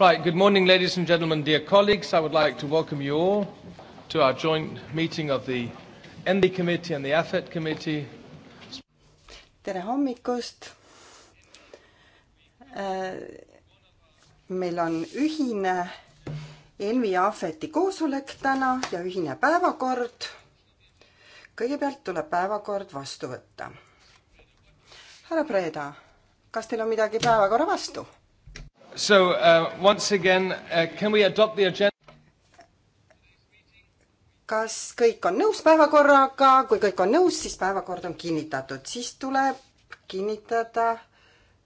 Right, good morning, ladies and gentlemen, dear colleagues. I would like to welcome you all to our joint meeting of the ENVI Committee and the AFET Committee. tere hommikust! Äh, meil on ühine ENVI ja AFET-i koosolek täna ja ühine päevakord. kõigepealt tuleb päevakord vastu võtta. härra Preeda, kas teil on midagi päevakorra vastu? So uh, once again uh,, can we adopt the agenda? kas kõik on nõus päevakorraga, kui kõik on nõus, siis päevakord on kinnitatud, siis tuleb kinnitada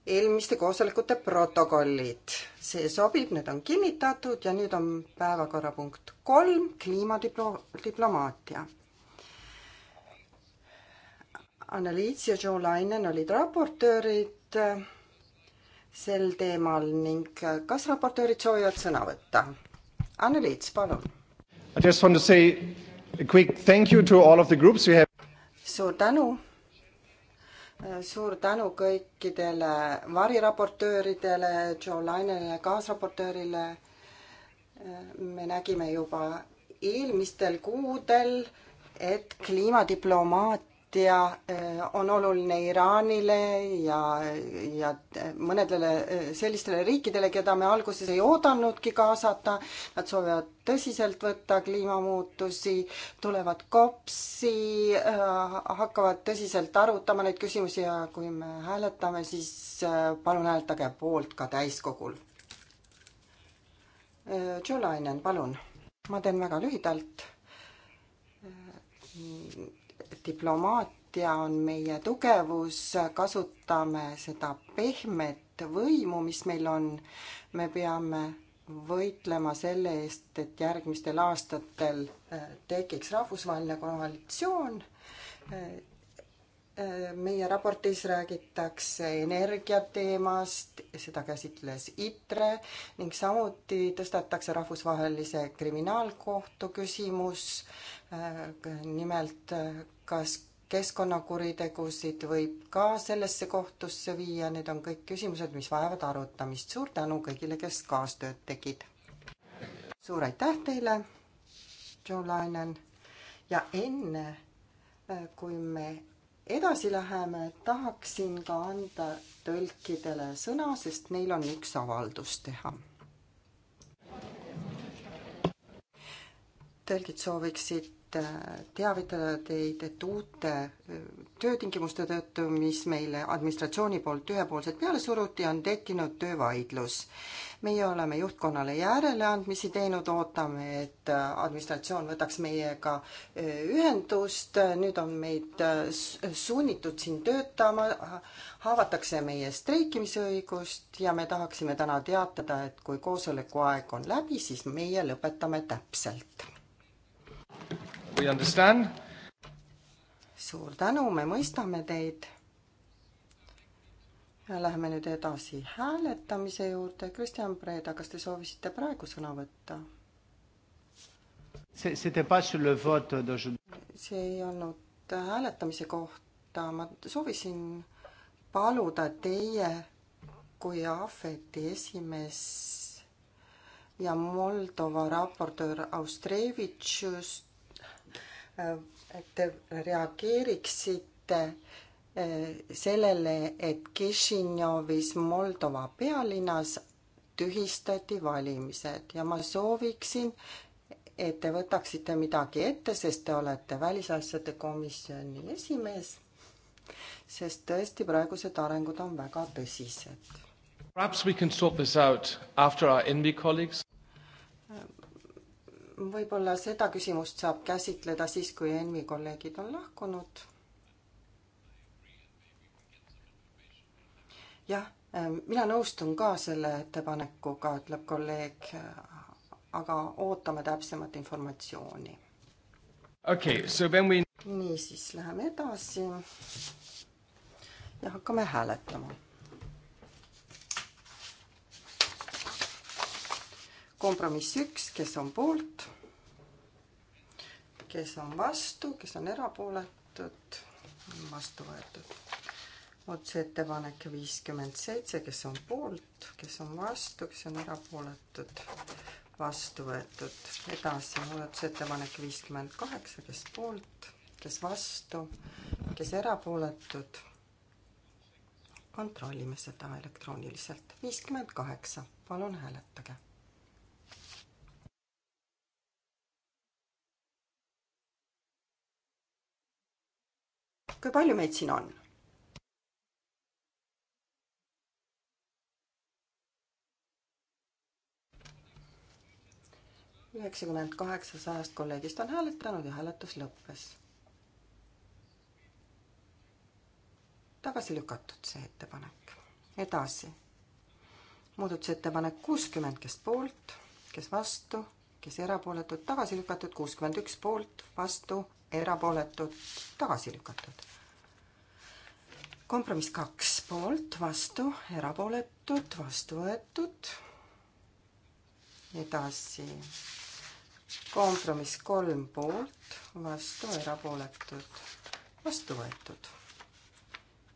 eelmiste koosolekute protokollid. see sobib, need on kinnitatud ja nüüd on päevakorrapunkt kolm, kliimadiplomaatia. Anneliis ja Joe Lainen olid raportöörid sel teemal ning kas raportöörid soovivad sõna võtta? Anne-Liits, palun. I just want to say a quick thank you to all of the groups we have. suur tänu. suur tänu kõikidele variraportööridele, Joe Lainele, kaasraportöörile. me nägime juba eelmistel kuudel, et kliimadiplomaatia tea, eh, on oluline Iraanile ja, ja mõnedele eh, sellistele riikidele, keda me alguses ei oodanudki kaasata. Nad soovivad tõsiselt võtta kliimamuutusi, tulevad kopsi, eh, hakkavad tõsiselt arutama neid küsimusi ja kui me hääletame, siis palun hääletage poolt ka täiskogul. Joe Lainen, palun. ma teen väga lühidalt diplomaatia on meie tugevus, kasutame seda pehmet võimu, mis meil on. me peame võitlema selle eest, et järgmistel aastatel äh, tekiks rahvusvaheline koalitsioon. Äh, äh, meie raportis räägitakse energiateemast, seda käsitles ITRE ning samuti tõstatakse rahvusvahelise kriminaalkohtu küsimus. Äh, nimelt äh, kas keskkonnakuritegusid võib ka sellesse kohtusse viia, need on kõik küsimused, mis vajavad arutamist. suur tänu kõigile, kes kaastööd tegid. suur aitäh teile, Joe Lainen. ja enne, äh, kui me edasi läheme, tahaksin ka anda tõlkidele sõna, sest neil on üks avaldus teha tõlgid sooviksid Äh, teavitada teid, et uute äh, töötingimuste tõttu, mis meile administratsiooni poolt ühepoolselt peale suruti, on tekkinud töövaidlus. meie oleme juhtkonnale järeleandmisi teinud, ootame, et äh, administratsioon võtaks meiega ühendust, nüüd on meid sunnitud siin töötama, haavatakse meie streikimisõigust ja me tahaksime täna teatada, et kui koosoleku aeg on läbi, siis meie lõpetame täpselt We understand. suur tänu, me mõistame teid. Läheme nüüd edasi hääletamise juurde. Kristjan Preda, kas te soovisite praegu sõna võtta? see ei olnud hääletamise kohta, ma soovisin paluda teie kui Ahveti esimees ja Moldova raportöör Austrevitšust et te reageeriksite eh, sellele, et Kišinjovis, Moldova pealinnas, tühistati valimised ja ma sooviksin, et te võtaksite midagi ette, sest te olete välisasjade komisjoni esimees. sest tõesti, praegused arengud on väga tõsised. Perhaps we can sort this out after our NB colleagues võib-olla seda küsimust saab käsitleda siis, kui ENMi kolleegid on lahkunud. jah, ähm, mina nõustun ka selle ettepanekuga, ütleb kolleeg, aga ootame täpsemat informatsiooni. okei okay,, so then we niisiis, läheme edasi ja hakkame hääletama kompromiss üks, kes on poolt, kes on vastu, kes on erapooletud, vastu võetud. otseettepanek viiskümmend seitse, kes on poolt, kes on vastu, kes on erapooletud, vastu võetud. edasi muudatusettepanek viiskümmend kaheksa, kes poolt, kes vastu, kes erapooletud. kontrollime seda elektrooniliselt. viiskümmend kaheksa, palun hääletage kui palju meid siin on? üheksakümmend kaheksasajast kolleegist on hääletanud ja hääletus lõppes. tagasi lükatud see ettepanek. edasi. muudatusettepanek kuuskümmend, kes poolt, kes vastu, kes erapooletud, tagasi lükatud kuuskümmend üks poolt, vastu, erapooletud, tagasi lükatud. kompromiss kaks poolt, vastu, erapooletud, vastu võetud. edasi. kompromiss kolm poolt, vastu, erapooletud, vastu võetud.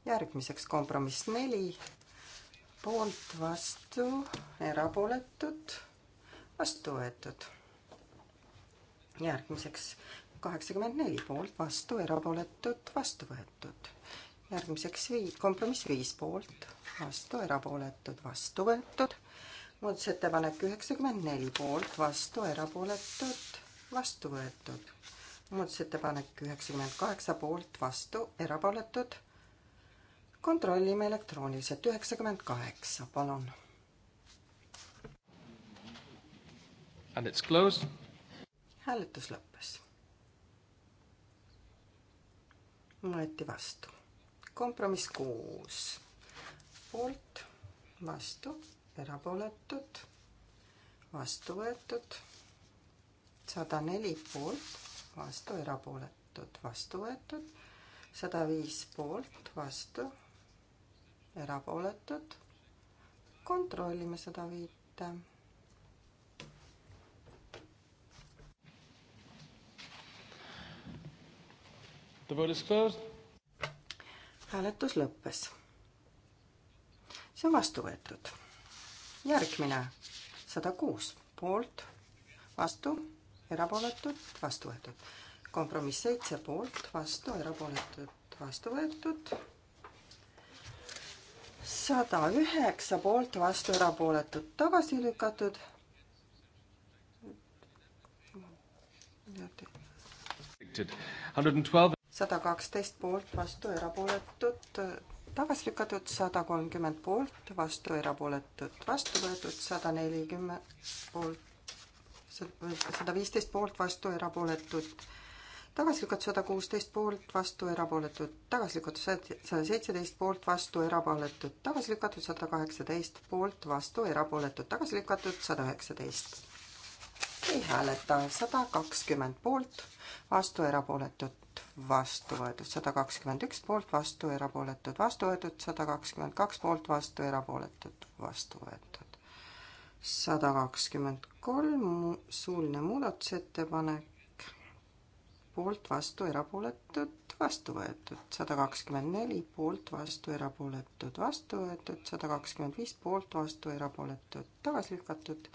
järgmiseks kompromiss neli poolt, vastu, erapooletud, vastu võetud. järgmiseks kaheksakümmend neli poolt, vastu, erapooletud, vastu võetud. järgmiseks viis, kompromiss viis poolt, vastu, erapooletud, vastu võetud. muudatusettepanek üheksakümmend neli poolt, vastu, erapooletud, vastu võetud. muudatusettepanek üheksakümmend kaheksa poolt, vastu, erapooletud. kontrollime elektrooniliselt üheksakümmend kaheksa, palun. And it's closed hääletus lõppes võeti vastu. kompromiss kuus, poolt, vastu, erapooletud, vastu võetud, sada neli poolt, vastu, erapooletud, vastu võetud, sada viis poolt, vastu, erapooletud, kontrollime sada viite hääletus lõppes. see on vastu võetud. järgmine sada kuus poolt, vastu, erapooletud, vastu võetud. kompromiss seitse poolt, vastu, erapooletud, vastu võetud sada üheksa poolt vastu erapooletud tagasi lükatud sada kaksteist poolt, vastu, erapooletud, tagasi lükatud, sada kolmkümmend poolt, vastu, erapooletud, vastu võetud, sada nelikümmend poolt, sada viisteist poolt, vastu, erapooletud, tagasi lükatud sada kuusteist poolt, vastu, erapooletud, tagasi lükatud sada seitseteist poolt, vastu, erapooletud, tagasi lükatud sada kaheksateist poolt, vastu, erapooletud, tagasi lükatud sada üheksateist ei hääleta. sada kakskümmend poolt, vastu erapooletud, vastu võetud. sada kakskümmend üks poolt, vastu erapooletud, vastu võetud. sada kakskümmend kaks poolt, vastu erapooletud, vastu võetud. sada kakskümmend kolm suuline muudatusettepanek poolt, vastu, erapooletud, vastu võetud, sada kakskümmend neli poolt, vastu, erapooletud, vastu võetud, sada kakskümmend viis poolt, vastu, erapooletud, tagasi lükatud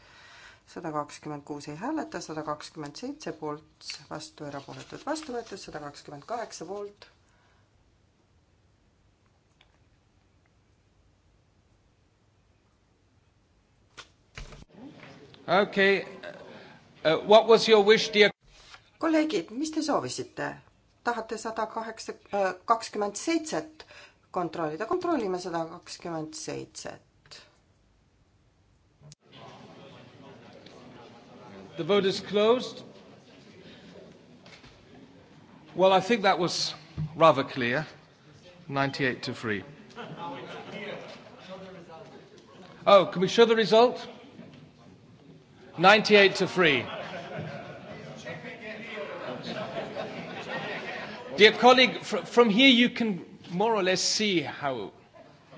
sada kakskümmend kuus ei hääleta, sada kakskümmend seitse poolt, vastu, erapooletud, vastu võetud, sada kakskümmend kaheksa poolt. okei okay. Uh, uh,, what was your wish, dear? kolleegid, mis te soovisite? tahate sada kaheksa, äh, kakskümmend seitset kontrollida, kontrollime sada kakskümmend seitset. The vote is closed. Well, I think that was rather clear. 98 to 3. Oh, can we show the result? 98 to 3. Dear colleague, fr- from here you can more or less see how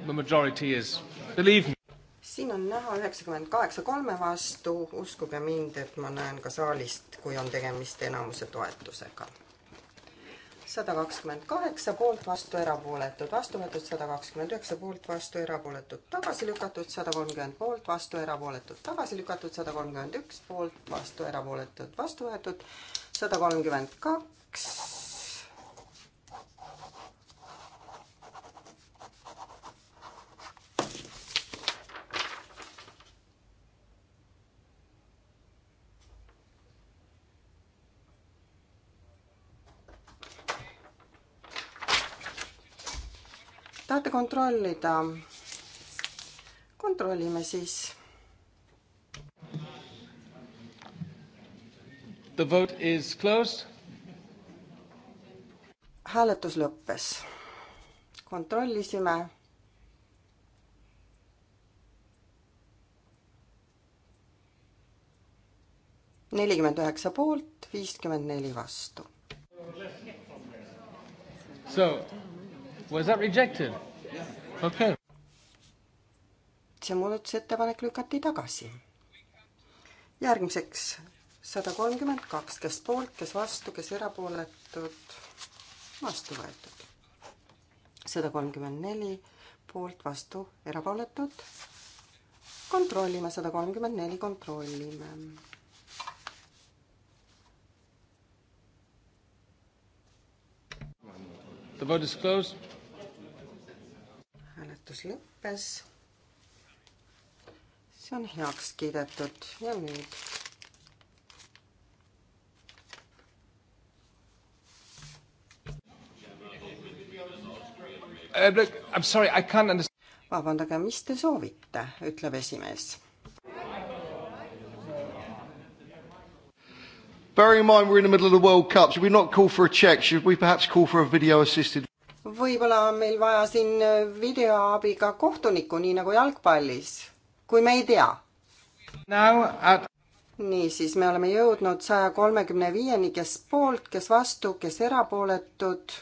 the majority is. Believe me siin on näha üheksakümmend kaheksa kolme vastu, uskuge mind, et ma näen ka saalist, kui on tegemist enamuse toetusega. sada kakskümmend kaheksa poolt, vastu, erapooletud, vastu võetud sada kakskümmend üheksa poolt, vastu, erapooletud, tagasi lükatud sada kolmkümmend poolt, vastu, erapooletud, tagasi lükatud sada kolmkümmend üks poolt, vastu, erapooletud, vastu võetud sada kolmkümmend kaks tahate kontrollida? kontrollime siis. The vote is closed. hääletus lõppes. kontrollisime nelikümmend üheksa poolt, viiskümmend neli vastu. So was that rejected? okay.. see muudatusettepanek lükati tagasi. järgmiseks sada kolmkümmend kaks, kes poolt, kes vastu, kes erapooletud, vastu võetud. sada kolmkümmend neli poolt, vastu, erapooletud. kontrollime, sada kolmkümmend neli kontrollime. The vote is closed hääletus lõppes. see on heaks kiidetud ja nüüd. Eh, vabandage, mis te soovite, ütleb esimees Bearing in mind we're in the middle of the World Cup, should we not call for a check? Should we perhaps call for a video assisted? võib-olla on meil vaja siin video abiga kohtunikku, nii nagu jalgpallis, kui me ei tea. At... niisiis, me oleme jõudnud saja kolmekümne viieni, kes poolt, kes vastu, kes erapooletud,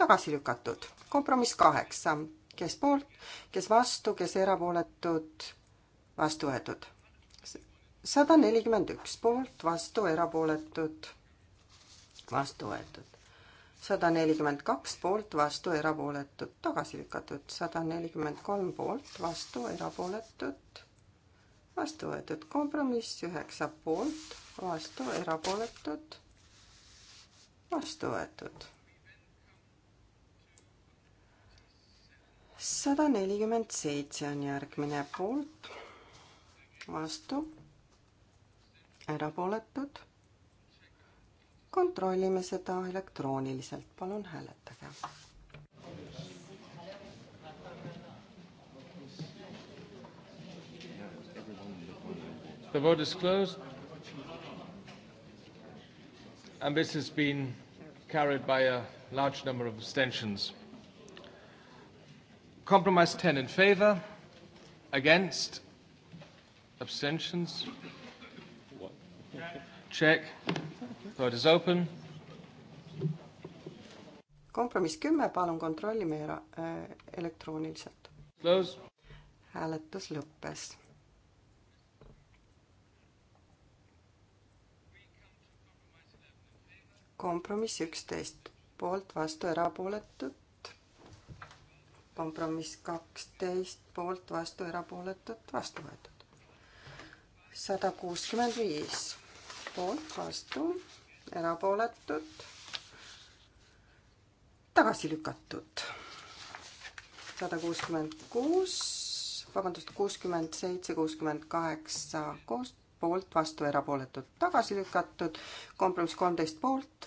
tagasi lükatud. kompromiss kaheksa, kes poolt, kes vastu, kes erapooletud, vastu võetud. sada nelikümmend üks poolt, vastu, erapooletud, vastu võetud sada nelikümmend kaks poolt, vastu, erapooletud, tagasi lükatud, sada nelikümmend kolm poolt, vastu, erapooletud, vastu võetud, kompromiss üheksa poolt, vastu, erapooletud, vastu võetud. sada nelikümmend seitse on järgmine poolt, vastu, erapooletud kontrollime seda elektrooniliselt, palun hääletage. The vote is closed. And this has been carried by a large number of abstentions. Compromise 10 in favor, against, abstentions. Check. Check. Vote is open. kompromiss kümme, palun kontrollime äh, elektrooniliselt. Close. hääletus lõppes. kompromiss üksteist, poolt, vastu, erapooletud kompromiss kaksteist poolt, vastu, erapooletut, vastu võetud. sada kuuskümmend viis poolt, vastu, erapooletud, tagasi lükatud. sada kuuskümmend kuus, vabandust, kuuskümmend seitse, kuuskümmend kaheksa koos, poolt, vastu, erapooletud, tagasi lükatud, kompromiss kolmteist poolt,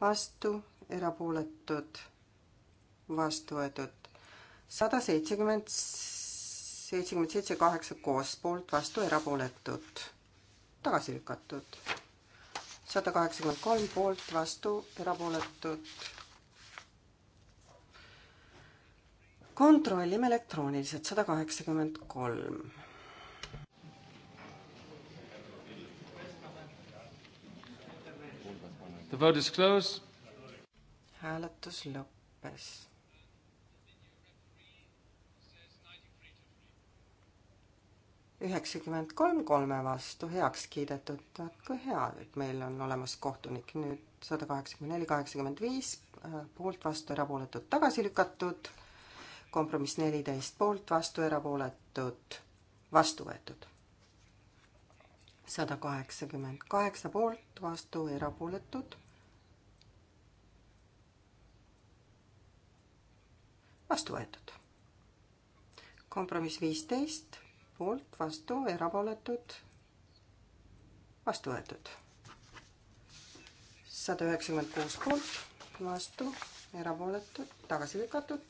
vastu, erapooletud, vastu võetud, sada seitsekümmend, seitsekümmend seitse, kaheksa koos, poolt, vastu, erapooletud, tagasi lükatud sada kaheksakümmend kolm poolt, vastu, erapooletud. kontrollime elektrooniliselt, sada kaheksakümmend kolm. The vote is closed. hääletus lõppes üheksakümmend kolm kolme vastu heaks kiidetud, vaat kui hea, et meil on olemas kohtunik nüüd sada kaheksakümmend neli, kaheksakümmend viis äh, poolt, vastu, erapooletud, tagasi lükatud. kompromiss neliteist poolt, vastu, erapooletud, vastu võetud. sada kaheksakümmend kaheksa poolt, vastu, erapooletud. vastu võetud. kompromiss viisteist poolt, vastu, erapooletud, vastu võetud. sada üheksakümmend kuus poolt, vastu, erapooletud, tagasi lükatud,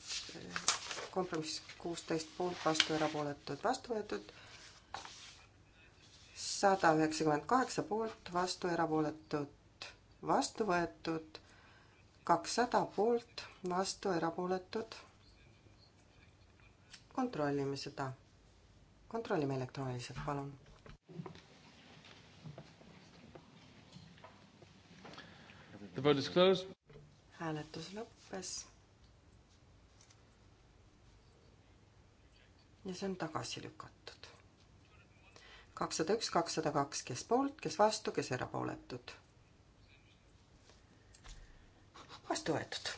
kompromiss kuusteist poolt, vastu, erapooletud, vastu võetud, sada üheksakümmend kaheksa poolt, vastu, erapooletud, vastu võetud, kakssada poolt, vastu, erapooletud, kontrollime seda kontrollime elektrooniliselt, palun. hääletus lõppes. ja see on tagasi lükatud. kakssada üks, kakssada kaks, kes poolt, kes vastu, kes erapooletud. vastu võetud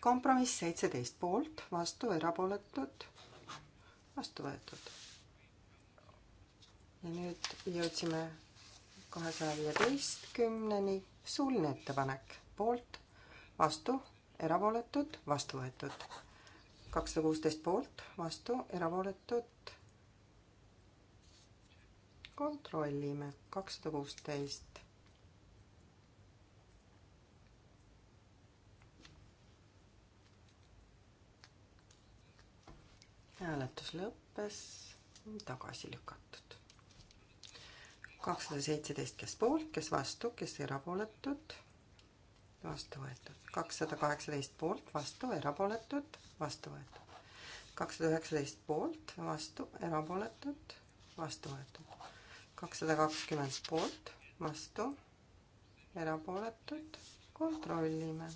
kompromiss seitseteist poolt, vastu erapooletud, vastu võetud. ja nüüd jõudsime kahesaja viieteistkümneni, suuline ettepanek, poolt, vastu, erapooletud, vastu võetud. kakssada kuusteist poolt, vastu, erapooletud. kontrollime, kakssada kuusteist. hääletus lõppes, tagasi lükatud. kakssada seitseteist, kes poolt, kes vastu, kes erapooletud, vastu võetud. kakssada kaheksateist poolt, vastu, erapooletud, vastu võetud. kakssada üheksateist poolt, vastu, erapooletud, vastu võetud. kakssada kakskümmend poolt, vastu, erapooletud, kontrollime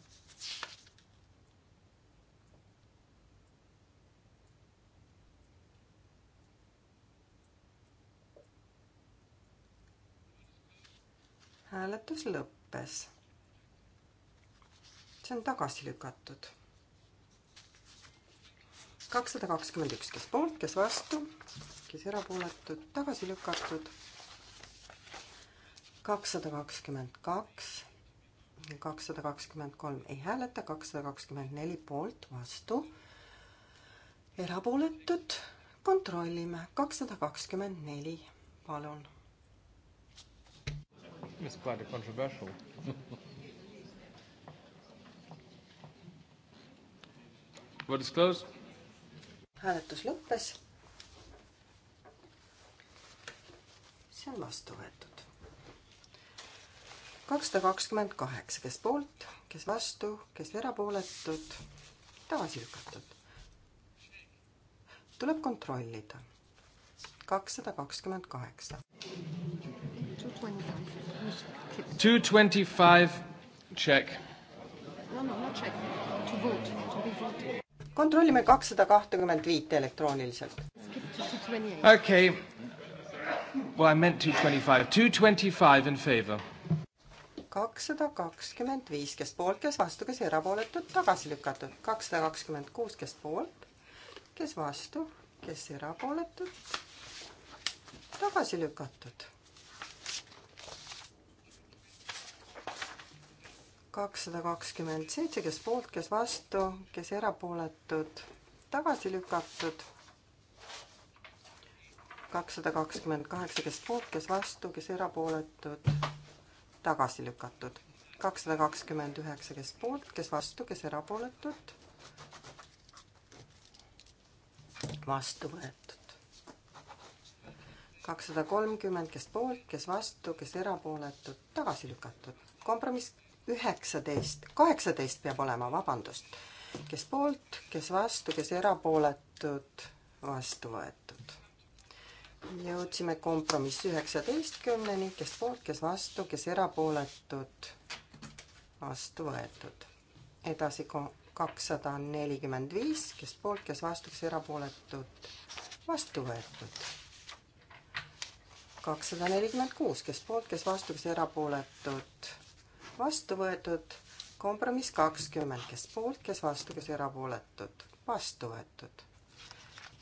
hääletus lõppes. see on tagasi lükatud. kakssada kakskümmend üks, kes poolt, kes vastu, kes erapooletud, tagasi lükatud. kakssada kakskümmend kaks, kakssada kakskümmend kolm ei hääleta, kakssada kakskümmend neli poolt, vastu, erapooletud kontrollime, kakssada kakskümmend neli, palun It's quite a controversial. Vote is closed. hääletus lõppes. see on vastu võetud. kakssada kakskümmend kaheksa, kes poolt, kes vastu, kes erapooletud, tagasi lükatud. tuleb kontrollida. kakssada kakskümmend kaheksa. 225 check. no, no, no check. To vote, to be voted. kontrollime kakssada kahtekümmet viite elektrooniliselt. okei okay., well I meant two twenty five, two twenty five in favor. kakssada kakskümmend viis, kes poolt, kes vastu, kes erapooletud, tagasi lükatud. kakssada kakskümmend kuus, kes poolt, kes vastu, kes erapooletud, tagasi lükatud kakssada kakskümmend seitse, kes poolt, kes vastu, kes erapooletud, tagasi lükatud. kakssada kakskümmend kaheksa, kes poolt, kes vastu, kes erapooletud, tagasi lükatud. kakssada kakskümmend üheksa, kes poolt, kes vastu, kes erapooletud, vastu võetud kakssada kolmkümmend, kes poolt, kes vastu, kes erapooletud, tagasi lükatud. kompromiss üheksateist, kaheksateist peab olema, vabandust. kes poolt, kes vastu, kes erapooletud, vastu võetud. jõudsime kompromiss üheksateistkümneni, kes poolt, kes vastu, kes erapooletud, vastu võetud. edasi kakssada nelikümmend viis, kes poolt, kes vastu, kes erapooletud, vastu võetud kakssada nelikümmend kuus, kes poolt, kes vastu, kes erapooletud, vastu võetud. kompromiss kakskümmend, kes poolt, kes vastu, kes erapooletud, vastu võetud.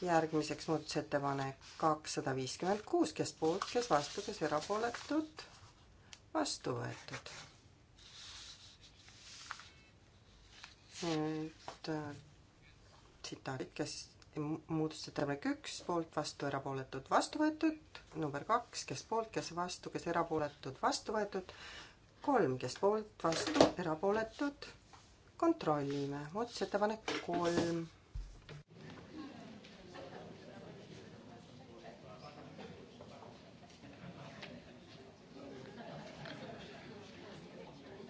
järgmiseks muudatusettepanek kakssada viiskümmend kuus, kes poolt, kes vastu, kes erapooletud, vastu võetud. nüüd äh, tsitaadid, kes muudatusettepanek üks, poolt, vastu, erapooletud, vastu võetud, number kaks, kes poolt, kes vastu, kes erapooletud, vastu võetud, kolm, kes poolt, vastu, erapooletud. kontrollime, muudatusettepanek kolm.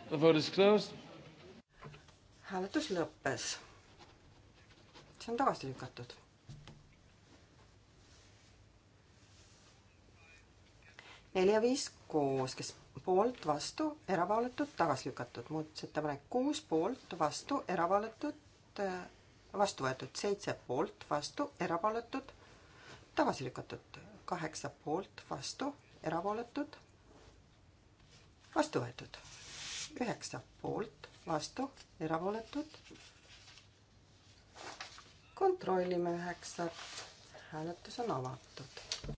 The vote is closed. hääletus lõppes. see on tagasi lükatud neli ja viis koos, kes poolt, vastu, erapooletud, tagasi lükatud. muudatusettepanek kuus poolt, vastu, erapooletud, äh, vastu võetud. seitse poolt, vastu, erapooletud, tagasi lükatud. kaheksa poolt, vastu, erapooletud, vastu võetud. üheksa poolt, vastu, erapooletud. kontrollime üheksat. hääletus on avatud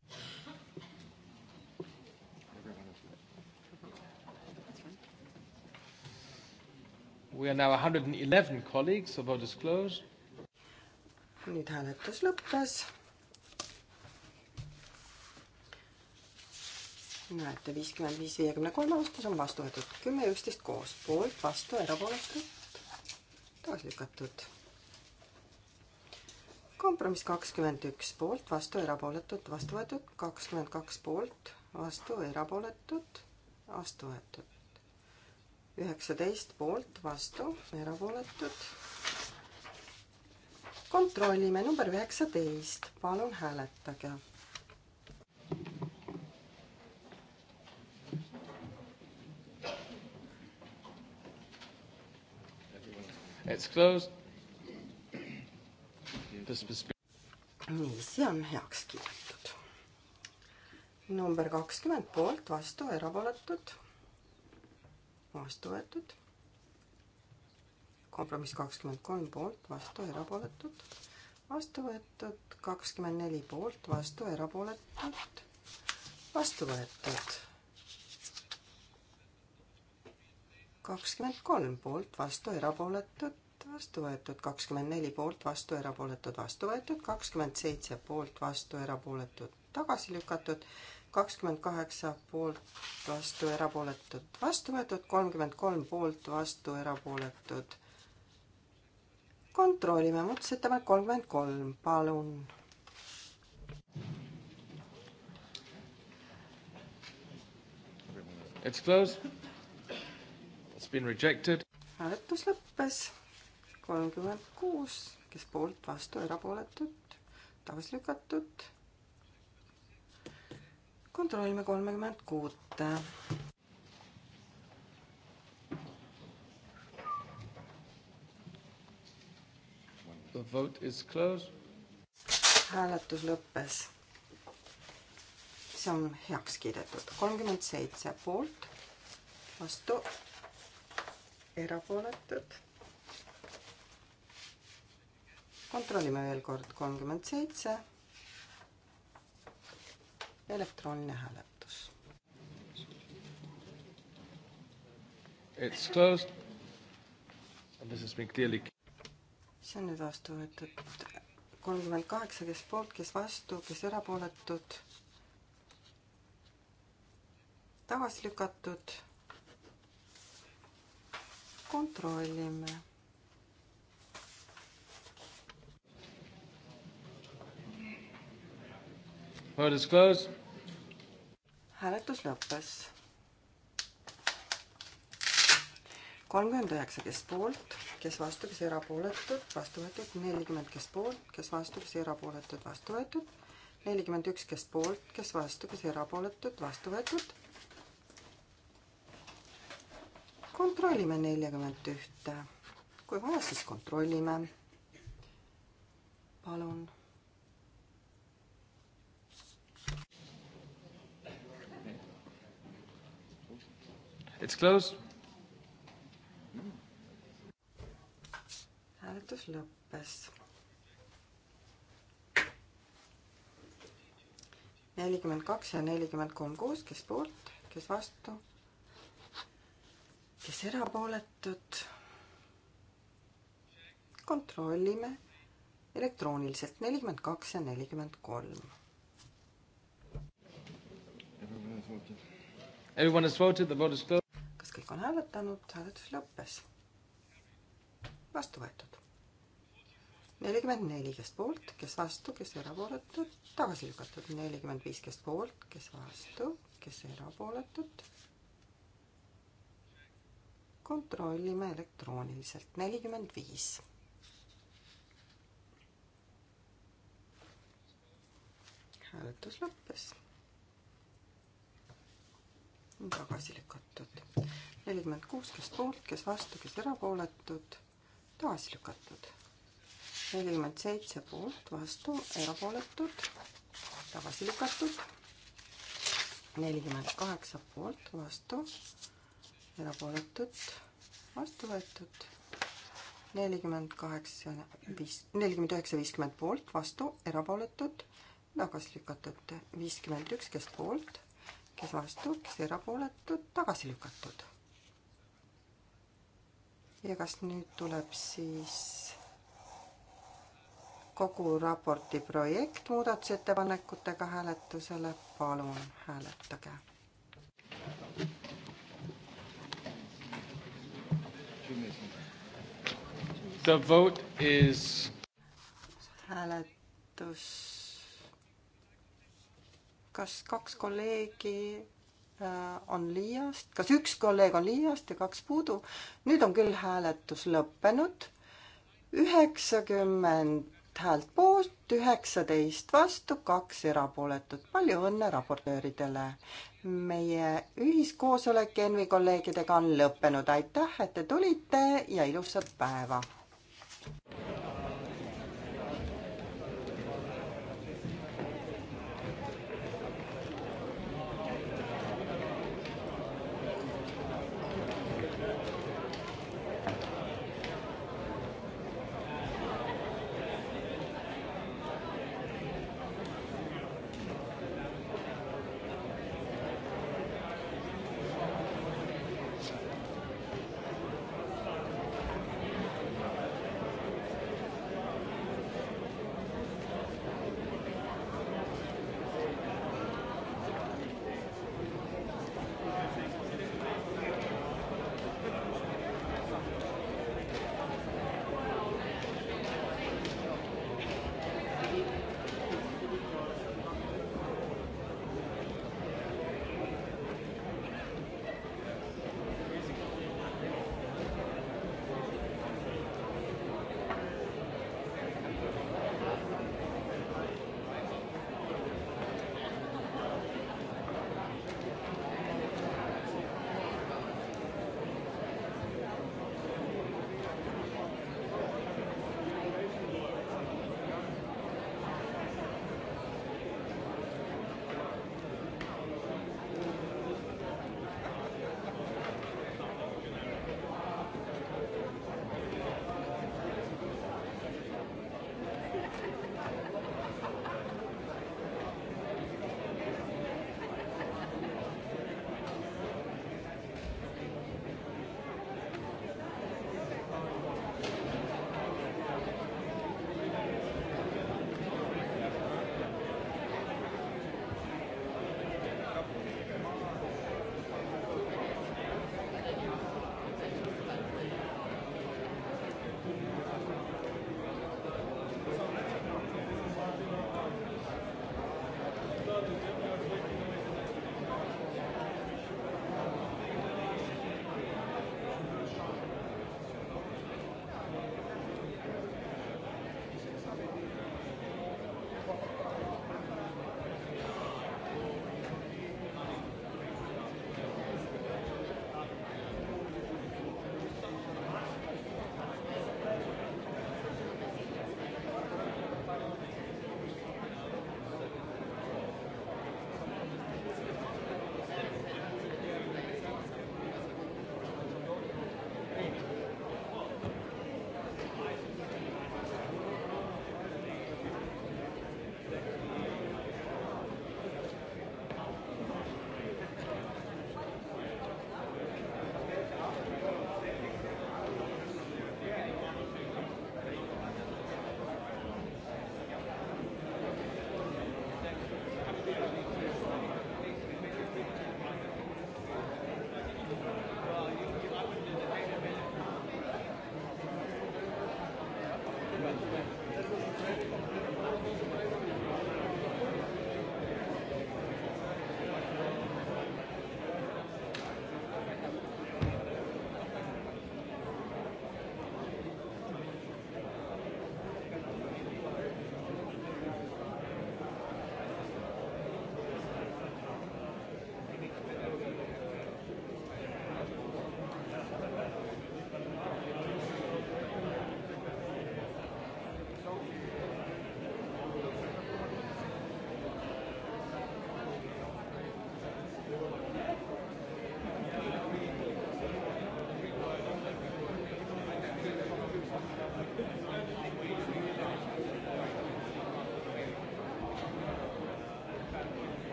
We are now 111 colleagues, the vote is closed. nüüd hääletus lõppes. näete, viiskümmend viis, viiekümne kolme vastus on vastu võetud, kümme ja üksteist koos, poolt, vastu, erapooletud, tagasi lükatud. kompromiss kakskümmend üks, poolt, vastu, erapooletud, vastu võetud, kakskümmend kaks poolt, vastu, erapooletud, vastu võetud üheksateist poolt, vastu, erapooletud. kontrollime number üheksateist, palun hääletage. It's closed. nii, see on heaks kiidetud. number kakskümmend poolt, vastu, erapooletud vastu võetud. kompromiss kakskümmend kolm poolt, vastu, erapooletud, vastu võetud, kakskümmend neli poolt, vastu, erapooletud, vastu võetud. kakskümmend kolm poolt, vastu, erapooletud, vastu võetud, kakskümmend neli poolt, vastu, erapooletud, vastu võetud, kakskümmend seitse poolt, vastu, erapooletud, tagasi lükatud kakskümmend kaheksa poolt, vastu, erapooletud, vastu võetud, kolmkümmend kolm poolt, vastu, erapooletud. kontrollime muudatusettepanek kolmkümmend kolm, palun. It's closed. It's been rejected. hääletus lõppes kolmkümmend kuus, kes poolt, vastu, erapooletud, tagasi lükatud kontrollime kolmekümmend kuute. The vote is closed. hääletus lõppes. see on heaks kiidetud, kolmkümmend seitse poolt, vastu, erapooletud. kontrollime veel kord, kolmkümmend seitse elektrooniline hääletus. see on nüüd vastu võetud kolmkümmend kaheksa, kes poolt, kes vastu, kes erapooletud. tagasi lükatud. kontrollime Vote is closed. hääletus lõppes. kolmkümmend üheksa, kes poolt, kes vastu, kes erapooletud, vastu võetud, nelikümmend, kes poolt, kes vastu, kes erapooletud, vastu võetud, nelikümmend üks, kes poolt, kes vastu, kes erapooletud, vastu võetud. kontrollime neljakümmet ühte. kui vaja, siis kontrollime. palun It's closed. hääletus lõppes. nelikümmend kaks ja nelikümmend kolm kuus, kes poolt, kes vastu, kes erapooletud. kontrollime elektrooniliselt nelikümmend kaks ja nelikümmend kolm. Everyone has voted, the vote is closed kas kõik on hääletanud, hääletus lõppes. vastu võetud. nelikümmend neli, kes poolt, kes vastu, kes erapooletud, tagasi lükatud. nelikümmend viis, kes poolt, kes vastu, kes erapooletud. kontrollime elektrooniliselt. nelikümmend viis hääletus lõppes on tagasi lükatud. nelikümmend kuus, kes poolt, kes vastu, kes erapooletud, tagasi lükatud. nelikümmend seitse poolt, vastu, erapooletud, tagasi lükatud. nelikümmend kaheksa poolt, vastu, erapooletud, vastu võetud nelikümmend kaheksa, viis, nelikümmend üheksa, viiskümmend poolt, vastu, erapooletud, tagasi lükatud viiskümmend üks, kes poolt, kes vastu, kes erapooletud, tagasi lükatud. ja kas nüüd tuleb siis kogu raporti projekt muudatusettepanekutega hääletusele, palun hääletage. The vote is hääletus kas kaks kolleegi äh, on liiast, kas üks kolleeg on liiast ja kaks puudu. nüüd on küll hääletus lõppenud. üheksakümmend häält poolt, üheksateist vastu, kaks erapooletut. palju õnne raportööridele. meie ühiskoosolek ENVi kolleegidega on lõppenud. aitäh, et te tulite ja ilusat päeva.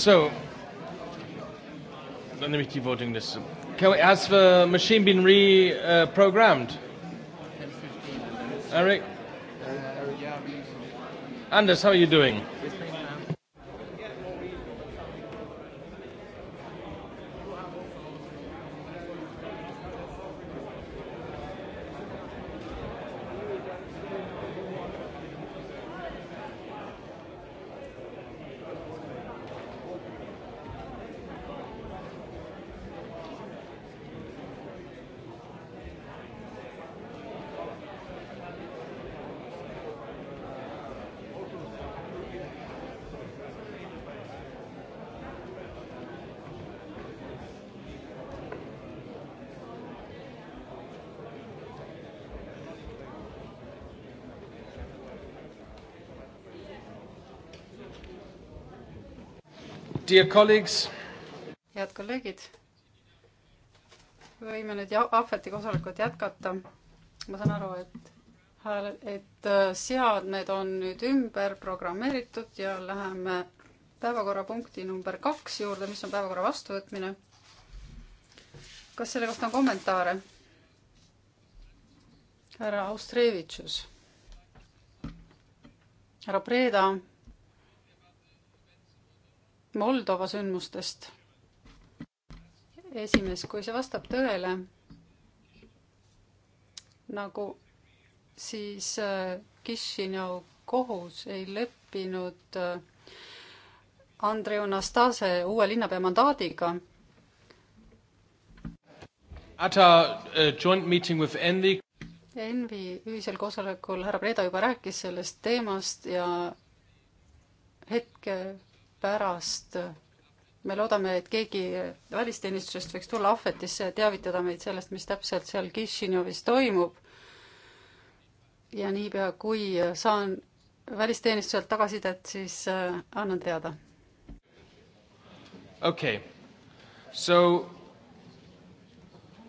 So, dann nehme ich die Voting Liste. Can we, has the machine been reprogrammed? Uh, uh, Eric? Uh, Anders, how are you doing? Dear colleagues. head kolleegid, võime nüüd ahveti koosolekut jätkata. ma saan aru, et hääl, et äh, seadmed on nüüd ümber programmeeritud ja läheme päevakorrapunkti number kaks juurde, mis on päevakorra vastuvõtmine. kas selle kohta on kommentaare? härra Austrevitšus. härra Preeda Moldova sündmustest. esimees, kui see vastab tõele, nagu siis äh, Kišinau kohus ei leppinud äh, Andrei Anastase uue linnapea mandaadiga. At a äh, joint meeting with Envi. Envi ühisel koosolekul härra Preda juba rääkis sellest teemast ja hetke pärast me loodame, et keegi välisteenistusest võiks tulla ahvetisse ja teavitada meid sellest, mis täpselt seal Kišinjovis toimub. ja niipea, kui saan välisteenistuselt tagasisidet, siis äh, annan teada. okei okay., so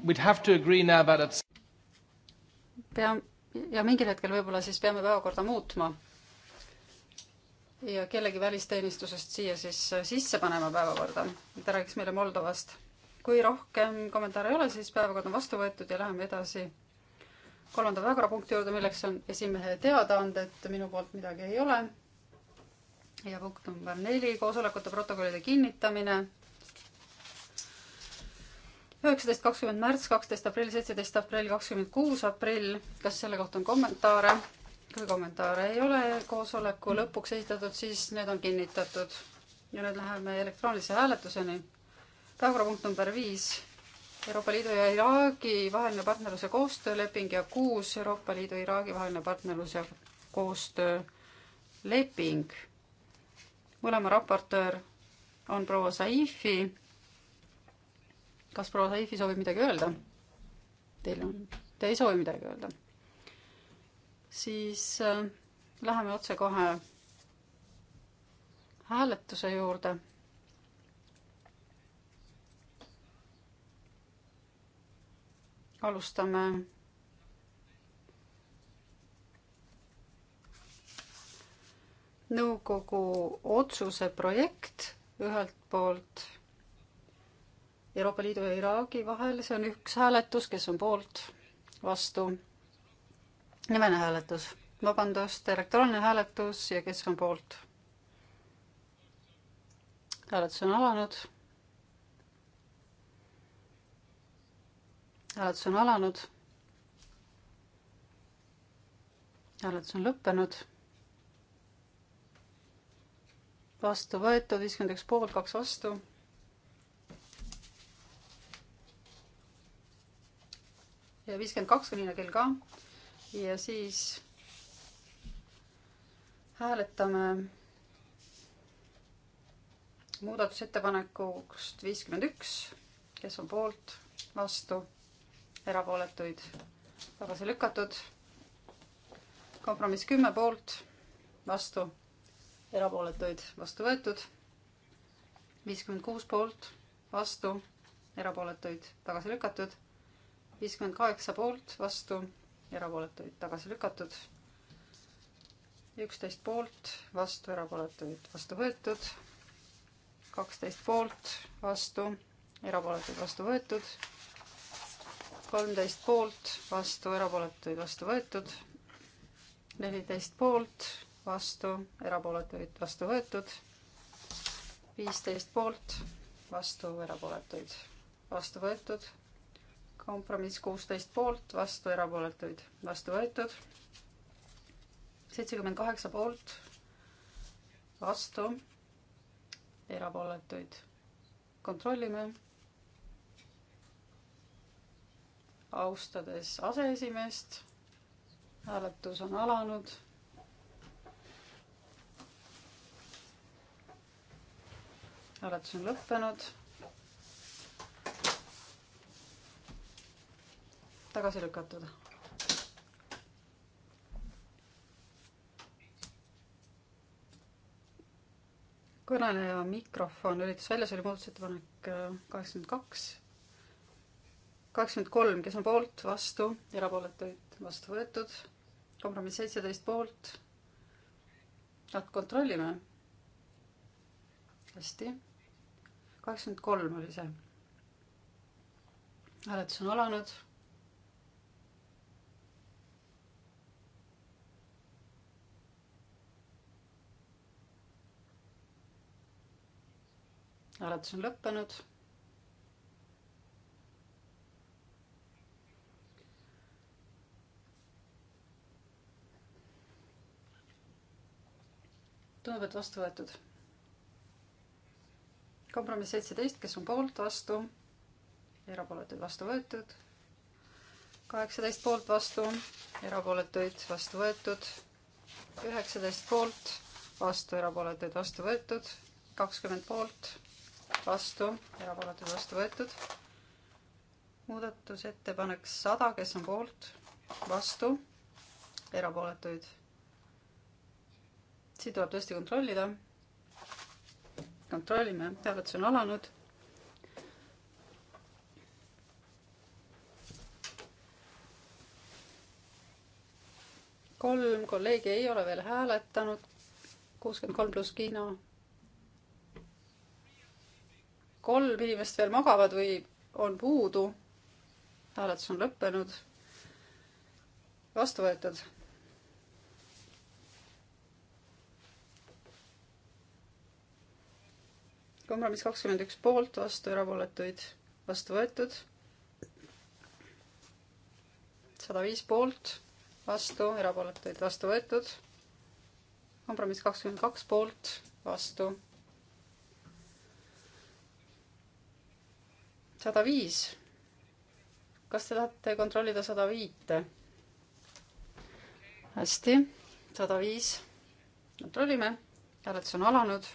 we'd have to agree now about it. pea- ja mingil hetkel võib-olla siis peame päevakorda muutma ja kellegi välisteenistusest siia siis sisse panema päevakorda, et ta räägiks meile Moldovast. kui rohkem kommentaare ei ole, siis päevakord on vastu võetud ja läheme edasi kolmanda päevakorrapunkti juurde, milleks on esimehe teadaanded, minu poolt midagi ei ole. ja punkt number neli, koosolekute protokollide kinnitamine. üheksateist, kakskümmend märts, kaksteist aprill, seitseteist aprill, kakskümmend kuus aprill. kas selle kohta on kommentaare? kui kommentaare ei ole koosoleku lõpuks esitatud, siis need on kinnitatud. ja nüüd läheme elektroonilise hääletuseni. päevakorrapunkt number viis. Euroopa Liidu ja Iraagi vaheline partnerluse koostööleping ja kuus Euroopa Liidu ja Iraagi vaheline partnerluse koostööleping. mõlema raportöör on proua Saifi. kas proua Saifi soovib midagi öelda? Teil on, te ei soovi midagi öelda? siis äh, läheme otsekohe hääletuse juurde. alustame nõukogu otsuse projekt ühelt poolt Euroopa Liidu ja Iraagi vahel, see on üks hääletus, kes on poolt, vastu nimene hääletus, vabandust, elektrooniline hääletus ja kes on poolt? hääletus on alanud. hääletus on alanud. hääletus on lõppenud. vastu võetud, viiskümmend üks poolt, kaks vastu ja viiskümmend kaks oli neil kell ka ja siis hääletame muudatusettepanekust viiskümmend üks, kes on poolt, vastu, erapooletuid tagasi lükatud. kompromiss kümme poolt, vastu, erapooletuid vastu võetud. viiskümmend kuus poolt, vastu, erapooletuid tagasi lükatud. viiskümmend kaheksa poolt, vastu erapooletuid tagasi lükatud. üksteist poolt, vastu, erapooletuid vastu võetud. kaksteist poolt, vastu, erapooletuid vastu võetud. kolmteist poolt, vastu, erapooletuid vastu võetud. neliteist poolt, vastu, erapooletuid vastu võetud. viisteist poolt, vastu, erapooletuid vastu võetud kompromiss kuusteist poolt, vastu erapooletuid, vastu võetud. seitsekümmend kaheksa poolt, vastu, erapooletuid. kontrollime. austades aseesimeest, hääletus on alanud. hääletus on lõppenud tagasi lükatud. kõneleja mikrofon lülitus välja, see oli muudatusettepanek äh, kaheksakümmend kaks, kakskümmend kolm, kes on poolt, vastu, erapooletuid vastu võetud, kompromiss seitseteist poolt. noh, kontrollime. hästi, kakskümmend kolm oli see. hääletus on alanud hääletus on lõppenud. tundub, et vastu võetud. kompromiss seitseteist, kes on poolt, vastu, erapooletuid vastu võetud. kaheksateist poolt, vastu, erapooletuid vastu võetud. üheksateist poolt, vastu, erapooletuid vastu võetud. kakskümmend poolt vastu, erapooletud vastu võetud. muudatusettepanek sada, kes on poolt, vastu, erapooletuid. siin tuleb tõesti kontrollida. kontrollime, hääletus on alanud. kolm kolleegi ei ole veel hääletanud kuuskümmend kolm pluss Kiina kolm inimest veel magavad või on puudu. hääletus on lõppenud. vastu võetud. kompromiss kakskümmend üks poolt, vastu erapooletuid, vastu võetud. sada viis poolt, vastu erapooletuid, vastu võetud. kompromiss kakskümmend kaks poolt, vastu sada viis. kas te tahate kontrollida sada viite? hästi, sada viis. kontrollime, hääletus on alanud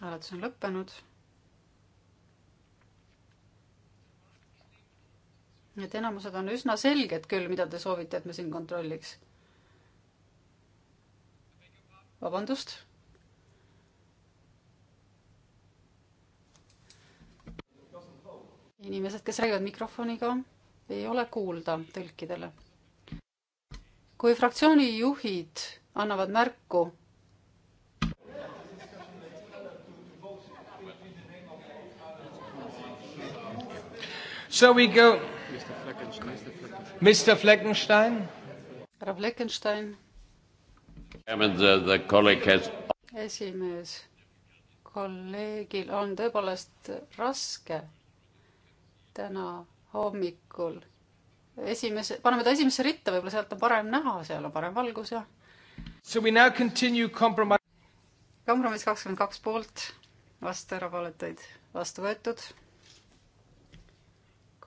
hääletus on lõppenud. Need enamused on üsna selged küll, mida te soovite, et me siin kontrolliks vabandust. inimesed, kes räägivad mikrofoniga, ei ole kuulda tõlkidele. kui fraktsiooni juhid annavad märku, So we go. Mr. Fleckenstein. Mr. Fleckenstein. Herr Fleckenstein esimees, kolleegil on tõepoolest raske täna hommikul. esimese, paneme ta esimesse ritta, võib-olla sealt on parem näha, seal on parem valgus ja. kompromiss kakskümmend kaks poolt, vastu erapooletuid, vastu võetud.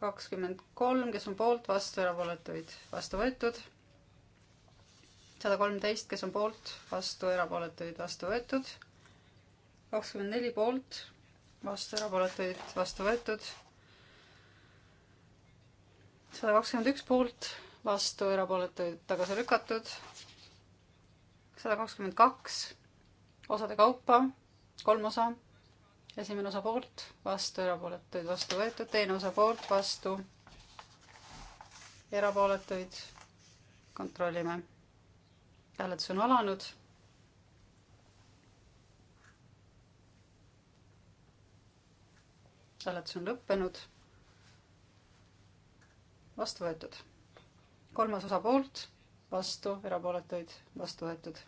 kakskümmend kolm, kes on poolt, vastu erapooletuid, vastu võetud sada kolmteist, kes on poolt, vastu, erapooletuid, vastu võetud. kakskümmend neli poolt, vastu, erapooletuid, vastu võetud. sada kakskümmend üks poolt, vastu, erapooletuid, tagasi lükatud. sada kakskümmend kaks, osade kaupa, kolm osa. esimene osa poolt, vastu, erapooletuid, vastu võetud, teine osa poolt, vastu, erapooletuid. kontrollime hääletus on alanud. hääletus on lõppenud. vastu võetud. kolmas osa poolt, vastu, erapooletuid, vastu võetud.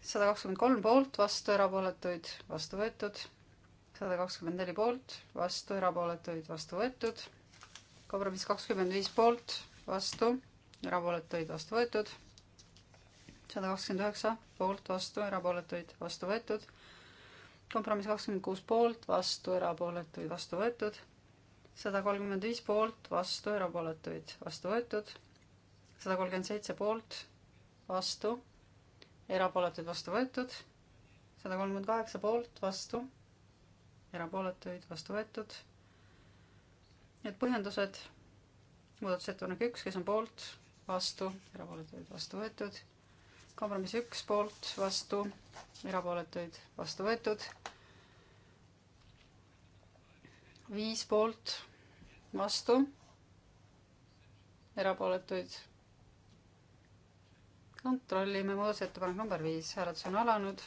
sada kakskümmend kolm poolt, vastu, erapooletuid, vastu võetud. sada kakskümmend neli poolt, vastu, erapooletuid, vastu võetud. kompromiss kakskümmend viis poolt, vastu, erapooletuid, vastu võetud sada kakskümmend üheksa poolt, vastu, erapooletuid, vastu võetud. kompromiss kakskümmend kuus poolt, vastu, erapooletuid, vastu võetud. sada kolmkümmend viis poolt, vastu, erapooletuid, vastu võetud. sada kolmkümmend seitse poolt, vastu, erapooletuid, vastu võetud. sada kolmkümmend kaheksa poolt, vastu, erapooletuid, vastu võetud. Need põhjendused muudatusettepanek üks, kes on poolt, vastu, erapooletuid vastu võetud kompromiss üks poolt, vastu, erapooletuid vastu võetud. viis poolt, vastu, erapooletuid. kontrollime muudatusettepanek number viis, hääletus on alanud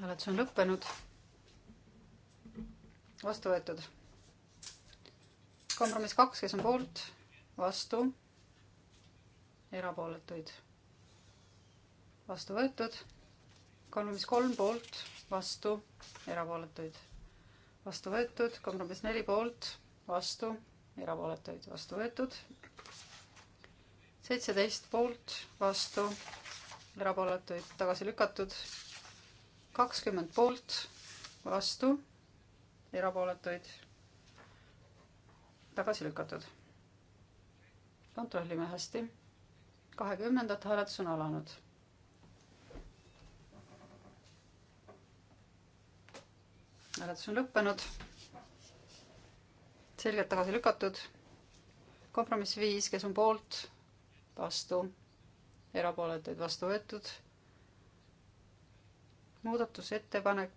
hääletus on lõppenud. vastu võetud kompromiss kaks, kes on poolt, vastu, erapooletuid vastu võetud. kompromiss kolm poolt, vastu, erapooletuid vastu võetud. kompromiss neli poolt, vastu, erapooletuid vastu võetud. seitseteist poolt, vastu, erapooletuid tagasi lükatud. kakskümmend poolt, vastu, erapooletuid tagasi lükatud. kontrollime hästi. kahekümnendat hääletus on alanud. hääletus on lõppenud. selgelt tagasi lükatud. kompromiss viis, kes on poolt, vastu, erapooletuid vastu võetud. muudatusettepanek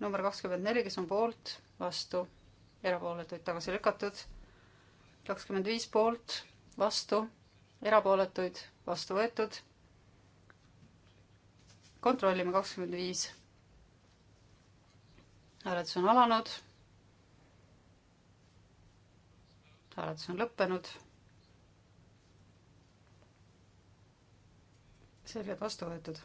number kakskümmend neli, kes on poolt, vastu, erapooletuid tagasi lükatud kakskümmend viis poolt, vastu, erapooletuid, vastu võetud. kontrollime kakskümmend viis. hääletus on alanud. hääletus on lõppenud. selgelt vastu võetud.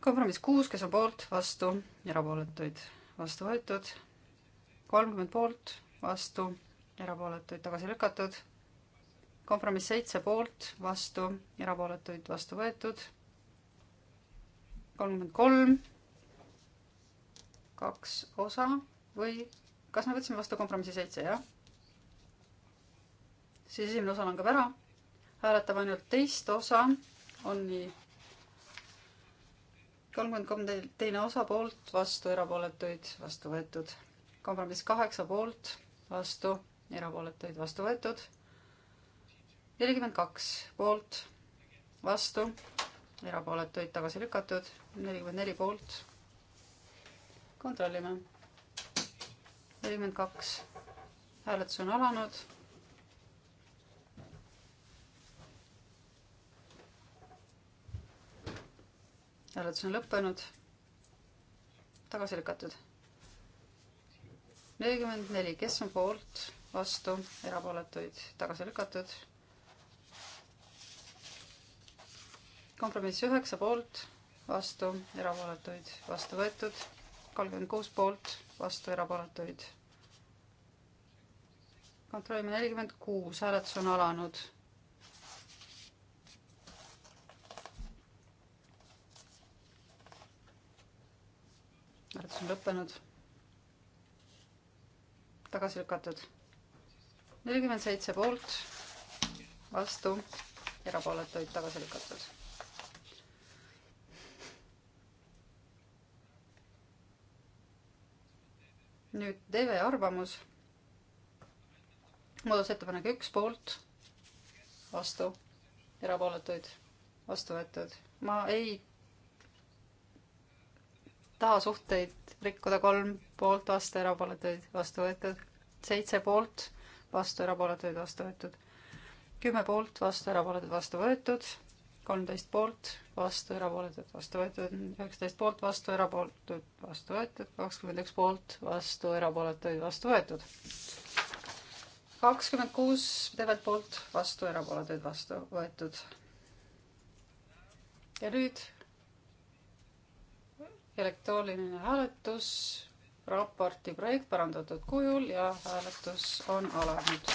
kompromiss kuus, kes on poolt, vastu, erapooletuid, vastu võetud. kolmkümmend poolt, vastu erapooletuid tagasi lükatud. kompromiss seitse poolt, vastu, erapooletuid vastu võetud. kolmkümmend kolm, kaks osa või kas me võtsime vastu kompromissi seitse, jah? siis esimene osa langeb ära, hääletab ainult teist osa, on nii kolmkümmend kolm teine osapoolt, vastu erapooletuid, vastu võetud. kompromiss kaheksa poolt, vastu erapooletuid vastu võetud. nelikümmend kaks poolt, vastu, erapooletuid tagasi lükatud, nelikümmend neli poolt. kontrollime. nelikümmend kaks, hääletus on alanud hääletus on lõppenud, tagasi lükatud. nelikümmend neli, kes on poolt, vastu, erapooletuid tagasi lükatud. kompromiss üheksa poolt, vastu, erapooletuid vastu võetud, kolmkümmend kuus poolt, vastu, erapooletuid. kontrollime nelikümmend kuus, hääletus on alanud. hääletus on lõppenud tagasi lükatud nelikümmend seitse poolt, vastu, erapooletuid tagasi lükatud. nüüd TV arvamus. muudatusettepanek üks poolt, vastu, erapooletuid, vastu võetud. ma ei taha suhteid rikkuda, kolm poolt, vastu, erapooletuid, vastu võetud, seitse poolt vastu, erapooletuid vastu võetud. kümme poolt, vastu, erapooletuid vastu võetud. kolmteist poolt, vastu, erapooletuid vastu võetud. üheksateist poolt, vastu, erapooletuid vastu võetud. kakskümmend üks poolt, vastu, erapooletuid vastu võetud. kakskümmend kuus tevelt poolt, vastu, erapooletuid vastu võetud. ja nüüd elektrooniline hääletus raporti projekt parandatud kujul ja hääletus on alanud.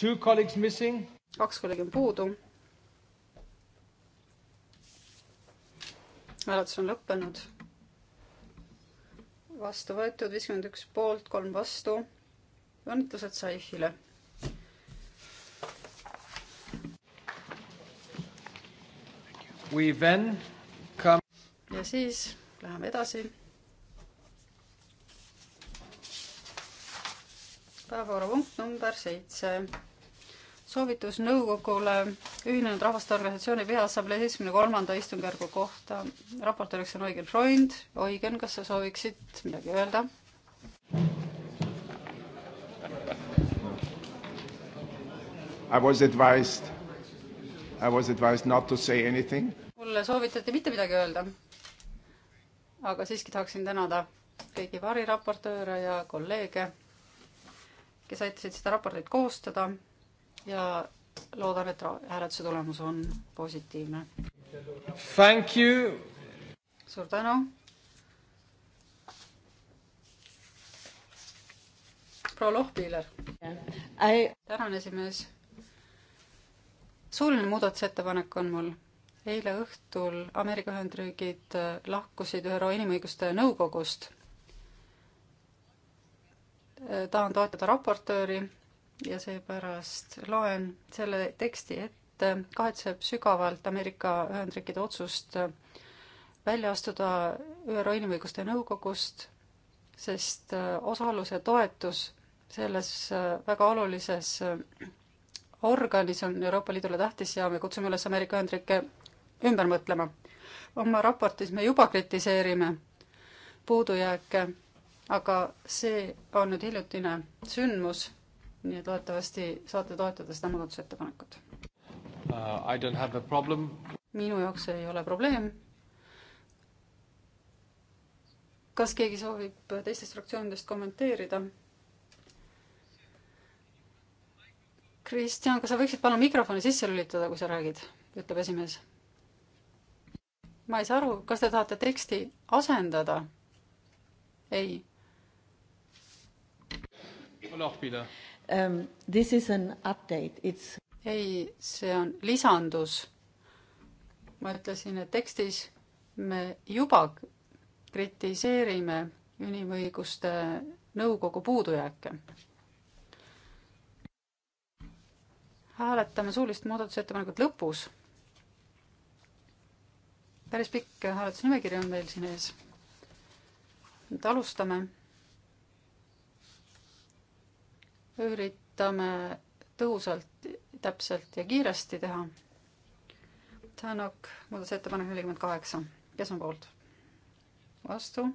Two colleagues missing. kaks kolleegi on puudu. hääletus on lõppenud. vastu võetud viiskümmend üks poolt, kolm vastu. õnnitlused Saifile ja siis läheme edasi. päevakorrapunkt number seitse. soovitus nõukogule Ühinenud Rahvaste Organisatsiooni Peaassamblee seitsmekümne kolmanda istungjärgu kohta. raportööriks on Oigen Freund. Oigen, kas sa sooviksid midagi öelda? I was advised I was advised not to say anything. mulle soovitati mitte midagi öelda. aga siiski tahaksin tänada kõiki variraportööre ja kolleege, kes aitasid seda raportit koostada ja loodan, et hääletuse tulemus on positiivne. Thank you! suur tänu! proua Lohpiiler yeah.. tänan, esimees suuline muudatusettepanek on mul. eile õhtul Ameerika Ühendriigid äh, lahkusid ÜRO Inimõiguste Nõukogust. Äh, tahan toetada raportööri ja seepärast loen selle teksti ette, kahetseb sügavalt Ameerika Ühendriikide otsust äh, välja astuda ÜRO Inimõiguste Nõukogust, sest osalus ja toetus selles väga olulises organis on Euroopa Liidule tähtis ja me kutsume üles Ameerika Ühendriike ümber mõtlema. oma raportis me juba kritiseerime puudujääke, aga see on nüüd hiljutine sündmus, nii et loodetavasti saate toetada seda muudatusettepanekut uh,. I don't have a problem. minu jaoks ei ole probleem. kas keegi soovib teistest fraktsioonidest kommenteerida? Kristjan, kas sa võiksid palun mikrofoni sisse lülitada, kui sa räägid, ütleb esimees. ma ei saa aru, kas te tahate teksti asendada? ei. Um, this is an update, it's. ei, see on lisandus. ma ütlesin, et tekstis me juba kritiseerime inimõiguste nõukogu puudujääke hääletame suulist muudatusettepanekut lõpus. päris pikk hääletusnimekiri on meil siin ees. nüüd alustame. üritame tõhusalt, täpselt ja kiiresti teha. Tänak, muudatusettepanek nelikümmend kaheksa, kes on poolt? vastu,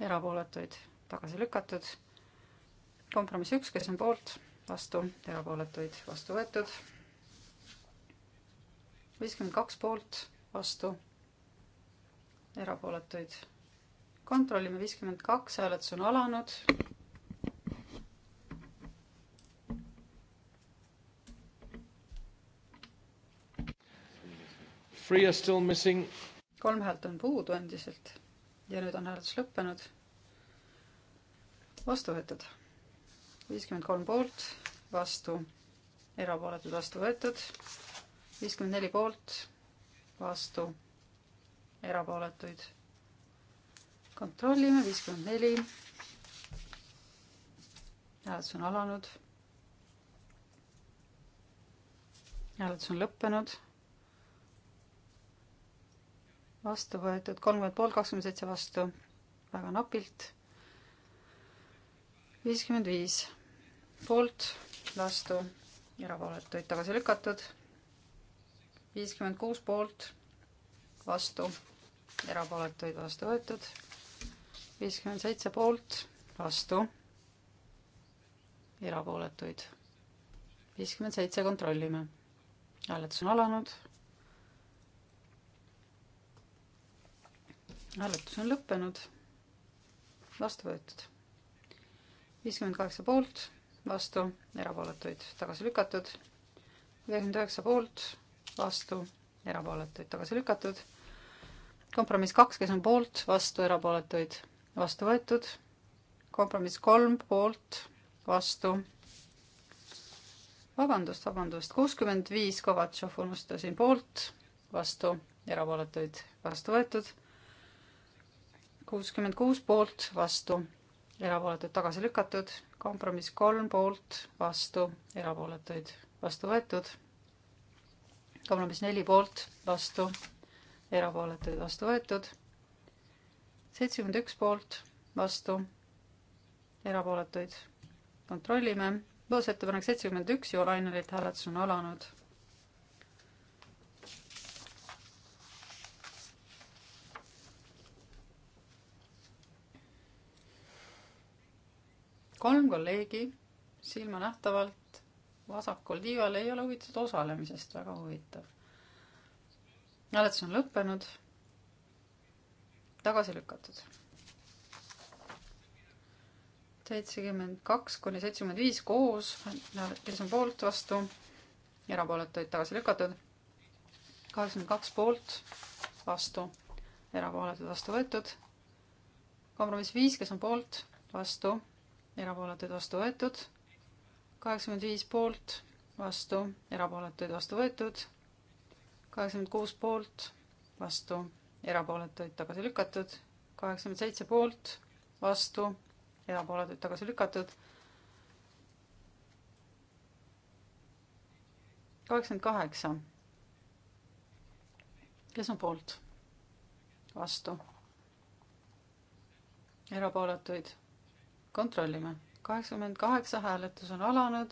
erapooletuid tagasi lükatud. kompromiss üks, kes on poolt vastu, erapooletuid vastu võetud. viiskümmend kaks poolt, vastu, erapooletuid. kontrollime viiskümmend kaks, hääletus on alanud. Three are still missing. kolm häält on puudu endiselt ja nüüd on hääletus lõppenud. vastu võetud viiskümmend kolm poolt, vastu, erapooletud, vastu võetud, viiskümmend neli poolt, vastu, erapooletuid. kontrollime, viiskümmend neli. hääletus on alanud. hääletus on lõppenud. vastu võetud kolmkümmend poolt, kakskümmend seitse vastu, väga napilt viiskümmend viis poolt, vastu, erapooletuid tagasi lükatud. viiskümmend kuus poolt, vastu, erapooletuid vastu võetud. viiskümmend seitse poolt, vastu, erapooletuid. viiskümmend seitse kontrollime. hääletus on alanud hääletus on lõppenud, vastu võetud. viiskümmend kaheksa poolt, vastu, erapooletuid tagasi lükatud. üheksakümmend üheksa poolt, vastu, erapooletuid tagasi lükatud. kompromiss kaks, kes on poolt, vastu, erapooletuid vastu võetud. kompromiss kolm poolt, vastu. vabandust, vabandust, kuuskümmend viis Kovatšov unustasin poolt, vastu, erapooletuid vastu võetud. kuuskümmend kuus poolt, vastu erapooletud tagasi lükatud, kompromiss kolm poolt, vastu, erapooletuid vastu võetud, kompromiss neli poolt, vastu, erapooletuid vastu võetud, seitsekümmend üks poolt, vastu, erapooletuid kontrollime, muudatusettepanek seitsekümmend üks, Joel Ainelilt hääletus on alanud kolm kolleegi silmanähtavalt vasakul tiival ei ole huvitatud osalemisest, väga huvitav. hääletus on lõppenud, tagasi lükatud. seitsekümmend kaks kuni seitsekümmend viis koos, kes on poolt, vastu, erapooletuid tagasi lükatud, kaheksakümmend kaks poolt, vastu, erapooletud vastu võetud, kompromiss viis, kes on poolt, vastu erapooletuid vastu võetud, kaheksakümmend viis poolt, vastu, erapooletuid vastu võetud, kaheksakümmend kuus poolt, vastu, erapooletuid tagasi lükatud, kaheksakümmend seitse poolt, vastu, erapooletuid tagasi lükatud, kaheksakümmend kaheksa. kes on poolt? vastu? erapooletuid kontrollime. kaheksakümmend kaheksa hääletus on alanud.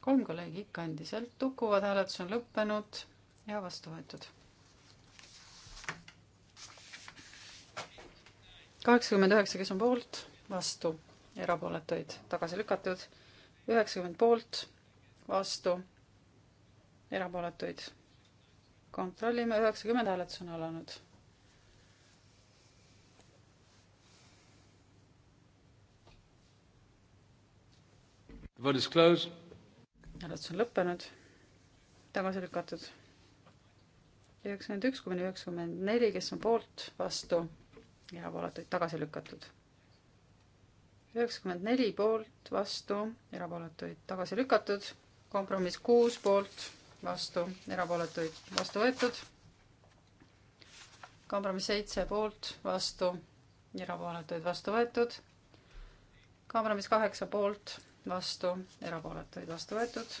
kolm kolleegi ikka endiselt tukuvad, hääletus on lõppenud ja vastu võetud. kaheksakümmend üheksa, kes on poolt, vastu, erapooletuid tagasi lükatud, üheksakümmend poolt, vastu erapooletuid. kontrollime, üheksakümmend hääletus on alanud. hääletus on lõppenud, tagasi lükatud. üheksakümmend üks kuni üheksakümmend neli, kes on poolt, vastu, erapooletuid tagasi lükatud üheksakümmend neli poolt, vastu, erapooletuid tagasi lükatud, kompromiss kuus poolt, vastu, erapooletuid vastu võetud. kompromiss seitse poolt, vastu, erapooletuid vastu võetud. kompromiss kaheksa poolt, vastu, erapooletuid vastu võetud.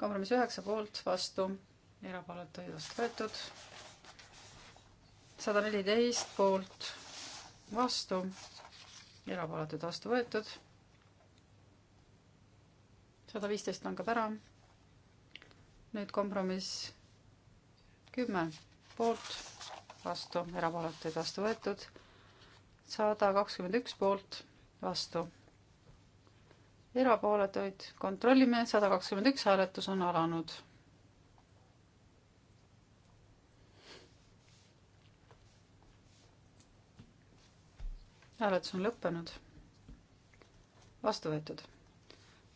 kompromiss üheksa poolt, vastu, erapooletuid vastu võetud. sada neliteist poolt, vastu, erapooletuid vastu võetud. sada viisteist langeb ära nüüd kompromiss kümme poolt, vastu, erapooletuid vastu võetud, sada kakskümmend üks poolt, vastu, erapooletuid kontrollime, sada kakskümmend üks hääletus on alanud. hääletus on lõppenud, vastu võetud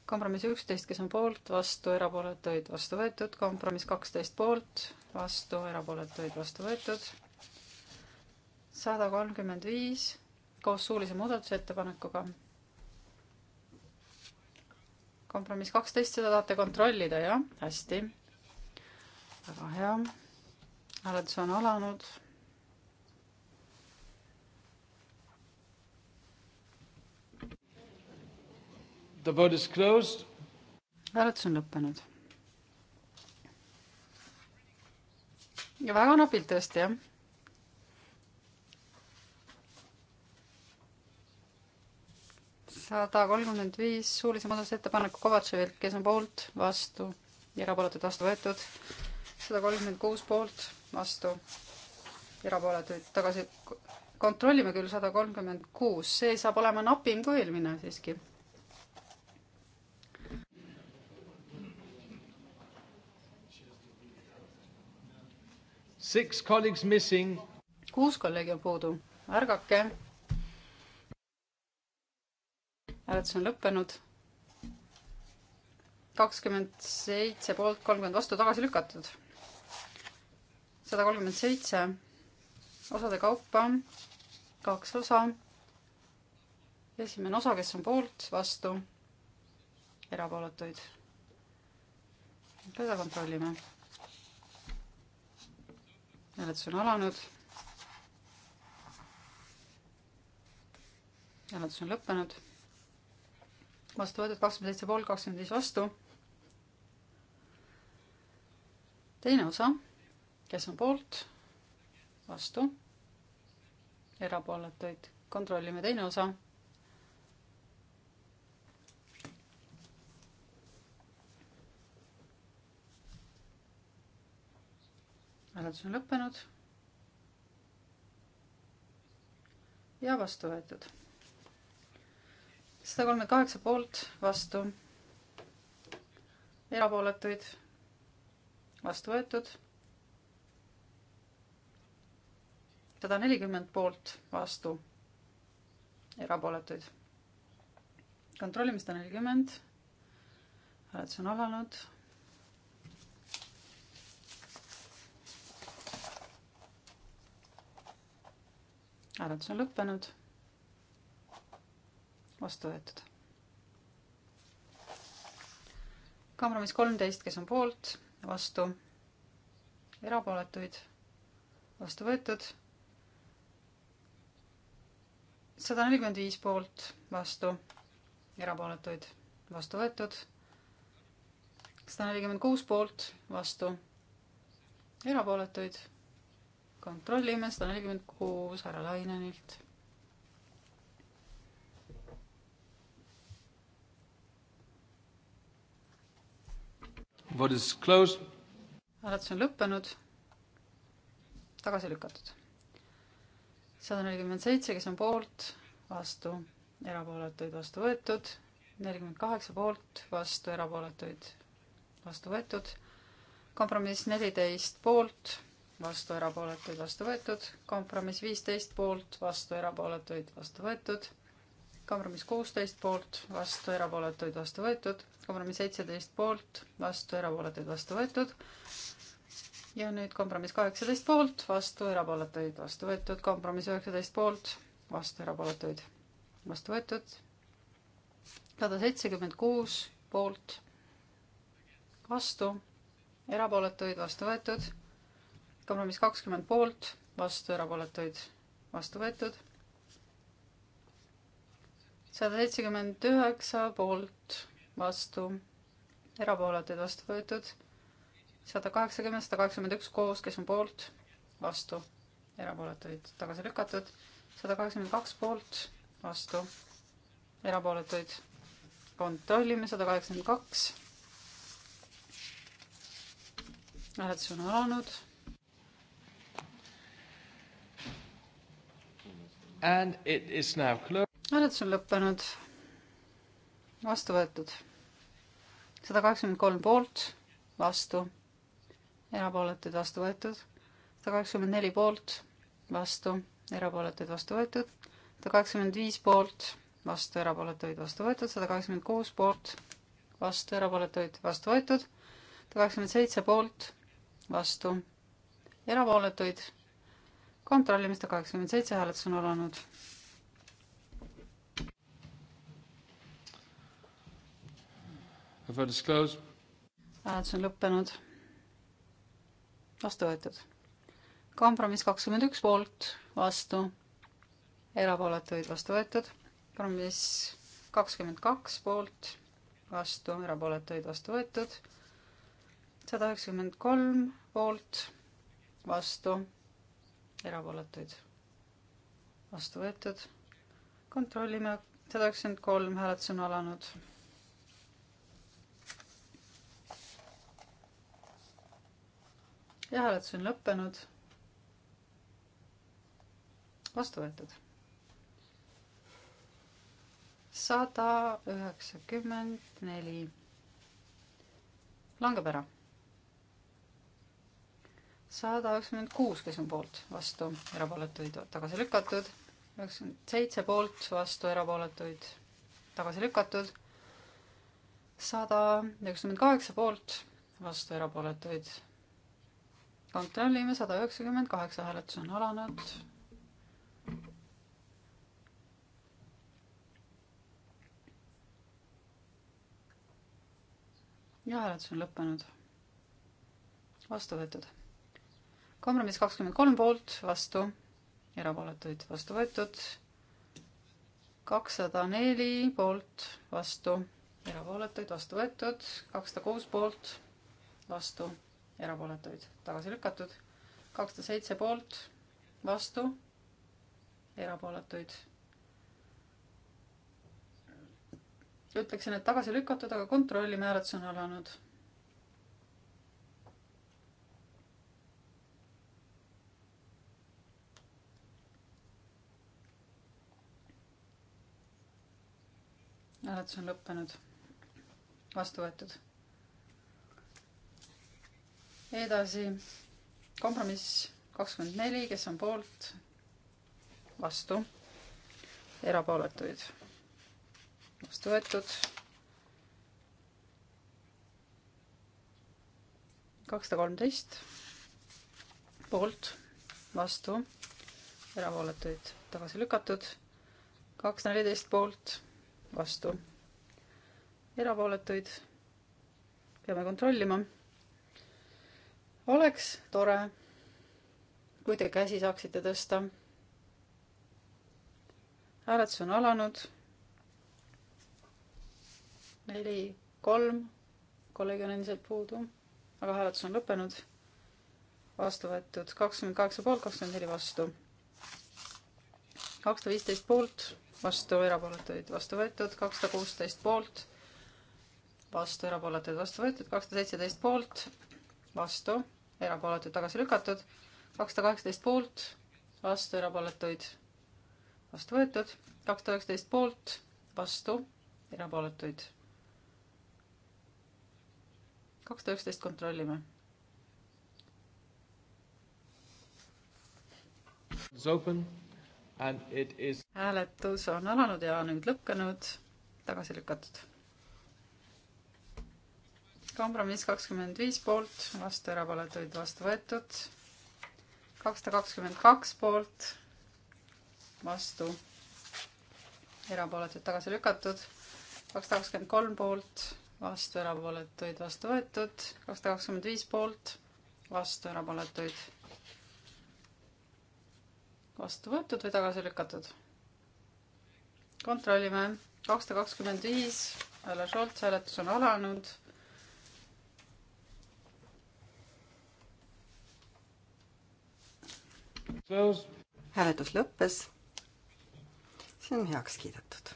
kompromiss üksteist, kes on poolt, vastu, erapooletuid, vastu võetud, kompromiss kaksteist poolt, vastu, erapooletuid, vastu võetud, sada kolmkümmend viis koos suulise muudatusettepanekuga. kompromiss kaksteist, seda tahate kontrollida, jah? hästi. väga hea. hääletus on alanud The vote is closed. hääletus on lõppenud. ja väga napilt tõesti, jah. sada kolmkümmend viis suulise muudatusettepaneku Kovatševilt, kes on poolt, vastu ja erapooletud vastu võetud. sada kolmkümmend kuus poolt, vastu, erapooletuid tagasi. kontrollime küll sada kolmkümmend kuus, see saab olema napim kui eelmine siiski Six colleagues missing. kuus kolleegi on puudu, ärgake. hääletus on lõppenud. kakskümmend seitse poolt, kolmkümmend vastu, tagasi lükatud. sada kolmkümmend seitse osade kaupa, kaks osa. esimene osa, kes on poolt, vastu, erapooletuid. seda kontrollime hääletus on alanud. hääletus on lõppenud. vastu võetud kakskümmend seitse poolt, kakskümmend viis vastu. teine osa, kes on poolt, vastu, erapooletuid, kontrollime teine osa hääletus on lõppenud. ja vastu võetud. sada kolmkümmend kaheksa poolt, vastu. erapooletuid, vastu võetud. sada nelikümmend poolt, vastu, erapooletuid. kontrollime sada nelikümmend. hääletus on alanud hääletus on lõppenud. vastu võetud. kompromiss kolmteist, kes on poolt, vastu, erapooletuid, vastu võetud. sada nelikümmend viis poolt, vastu, erapooletuid, vastu võetud. sada nelikümmend kuus poolt, vastu, erapooletuid kontrollime sada nelikümmend kuus härra Lainenilt. What is closed? hääletus on lõppenud. tagasi lükatud. sada nelikümmend seitse, kes on poolt, vastu, erapooletuid vastu võetud, nelikümmend kaheksa poolt, vastu, erapooletuid vastu võetud, kompromiss neliteist poolt vastu erapooletuid, vastu võetud, kompromiss viisteist poolt, vastu erapooletuid, vastu võetud, kompromiss kuusteist poolt, vastu erapooletuid, vastu võetud, kompromiss seitseteist poolt, vastu erapooletuid, vastu võetud, ja nüüd kompromiss kaheksateist poolt, vastu erapooletuid, vastu võetud, kompromiss üheksateist poolt, vastu erapooletuid, vastu võetud, sada seitsekümmend kuus poolt, vastu, erapooletuid, vastu võetud kompromiss kakskümmend poolt, vastu erapooletuid vastu võetud. sada seitsekümmend üheksa poolt, vastu erapooletuid vastu võetud. sada kaheksakümmend, sada kaheksakümmend üks koos, kes on poolt, vastu erapooletuid tagasi lükatud. sada kaheksakümmend kaks poolt, vastu erapooletuid kontrollime, sada kaheksakümmend kaks hääletus on alanud hääletus on lõppenud. vastu võetud. sada kaheksakümmend kolm poolt, vastu, erapooletuid vastu võetud. sada kaheksakümmend neli poolt, vastu, erapooletuid vastu võetud. sada kaheksakümmend viis poolt, vastu, erapooletuid vastu võetud. sada kaheksakümmend kuus poolt, vastu, erapooletuid vastu võetud. sada kaheksakümmend seitse poolt, vastu, erapooletuid kontrollime seda kaheksakümmend seitse, hääletus on alanud. hääletus on lõppenud. vastu võetud. kompromiss kakskümmend üks poolt, vastu, erapooletuid vastu võetud. kompromiss kakskümmend kaks poolt, vastu, erapooletuid vastu võetud. sada üheksakümmend kolm poolt, vastu erapooletuid vastu võetud. kontrollime, sada üheksakümmend kolm, hääletus on alanud. ja hääletus on lõppenud. vastu võetud. sada üheksakümmend neli. langeb ära sada üheksakümmend kuus, kes on poolt, vastu, erapooletuid tagasi lükatud. üheksakümmend seitse poolt, vastu, erapooletuid tagasi lükatud. sada üheksakümmend kaheksa poolt, vastu, erapooletuid. kontrollime, sada üheksakümmend kaheksa hääletus on alanud. ja hääletus on lõppenud. vastu võetud kompromiss kakskümmend kolm poolt, vastu, erapooletuid vastu võetud. kakssada neli poolt, vastu, erapooletuid vastu võetud. kakssada kuus poolt, vastu, erapooletuid tagasi lükatud. kakssada seitse poolt, vastu, erapooletuid. ütleksin, et tagasi lükatud, aga kontrolli määratus on alanud hääletus on lõppenud. vastu võetud. edasi kompromiss kakskümmend neli, kes on poolt, vastu, erapooletuid, vastu võetud. kakssada kolmteist poolt, vastu, erapooletuid tagasi lükatud, kakssada neliteist poolt vastu. erapooletuid peame kontrollima. oleks tore, kui te käsi saaksite tõsta. hääletus on alanud. neli, kolm, kolleeg on endiselt puudu, aga hääletus on lõppenud. vastu võetud kakskümmend kaheksa poolt, kakskümmend neli vastu. kakssada viisteist poolt vastu, erapooletuid vastu võetud, kakssada kuusteist poolt, vastu, erapooletuid vastu võetud, kakssada seitseteist poolt, vastu, erapooletuid tagasi lükatud, kakssada kaheksateist poolt, vastu, erapooletuid vastu võetud, kakssada üheksateist poolt, vastu, erapooletuid. kakssada üksteist kontrollime is open. Is... hääletus on alanud ja nüüd lõppenud, tagasi lükatud. kompromiss kakskümmend viis poolt, vastu erapooletuid vastu võetud. kakssada kakskümmend kaks poolt, vastu erapooletuid tagasi lükatud. kakssada kakskümmend kolm poolt, vastu erapooletuid vastu võetud. kakssada kakskümmend viis poolt, vastu erapooletuid vastu võetud või tagasi lükatud. kontrollime, kakssada kakskümmend viis, härra Šolts, hääletus on alanud. hääletus lõppes. see on heaks kiidetud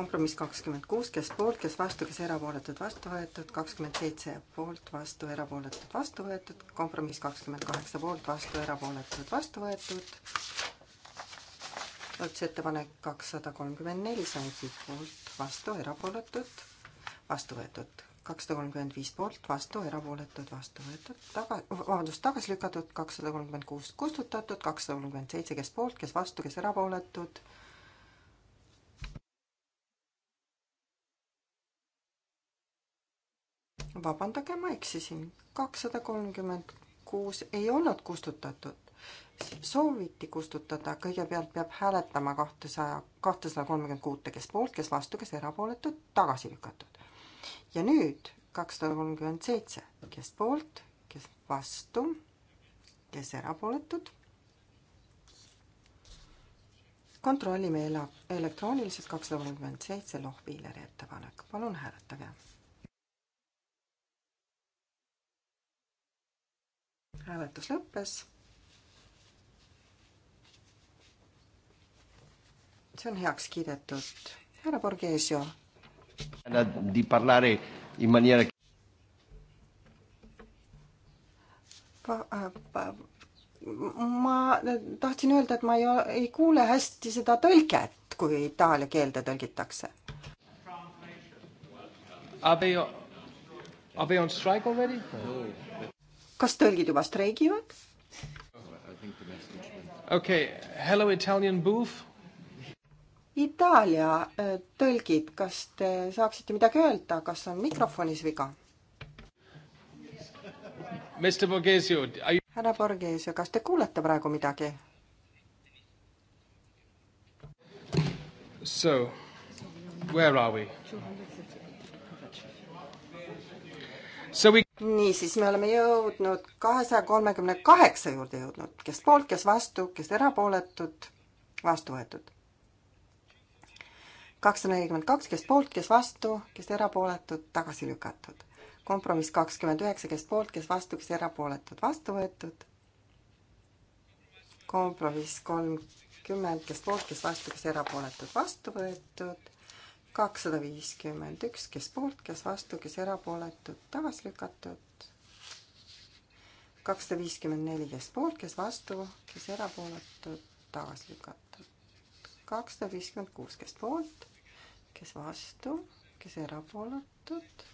kompromiss kakskümmend kuus, kes poolt, kes vastu, kes erapooletud, vastu võetud, kakskümmend seitse poolt, vastu, erapooletud, vastu võetud, kompromiss kakskümmend kaheksa poolt, vastu, erapooletud, vastu võetud. otsusettepanek kakssada kolmkümmend neli, see on siis poolt, vastu, erapooletud, vastu võetud. kakssada kolmkümmend viis poolt, vastu, erapooletud, vastu võetud, taga, vabandust, tagasi lükatud, kakssada kolmkümmend kuus kustutatud, kakssada kolmkümmend seitse, kes poolt, kes vastu, kes erapooletud vabandage, ma eksisin, kakssada kolmkümmend kuus ei olnud kustutatud. sooviti kustutada, kõigepealt peab hääletama kahtesaja, kahtesada kolmkümmend kuute, kes poolt, kes vastu, kes erapooletud, tagasi lükatud. ja nüüd kakssada kolmkümmend seitse, kes poolt, kes vastu, kes erapooletud. kontrollime elektrooniliselt kakssada kolmkümmend seitse Lohviileri ettepanek, palun hääletage hääletus lõppes. see on heaks kiidetud. härra Borghesio. Äh, ma tahtsin öelda, et ma ei, ei kuule hästi seda tõlget, kui itaalia keelde tõlgitakse. Are they, are they on strike already? No kas tõlgid juba streigivad? okei okay., hello Italian booth. Itaalia äh, tõlgid, kas te saaksite midagi öelda, kas on mikrofonis viga? härra Borgesio, kas te kuulete praegu midagi? So, where are we? We... niisiis, me oleme jõudnud kahesaja kolmekümne kaheksa juurde jõudnud, kes poolt, kes vastu, kes erapooletud, vastu võetud. kakssada nelikümmend kaks, kes poolt, kes vastu, kes erapooletud, tagasi lükatud. kompromiss kakskümmend üheksa, kes poolt, kes vastu, kes erapooletud, vastu võetud. kompromiss kolmkümmend, kes poolt, kes vastu, kes erapooletud, vastu võetud kakssada viiskümmend üks, kes poolt, kes vastu, kes erapooletud, tagasi lükatud. kakssada viiskümmend neli, kes poolt, kes vastu, kes erapooletud, tagasi lükatud. kakssada viiskümmend kuus, kes poolt, kes vastu, kes erapooletud,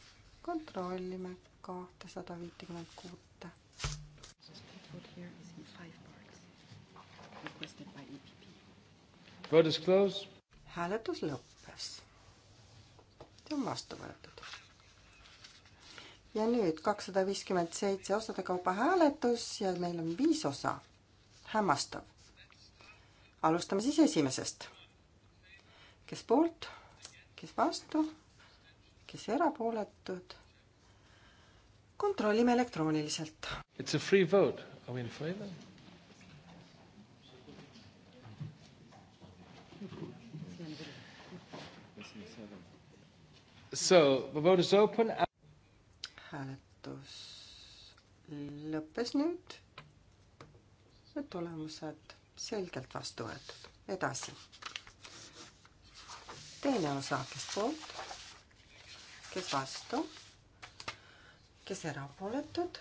kontrollime kahtesada viitekümmet kuute. Vote is closed. hääletus lõpp samuti on vastu võetud. ja nüüd kakssada viiskümmend seitse osade kaupa hääletus ja meil on viis osa. hämmastav. alustame siis esimesest. kes poolt, kes vastu, kes erapooletud. kontrollime elektrooniliselt. It's a free vote, are we in favor? So the vote is open. hääletus lõppes nüüd. Need tulemused selgelt vastu võetud. edasi. teine osa, kes poolt, kes vastu, kes erapooletud.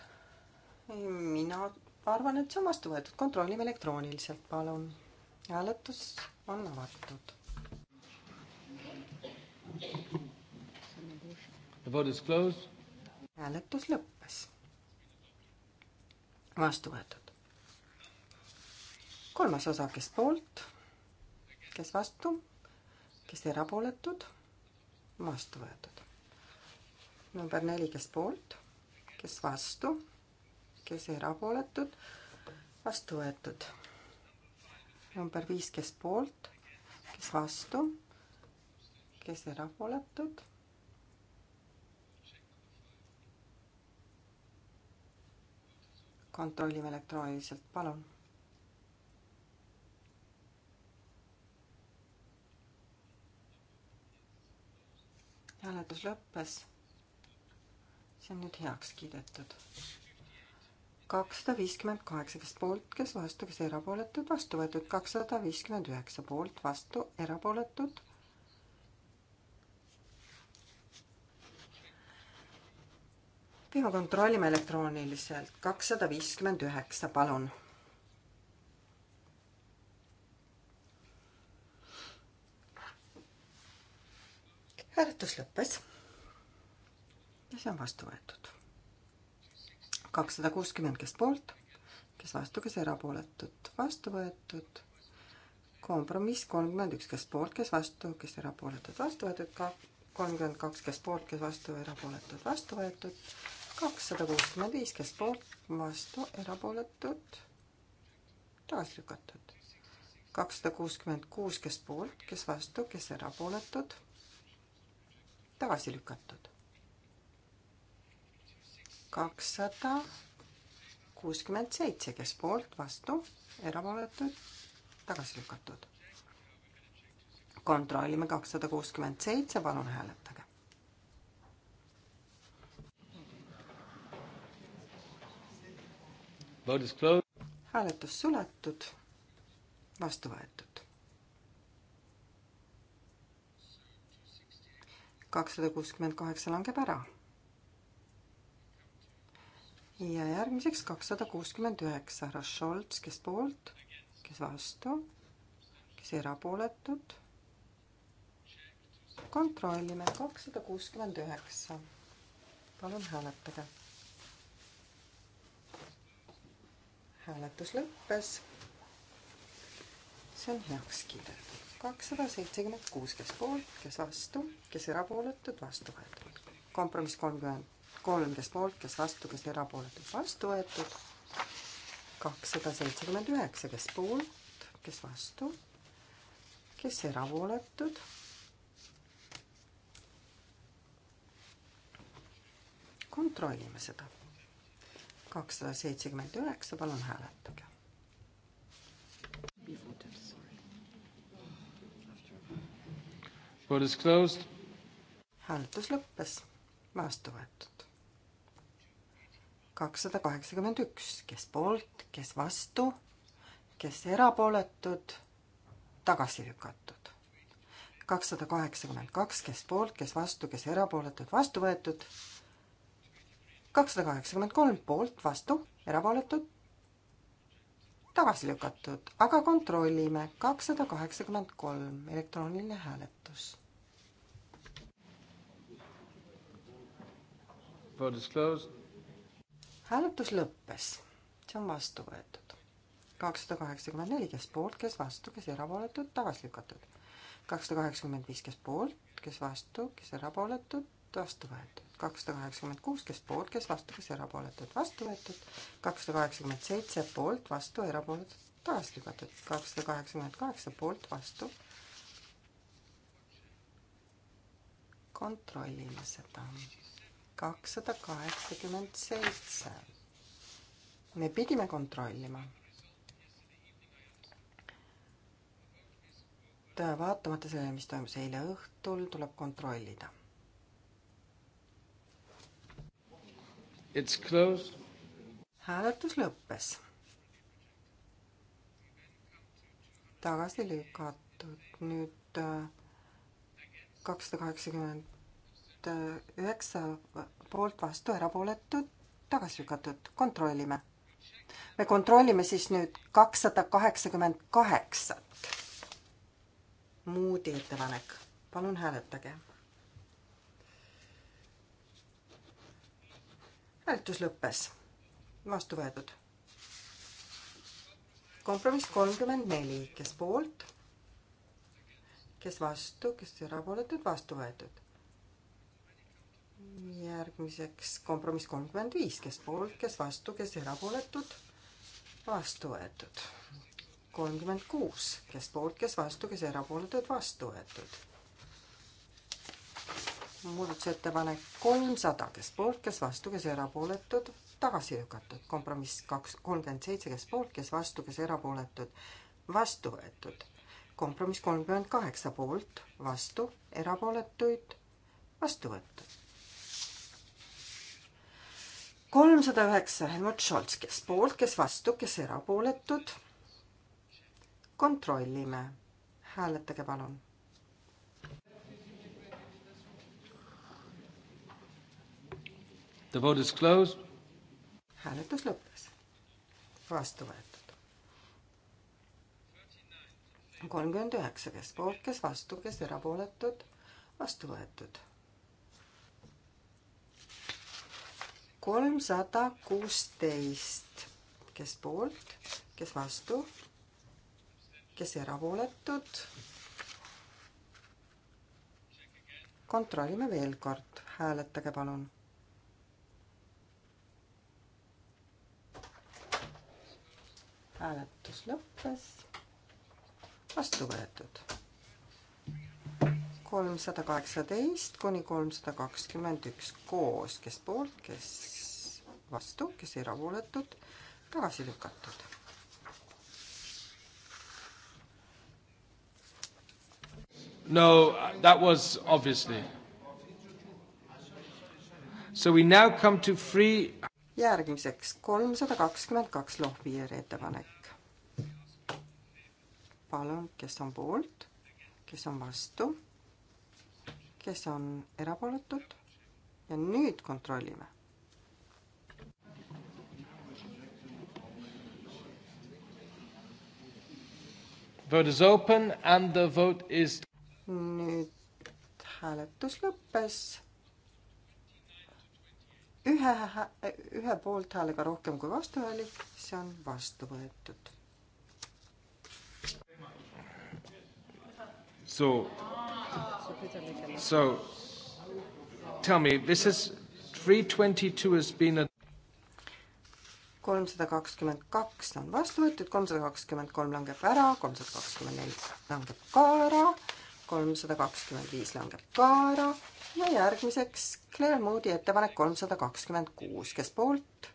mina arvan, et see on vastu võetud. kontrollime elektrooniliselt, palun. hääletus on avatud hääletus lõppes. vastu võetud. kolmas osa, kes poolt, kes vastu, kes erapooletud, vastu võetud. number neli, kes poolt, kes vastu, kes erapooletud, vastu võetud. number viis, kes poolt, kes vastu, kes erapooletud kontrollime elektrooniliselt, palun. hääletus lõppes. see on nüüd heaks kiidetud. kakssada viiskümmend kaheksa, kes poolt, kes vastu, kes erapooletud, vastu võetud kakssada viiskümmend üheksa poolt, vastu, erapooletud, ja kontrollime elektrooniliselt. kakssada viiskümmend üheksa, palun. hääletus lõppes. ja see on vastu võetud. kakssada kuuskümmend, kes poolt, kes vastu, kes erapooletud, vastu võetud kompromiss kolmkümmend üks, kes poolt, kes vastu, kes erapooletud, vastu võetud ka kolmkümmend kaks, kes poolt, kes vastu, erapooletud, vastu võetud kakssada kuuskümmend viis, kes poolt, vastu, erapooletud, tagasi lükatud. kakssada kuuskümmend kuus, kes poolt, kes vastu, kes erapooletud, tagasi lükatud. kakssada kuuskümmend seitse, kes poolt, vastu, erapooletud, tagasi lükatud. kontrollime kakssada kuuskümmend seitse, palun hääletage. hääletus suletud, vastu võetud. kakssada kuuskümmend kaheksa langeb ära. ja järgmiseks kakssada kuuskümmend üheksa, härra Scholz, kes poolt, kes vastu, kes erapooletud. kontrollime, kakssada kuuskümmend üheksa. palun hääletage hääletus lõppes. see on heaks kiidetud. kakssada seitsekümmend kuus, kes poolt, kes vastu, kes erapooletud, vastu võetud. kompromiss kolmkümmend kolm, kes poolt, kes vastu, kes erapooletud, vastu võetud. kakssada seitsekümmend üheksa, kes poolt, kes vastu, kes erapooletud. kontrollime seda kakssada seitsekümmend üheksa, palun hääletage. hääletus lõppes, vastu võetud. kakssada kaheksakümmend üks, kes poolt, kes vastu, kes erapooletud, tagasi lükatud. kakssada kaheksakümmend kaks, kes poolt, kes vastu, kes erapooletud, vastu võetud kakssada kaheksakümmend kolm poolt, vastu, erapooletud, tagasi lükatud, aga kontrollime, kakssada kaheksakümmend kolm, elektrooniline hääletus. hääletus lõppes, see on vastu võetud. kakssada kaheksakümmend neli, kes poolt, kes vastu, kes erapooletud, tagasi lükatud. kakssada kaheksakümmend viis, kes poolt, kes vastu, kes erapooletud, vastu võetud. kakssada kaheksakümmend kuus, kes poolt, kes vastu, kes erapooletud, vastu võetud. kakssada kaheksakümmend seitse poolt, vastu, erapooletud, tagasi lükatud. kakssada kaheksakümmend kaheksa poolt, vastu. kontrollime seda. kakssada kaheksakümmend seitse. me pidime kontrollima vaatamata sellele, mis toimus eile õhtul, tuleb kontrollida hääletus lõppes. tagasi lükatud, nüüd äh, kakssada kaheksakümmend üheksa poolt vastu, erapooletud, tagasi lükatud, kontrollime. me kontrollime siis nüüd kakssada kaheksakümmend kaheksat. Moodi ettepanek, palun hääletage hääletus lõppes. vastu võetud. kompromiss kolmkümmend neli, kes poolt, kes vastu, kes erapooletud, vastu võetud. järgmiseks kompromiss kolmkümmend viis, kes poolt, kes vastu, kes erapooletud, vastu võetud. kolmkümmend kuus, kes poolt, kes vastu, kes erapooletud, vastu võetud muudatusettepanek kolmsada, kes poolt, kes vastu, kes erapooletud, tagasi lükatud. kompromiss kaks, kolmkümmend seitse, kes poolt, kes vastu, kes erapooletud, vastu võetud. kompromiss kolmkümmend kaheksa poolt, vastu, erapooletuid, vastu võetud. kolmsada üheksa, Helmut Scholz, kes poolt, kes vastu, kes erapooletud. kontrollime. hääletage palun The vote is closed. hääletus lõppes. vastu võetud. kolmkümmend üheksa, kes poolt, kes vastu, kes erapooletud, vastu võetud. kolmsada kuusteist, kes poolt, kes vastu, kes erapooletud. kontrollime veel kord, hääletage palun hääletus lõppes. vastu võetud. kolmsada kaheksateist kuni kolmsada kakskümmend üks koos, kes poolt, kes vastu, kes erapooletud, tagasi lükatud. No, that was obviously. So we now come to free järgmiseks kolmsada kakskümmend kaks Lohviiri ettepanek palun, kes on poolt, kes on vastu, kes on erapooletud ja nüüd kontrollime. Vote is open and the vote is. nüüd hääletus lõppes ühe, ühe poolthäälega rohkem kui vastuhääli, see on vastu võetud So, so tell me, this is 322 has been a kolmsada kakskümmend kaks on vastu võetud, kolmsada kakskümmend kolm langeb ära, kolmsada kakskümmend neli langeb ka ära, kolmsada kakskümmend viis langeb ka ära ja järgmiseks Claire Moody ettepanek kolmsada kakskümmend kuus, kes poolt,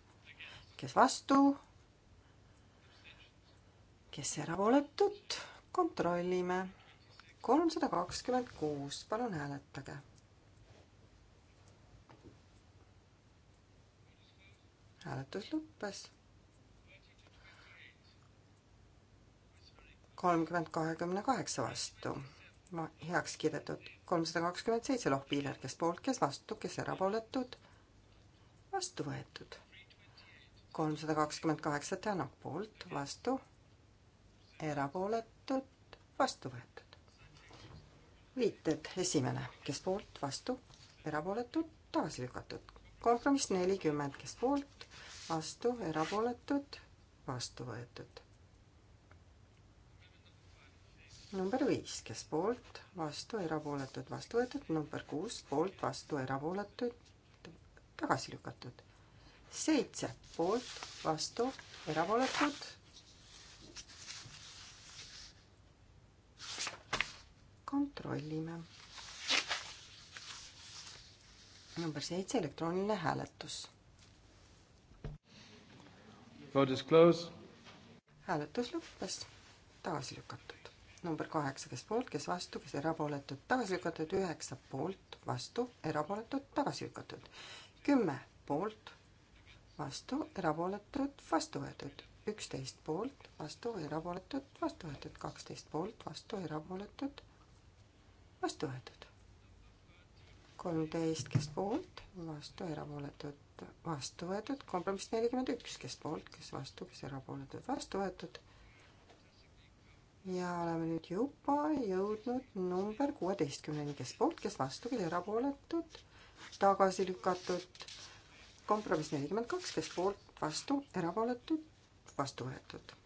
kes vastu, kes erapooletud, kontrollime kolmsada kakskümmend kuus, palun hääletage. hääletus lõppes. kolmkümmend kahekümne kaheksa vastu. heaks kiidetud kolmsada kakskümmend seitse lohpiiler, kes poolt, kes vastu, kes erapooletud, vastu võetud. kolmsada kakskümmend kaheksa tänak poolt, vastu, erapooletud, vastu võetud viited, esimene, kes poolt, vastu, erapooletud, tagasi lükatud. kompromiss nelikümmend, kes poolt, vastu, erapooletud, vastu võetud. number viis, kes poolt, vastu, erapooletud, vastu võetud, number kuus, poolt, vastu, erapooletud, tagasi lükatud. seitse, poolt, vastu, erapooletud kontrollime. number seitse, elektrooniline hääletus. hääletus lõppes, tagasi lükatud. number kaheksa, kes poolt, kes vastu, kes erapooletud, tagasi lükatud, üheksa poolt, vastu, erapooletud, tagasi lükatud. kümme poolt, vastu, erapooletud, vastu võetud üksteist poolt, vastu, erapooletud, vastu võetud kaksteist poolt, vastu, erapooletud, vastu võetud. kolmteist, kes poolt, vastu, erapooletud, vastu võetud, kompromiss nelikümmend üks, kes poolt, kes vastu, kes erapooletud, vastu võetud. ja oleme nüüd juba jõudnud number kuueteistkümneni, kes poolt, kes vastu, kes erapooletud, tagasi lükatud. kompromiss nelikümmend kaks, kes poolt, vastu, erapooletud, vastu võetud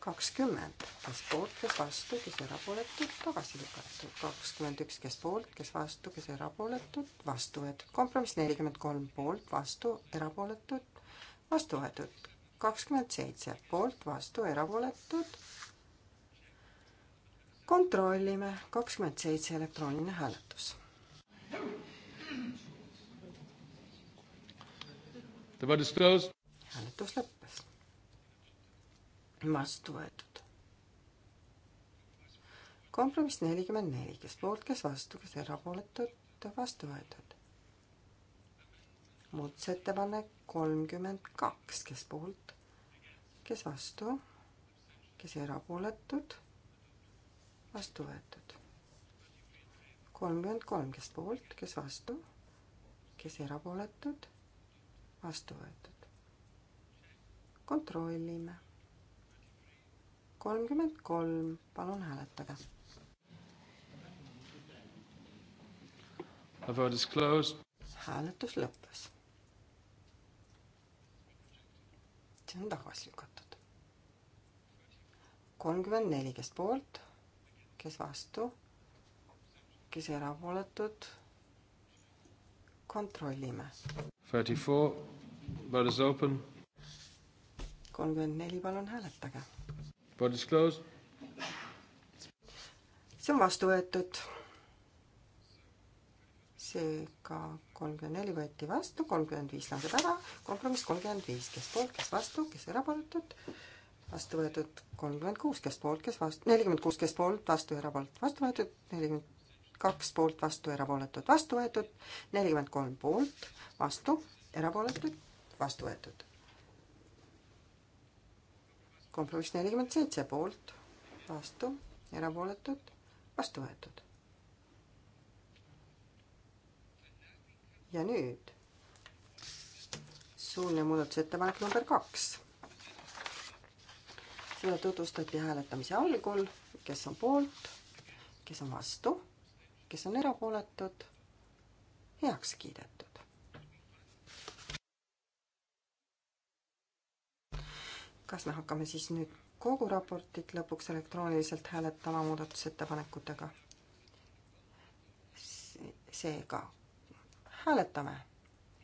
kakskümmend, kes poolt, kes vastu, kes erapooletud, tagasi lükatud. kakskümmend üks, kes poolt, kes vastu, kes erapooletud, vastu võetud. kompromiss nelikümmend kolm poolt, vastu, erapooletud, vastu võetud. kakskümmend seitse poolt, vastu, erapooletud. kontrollime, kakskümmend seitse elektrooniline hääletus. hääletus lõpp vastu võetud. kompromiss nelikümmend neli, kes poolt, kes vastu, kes erapooletud, vastu võetud. muudatusettepanek kolmkümmend kaks, kes poolt, kes vastu, kes erapooletud, vastu võetud. kolmkümmend kolm, kes poolt, kes vastu, kes erapooletud, vastu võetud. kontrollime kolmkümmend kolm, palun hääletage. hääletus lõppes. see on tagasi lükatud. kolmkümmend neli, kes poolt, kes vastu, kes erapooletud. kontrollime. kolmkümmend neli, palun hääletage Vote is closed. see on vastu võetud. seega kolmkümmend neli võeti vastu, kolmkümmend viis langeb ära, kompromiss kolmkümmend viis, kes poolt, kes vastu, kes erapooletud, vastu võetud kolmkümmend kuus, kes poolt, kes vastu, nelikümmend kuus, kes poolt, vastu, erapooletud, vastu võetud, nelikümmend kaks poolt vastu, erapooletud vastu võetud, nelikümmend kolm poolt vastu, erapooletud vastu võetud kompromiss nelikümmend seitse poolt, vastu, erapooletud, vastu võetud. ja nüüd suuline muudatusettepanek number kaks. seda tutvustati hääletamise algul, kes on poolt, kes on vastu, kes on erapooletud, heaks kiidetud. kas me hakkame siis nüüd kogu raportit lõpuks elektrooniliselt hääletama muudatusettepanekutega? seega hääletame.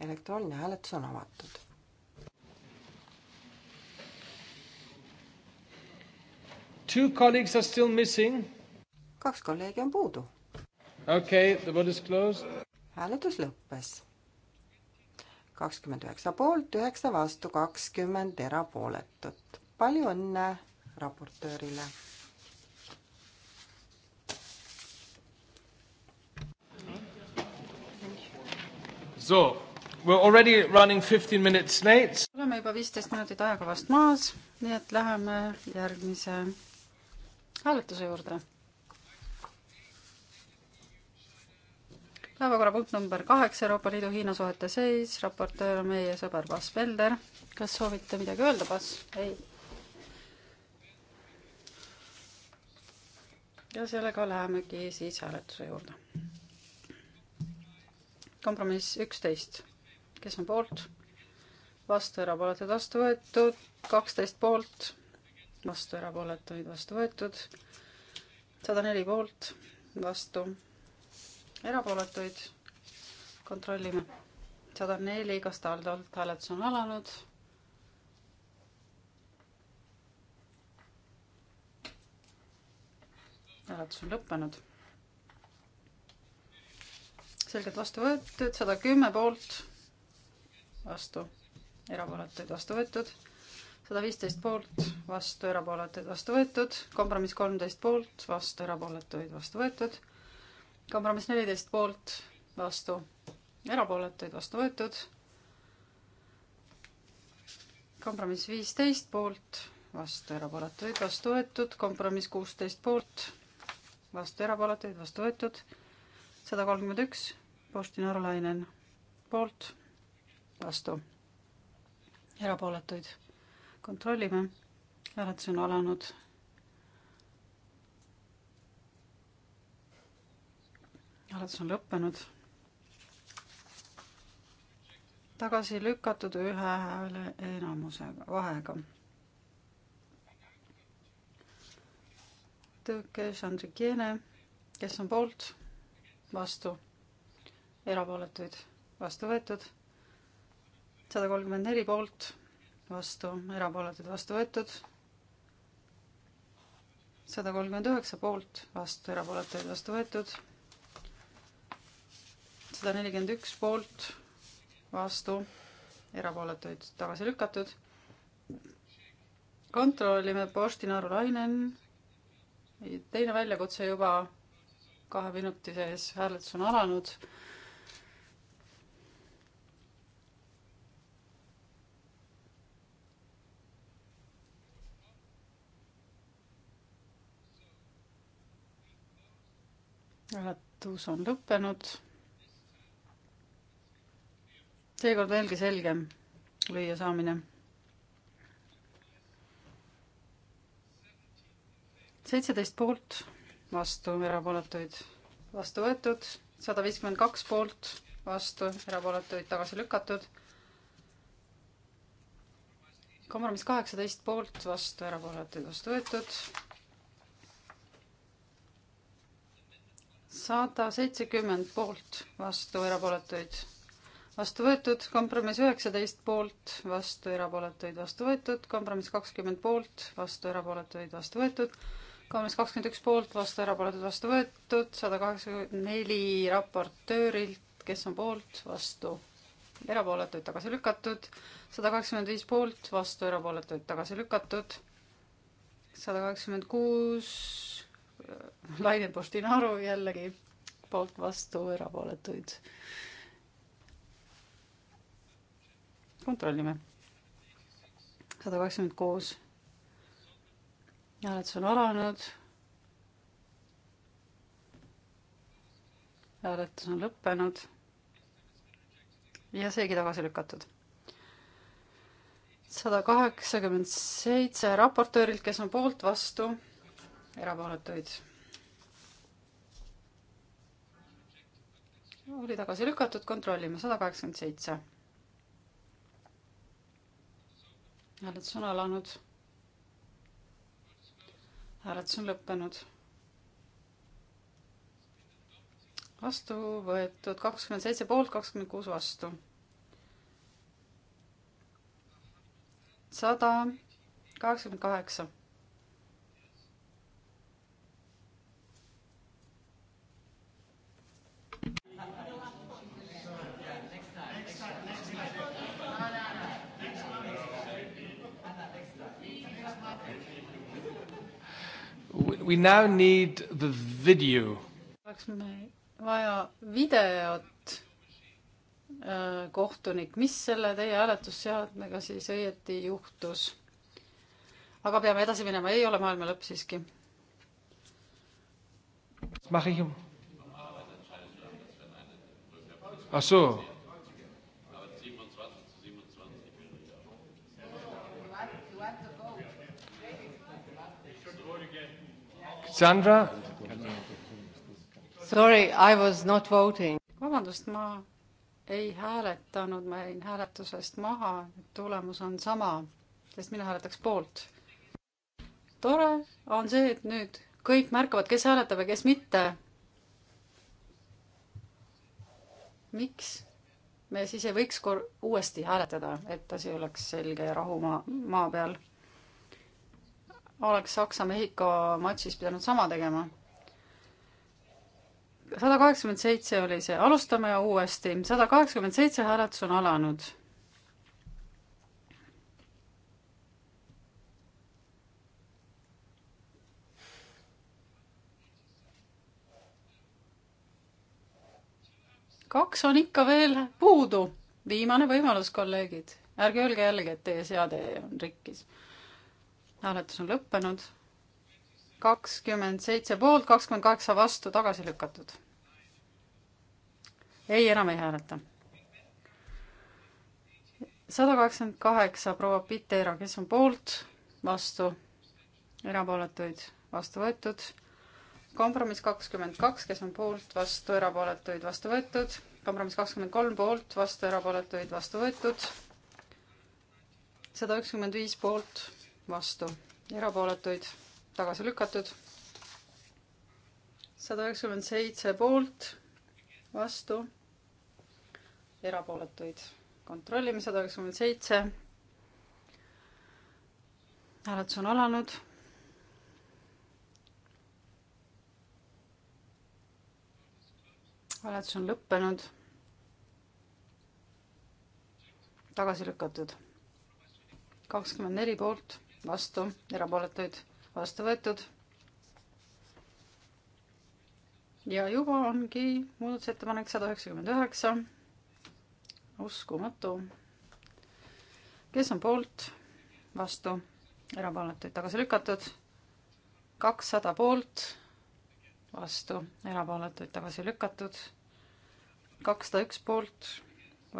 elektrooniline hääletus on avatud. Two colleagues are still missing. kaks kolleegi on puudu. Okay, the vote is closed. hääletus lõppes kakskümmend üheksa poolt, üheksa vastu, kakskümmend erapooletut. palju õnne raportöörile! So, we are already running fifteen minutes late. oleme juba viisteist minutit ajakavast maas, nii et läheme järgmise hääletuse juurde päevakorrapunkt number kaheksa, Euroopa Liidu Hiina suhete seis, raportöör on meie sõber Bas Belder. kas soovite midagi öelda, Bas? ei. ja sellega lähemegi siis hääletuse juurde. kompromiss üksteist, kes on poolt? vastu, erapooletud, vastu võetud, kaksteist poolt, vastu, erapooletuid, vastu võetud, sada neli poolt, vastu erapooletuid kontrollime. sada neli Kastaldolt hääletus on alanud. hääletus on lõppenud. selgelt vastu võetud, sada kümme poolt, vastu, erapooletuid vastu võetud, sada viisteist poolt, vastu, erapooletuid vastu võetud, kompromiss kolmteist poolt, vastu, erapooletuid vastu võetud kompromiss neliteist poolt, vastu, erapooletuid, vastu võetud. kompromiss viisteist poolt, vastu, erapooletuid, vastu võetud. kompromiss kuusteist poolt, vastu, erapooletuid, vastu võetud. sada kolmkümmend üks, Postin Orlainen poolt, vastu, erapooletuid. kontrollime, hääletus on alanud hääletus on lõppenud. tagasi lükatud ühe hääle enamusega, vahega. Tõukes Andrikiene, kes on poolt, vastu, erapooletuid, vastu võetud. sada kolmkümmend neli poolt, vastu, erapooletuid, vastu võetud sada kolmkümmend üheksa poolt, vastu erapooletuid, vastu võetud sada nelikümmend üks poolt, vastu, erapooletuid tagasi lükatud. kontrollime Porsche Naru Lainen. teine väljakutse juba kahe minuti sees, hääletus on alanud. hääletus on lõppenud seekord veelgi selgem lüüa saamine. seitseteist poolt, vastu, erapooletuid, vastu võetud, sada viiskümmend kaks poolt, vastu, erapooletuid tagasi lükatud. kompromiss kaheksateist poolt, vastu, erapooletuid vastu võetud. sada seitsekümmend poolt, vastu, erapooletuid vastu võetud, kompromiss üheksateist poolt, vastu erapooletuid, vastu võetud, kompromiss kakskümmend poolt, vastu erapooletuid, vastu võetud, kompromiss kakskümmend üks poolt, vastu erapooletuid, vastu võetud, sada kaheksakümmend neli raportöörilt, kes on poolt, vastu erapooletuid, tagasi lükatud, sada kaheksakümmend viis poolt, vastu erapooletuid, tagasi lükatud, sada kaheksakümmend kuus, äh, Laine Postinaru jällegi poolt, vastu erapooletuid kontrollime. sada kakskümmend kuus. hääletus on alanud. hääletus on lõppenud. ja seegi tagasi lükatud. sada kaheksakümmend seitse raportöörilt, kes on poolt, vastu, erapooletuid oli tagasi lükatud, kontrollime, sada kaheksakümmend seitse. hääletus on alanud. hääletus on lõppenud. vastu võetud kakskümmend seitse poolt, kakskümmend kuus vastu. sada kaheksakümmend kaheksa we now need the video. oleks me vaja videot, äh, kohtunik, mis selle teie hääletusseadmega siis õieti juhtus? aga peame edasi minema, ei ole maailma lõpp siiski. Ah so. Sandra. Sorry, I was not voting. vabandust, ma ei hääletanud, ma jäin hääletusest maha, tulemus on sama, sest mina hääletaks poolt. tore on see, et nüüd kõik märkavad, kes hääletab ja kes mitte. miks? me siis ei võiks kor-, uuesti hääletada, et asi oleks selge ja rahu maa, maa peal oleks Saksa-Mehhiko matšis pidanud sama tegema. sada kaheksakümmend seitse oli see, alustame uuesti, sada kaheksakümmend seitse hääletus on alanud. kaks on ikka veel puudu. viimane võimalus, kolleegid. ärge öelge jällegi, et teie seade on rikkis hääletus on lõppenud. kakskümmend seitse poolt, kakskümmend kaheksa vastu, tagasi lükatud. ei, enam ei hääleta. sada kaheksakümmend kaheksa, proua Pitera, kes on poolt, vastu, erapooletuid, vastu võetud kompromiss kakskümmend kaks, kes on poolt, vastu, erapooletuid, vastu võetud. kompromiss kakskümmend kolm poolt, vastu, erapooletuid, vastu võetud. sada ükskümmend viis poolt, vastu, erapooletuid tagasi lükatud. sada üheksakümmend seitse poolt, vastu, erapooletuid. kontrollime sada üheksakümmend seitse. hääletus on alanud hääletus on lõppenud. tagasi lükatud. kakskümmend neli poolt, vastu, erapooletuid vastu võetud. ja juba ongi muudatusettepanek sada üheksakümmend üheksa. uskumatu. kes on poolt, vastu, erapooletuid tagasi lükatud? kakssada poolt, vastu, erapooletuid tagasi lükatud. kakssada üks poolt,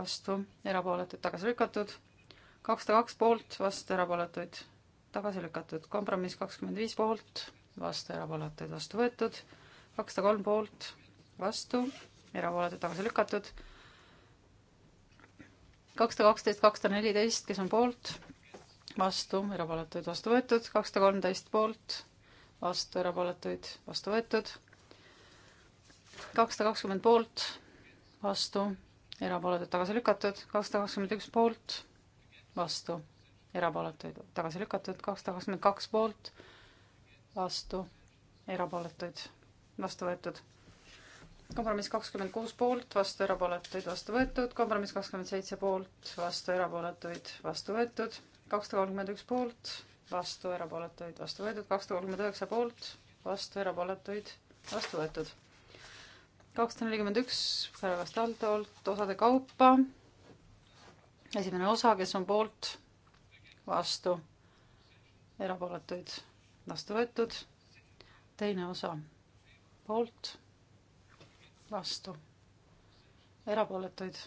vastu, erapooletuid tagasi lükatud kakssada kaks poolt, vastu erapooletuid tagasi lükatud. kompromiss kakskümmend viis poolt, vastu, erapooletuid vastu võetud. kakssada kolm poolt, vastu, erapooletuid tagasi lükatud. kakssada kaksteist, kakssada neliteist, kes on poolt, vastu, erapooletuid vastu võetud. kakssada kolmteist poolt, vastu, erapooletuid vastu võetud. kakssada kakskümmend poolt, vastu, erapooletuid tagasi lükatud. kakssada kakskümmend üks poolt, vastu erapooletuid tagasi lükatud, kakssada kakskümmend kaks poolt, vastu, erapooletuid vastu võetud. kompromiss kakskümmend kuus poolt, vastu erapooletuid vastu võetud, kompromiss kakskümmend seitse poolt, vastu erapooletuid vastu võetud, kakssada kolmkümmend üks poolt, vastu erapooletuid vastu võetud, kakssada kolmkümmend üheksa poolt, vastu erapooletuid vastu võetud. kakssada nelikümmend üks pärast altpoolt osade kaupa. esimene osa, kes on poolt vastu, erapooletuid vastu võetud, teine osa poolt, vastu, erapooletuid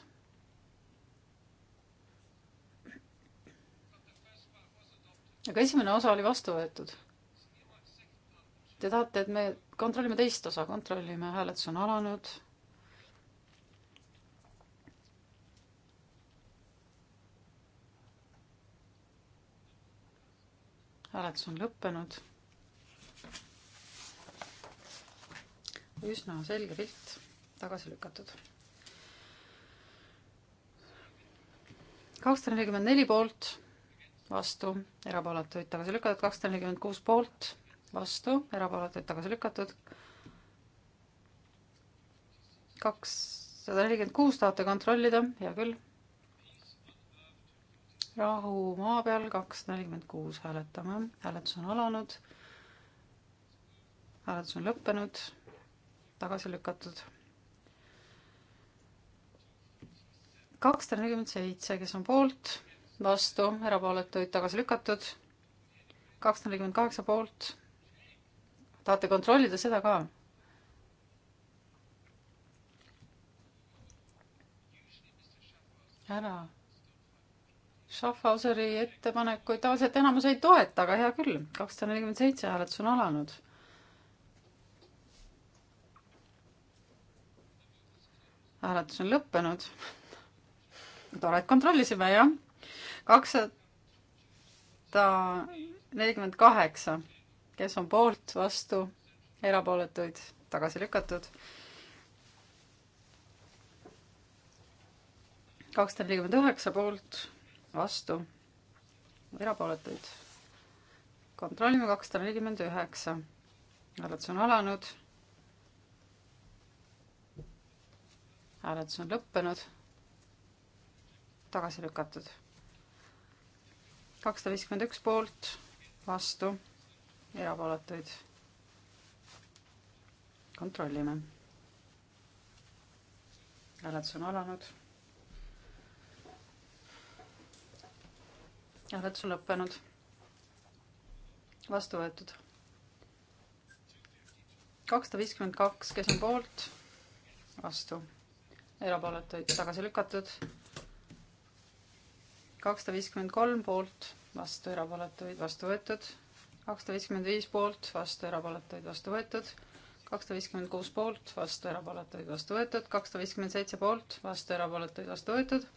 aga esimene osa oli vastu võetud. Te tahate, et me kontrollime teist osa, kontrollime, hääletus on alanud hääletus on lõppenud. üsna selge pilt, tagasi lükatud. kakssada nelikümmend neli poolt, vastu, erapooletuid tagasi lükatud, kakssada nelikümmend kuus poolt, vastu, erapooletuid tagasi lükatud. kakssada nelikümmend kuus tahate kontrollida, hea küll rahu maa peal, kaks nelikümmend kuus hääletame, hääletus on alanud. hääletus on lõppenud, tagasi lükatud. kakssada nelikümmend seitse, kes on poolt, vastu, erapooletuid tagasi lükatud. kakssada nelikümmend kaheksa poolt. tahate kontrollida seda ka? ära Schaffhauseri ettepanekuid tavaliselt enamus ei toeta, aga hea küll, kakssada nelikümmend seitse hääletus on alanud. hääletus on lõppenud. tore, et kontrollisime, jah. kakssada nelikümmend kaheksa, kes on poolt, vastu, erapooletuid, tagasi lükatud kakssada nelikümmend üheksa poolt, vastu, erapooletuid. kontrollime kakssada nelikümmend üheksa. hääletus on alanud. hääletus on lõppenud. tagasi lükatud. kakssada viiskümmend üks poolt, vastu, erapooletuid. kontrollime hääletus on alanud hääletus on lõppenud. vastu võetud. kakssada viiskümmend kaks, kes on poolt, vastu, erapooletuid tagasi lükatud. kakssada viiskümmend kolm poolt, vastu, erapooletuid vastu võetud. kakssada viiskümmend viis poolt, vastu, erapooletuid vastu võetud kakssada viiskümmend kuus poolt, vastu erapooletuid, vastu võetud, kakssada viiskümmend seitse poolt, vastu erapooletuid, vastu võetud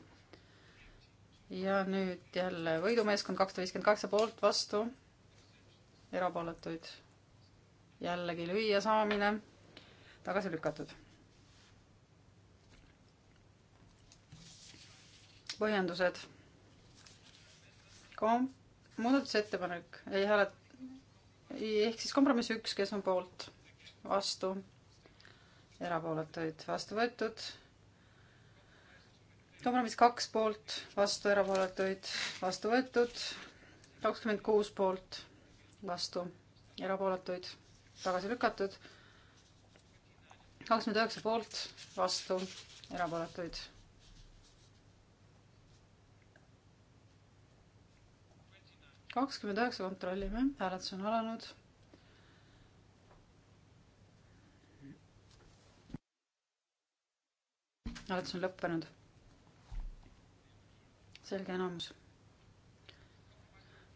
ja nüüd jälle võidumeeskond kakssada viiskümmend kaheksa poolt, vastu, erapooletuid. jällegi lüüa saamine, tagasi lükatud. põhjendused. kom-, muudatusettepanek ei hääleta, ehk siis kompromiss üks, kes on poolt, vastu, erapooletuid vastu võetud kompromiss kaks poolt, vastu erapooletuid, vastu võetud, kakskümmend kuus poolt, vastu erapooletuid, tagasi lükatud, kakskümmend üheksa poolt, vastu erapooletuid. kakskümmend üheksa kontrollime, hääletus on alanud hääletus on lõppenud selge enamus.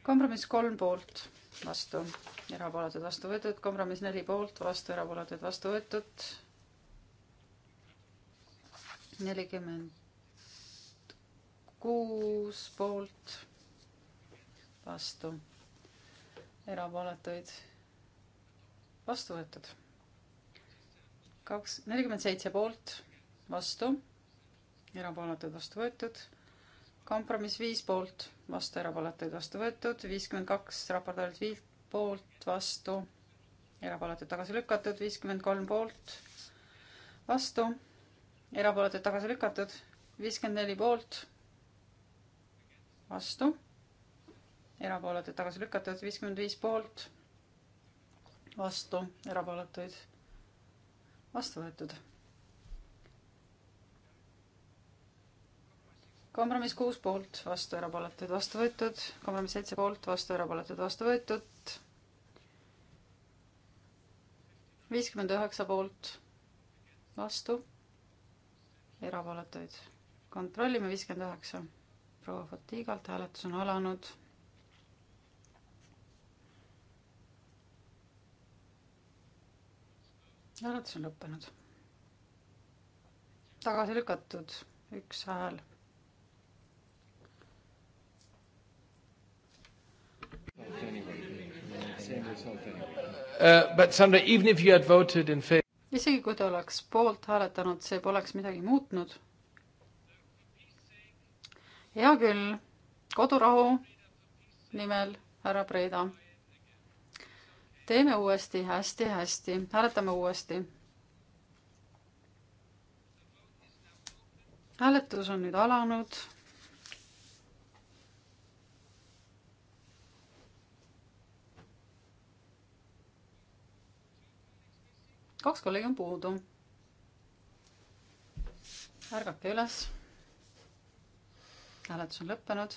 kompromiss kolm poolt, vastu, erapooletud, vastu võetud, kompromiss neli poolt, vastu, erapooletud, vastu võetud. nelikümmend kuus poolt, vastu, erapooletuid, vastu võetud. kaks, nelikümmend seitse poolt, vastu erapooletud vastu võetud kompromiss viis poolt, vastu erapooletuid vastu võetud, viiskümmend kaks raportöörilt viis poolt, vastu erapooletuid tagasi lükatud, viiskümmend kolm poolt, vastu erapooletuid tagasi lükatud, viiskümmend neli poolt, vastu erapooletuid tagasi lükatud, viiskümmend viis poolt, vastu erapooletuid vastu võetud kompromiss kuus poolt, vastu erapooletud, vastu võetud, kompromiss seitse poolt, vastu erapooletud, vastu võetud, viiskümmend üheksa poolt, vastu, erapooletuid. kontrollime viiskümmend üheksa. proua Fatigalt hääletus on alanud hääletus on lõppenud. tagasi lükatud, üks hääl Uh, isegi kui ta oleks poolt hääletanud, see poleks midagi muutnud. hea küll, kodurahu nimel härra Preeda. teeme uuesti hästi-hästi, hääletame uuesti. hääletus on nüüd alanud kaks kolleegi on puudu. ärgake üles. hääletus on lõppenud.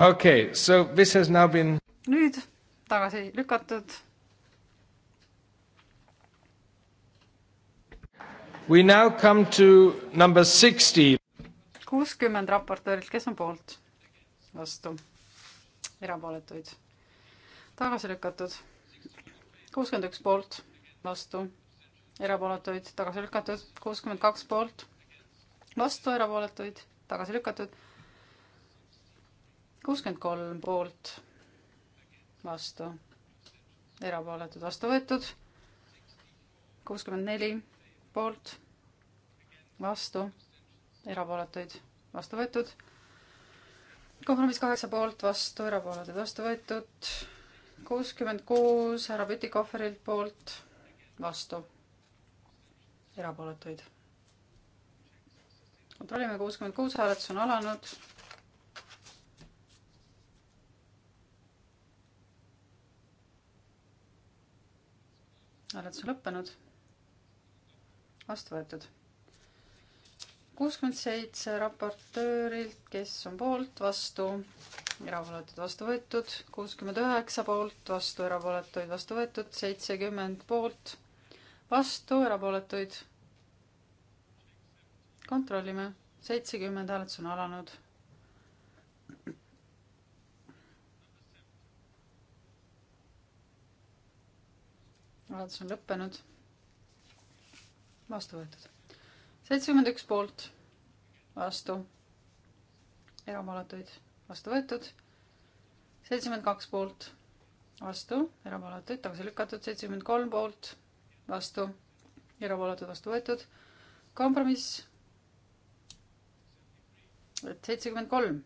okei okay,, so this has now been. nüüd tagasi lükatud. We now come to number sixty. kuuskümmend raportöörilt, kes on poolt? vastu erapooletuid tagasi lükatud. kuuskümmend üks poolt, vastu, erapooletuid tagasi lükatud, kuuskümmend kaks poolt, vastu, erapooletuid tagasi lükatud, kuuskümmend kolm poolt, vastu, erapooletud, vastu võetud, kuuskümmend neli poolt, vastu, erapooletuid vastu võetud kompromiss kaheksa poolt, vastu, erapooletud, vastu võetud. kuuskümmend kuus härra Pütikohverilt poolt, vastu, erapooletuid. kontrollime, kuuskümmend kuus, hääletus on alanud. hääletus on lõppenud. vastu võetud kuuskümmend seitse raportöörilt, kes on poolt, vastu, erapooletud, vastu võetud, kuuskümmend üheksa poolt, vastu, erapooletuid, vastu võetud, seitsekümmend poolt, vastu, erapooletuid. kontrollime, seitsekümmend hääletus on alanud. hääletus on lõppenud, vastu võetud seitsekümmend üks poolt, vastu, erapooletuid vastu võetud, seitsekümmend kaks poolt, vastu, erapooletuid tagasi lükatud, seitsekümmend kolm poolt, vastu, erapooletud vastu võetud, kompromiss, et seitsekümmend kolm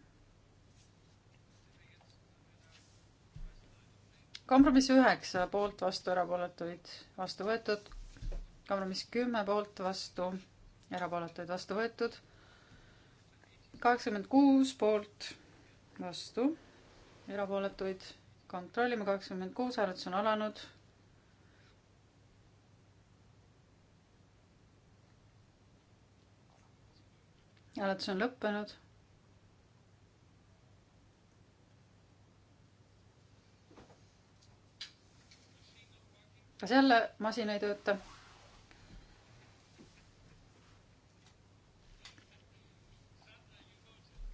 kompromiss üheksa poolt, vastu, erapooletuid vastu võetud. kompromiss kümme poolt, vastu, erapooletuid vastu võetud. kaheksakümmend kuus poolt, vastu, erapooletuid kontrollime, kaheksakümmend kuus, hääletus on alanud. hääletus on lõppenud kas jälle masin ei tööta?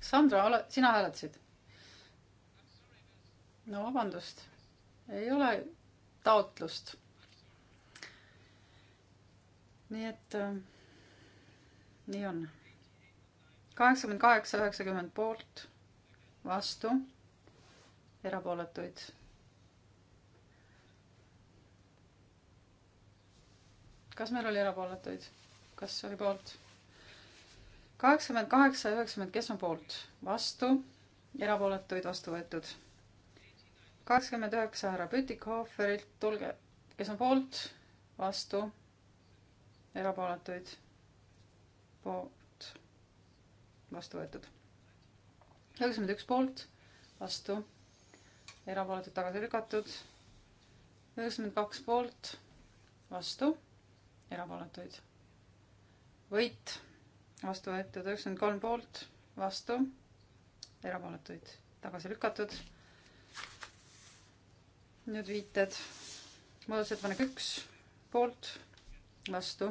Sandra, sina hääletasid? no vabandust, ei ole taotlust. nii et äh, nii on. kaheksakümmend kaheksa, üheksakümmend poolt, vastu, erapooletuid. kas meil oli erapooletuid? kas oli poolt? kaheksakümmend kaheksa ja üheksakümmend, kes on poolt, vastu, erapooletuid vastu võetud. kaheksakümmend üheksa härra Pütikhoferilt, tulge, kes on poolt, vastu, erapooletuid, poolt, vastu võetud. üheksakümmend üks poolt, vastu, erapooletuid tagasi lükatud. üheksakümmend kaks poolt, vastu, erapooletuid. võit vastu võetud üheksakümmend kolm poolt, vastu, erapooletuid tagasi lükatud. nüüd viited, muudatusettepanek üks, poolt, vastu,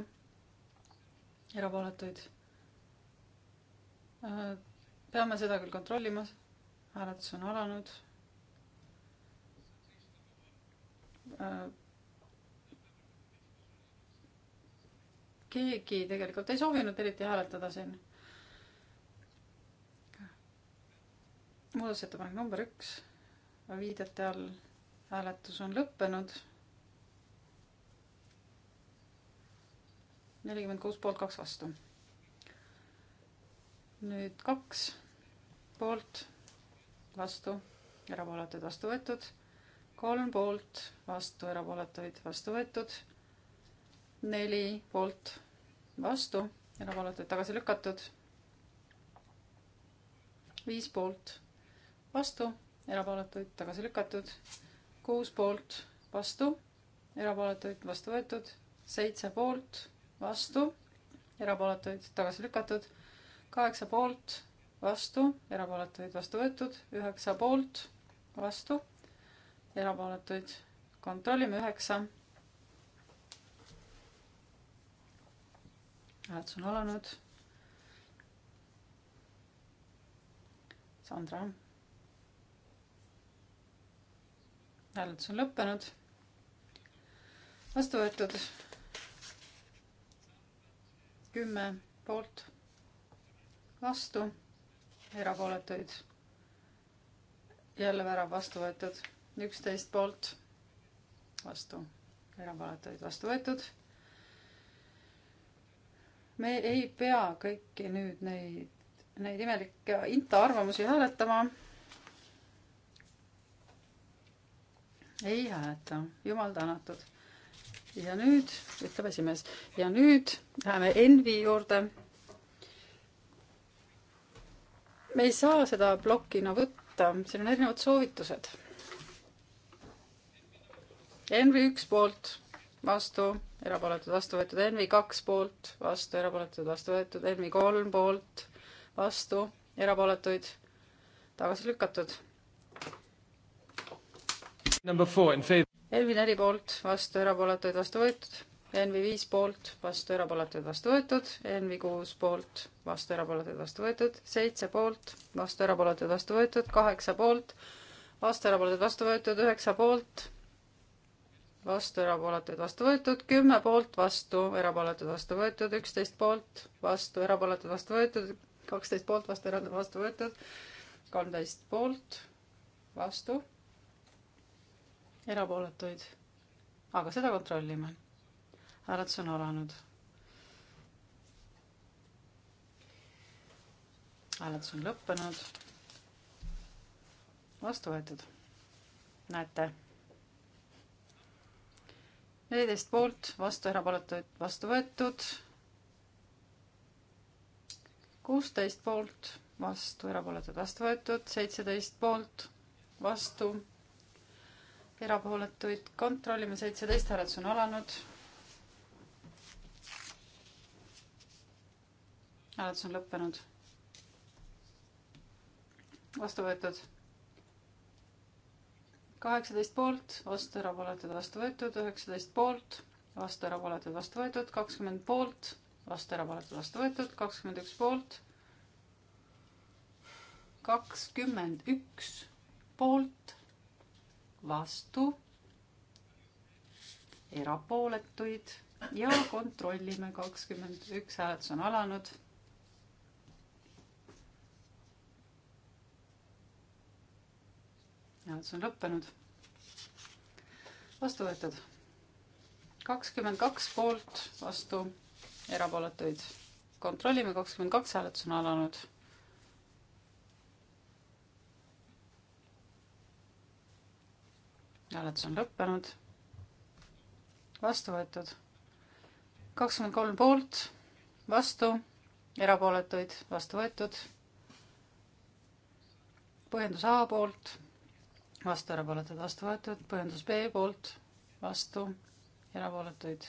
erapooletuid. Äh, peame seda küll kontrollima, hääletus on alanud äh, keegi tegelikult ei soovinud eriti hääletada siin. muudatusettepanek number üks, viidete all hääletus on lõppenud. nelikümmend kuus poolt, kaks vastu. nüüd kaks poolt, vastu, erapooletuid vastu võetud, kolm poolt, vastu, erapooletuid vastu võetud neli poolt, vastu, erapooletud tagasi lükatud. viis poolt, vastu, erapooletuid tagasi lükatud. kuus poolt, vastu, erapooletuid vastu võetud. seitse poolt, vastu, erapooletuid tagasi lükatud. kaheksa poolt, vastu, erapooletuid vastu võetud. üheksa poolt, vastu, erapooletuid kontrollime üheksa hääletus on alanud. Sandra. hääletus on lõppenud. vastu võetud. kümme poolt, vastu, erapooletuid. jälle värav vastu võetud, üksteist poolt, vastu, erapooletuid vastu võetud me ei pea kõiki nüüd neid, neid imelikke inta arvamusi hääletama. ei hääleta, jumal tänatud. ja nüüd, ütleb esimees, ja nüüd läheme Envi juurde. me ei saa seda plokina võtta, siin on erinevad soovitused. Envi üks poolt, vastu erapooletud, vastu võetud, NV kaks poolt, vastu, erapooletud, vastu võetud, NV kolm poolt, vastu, erapooletuid, tagasi lükatud. NV neli poolt, vastu, erapooletuid, vastu võetud. NV viis poolt, vastu, erapooletuid, vastu võetud. NV kuus poolt, vastu, erapooletuid, vastu võetud. seitse poolt, vastu, erapooletuid, vastu võetud. kaheksa poolt, vastu, erapooletuid, vastu võetud. üheksa poolt vastu, erapooletuid vastu võetud, kümme poolt vastu, erapooletud vastu võetud, üksteist poolt vastu, erapooletud vastu võetud, kaksteist poolt vastu, erapooletud vastu võetud, kolmteist poolt vastu, erapooletuid. aga seda kontrollime. hääletus on alanud. hääletus on lõppenud. vastu võetud. näete neliteist poolt, vastu erapooletuid, vastu võetud. kuusteist poolt, vastu erapooletuid, vastu võetud, seitseteist poolt, vastu erapooletuid, kontrollime seitseteist, hääletus on alanud. hääletus on lõppenud. vastu võetud kaheksateist poolt, vastu, erapooletud, vastu võetud, üheksateist poolt, vastu, erapooletud, vastu võetud, kakskümmend poolt, vastu, erapooletud, vastu võetud, kakskümmend üks poolt, kakskümmend üks poolt, vastu, erapooletuid ja kontrollime kakskümmend üks hääletus on alanud hääletus on lõppenud. vastu võetud. kakskümmend kaks poolt, vastu, erapooletuid. kontrollime, kakskümmend kaks hääletus on alanud. hääletus on lõppenud. vastu võetud. kakskümmend kolm poolt, vastu, erapooletuid, vastu võetud. põhjendus A poolt vastu, erapooletud, vastu võetud, põhjendus B poolt, vastu, erapooletuid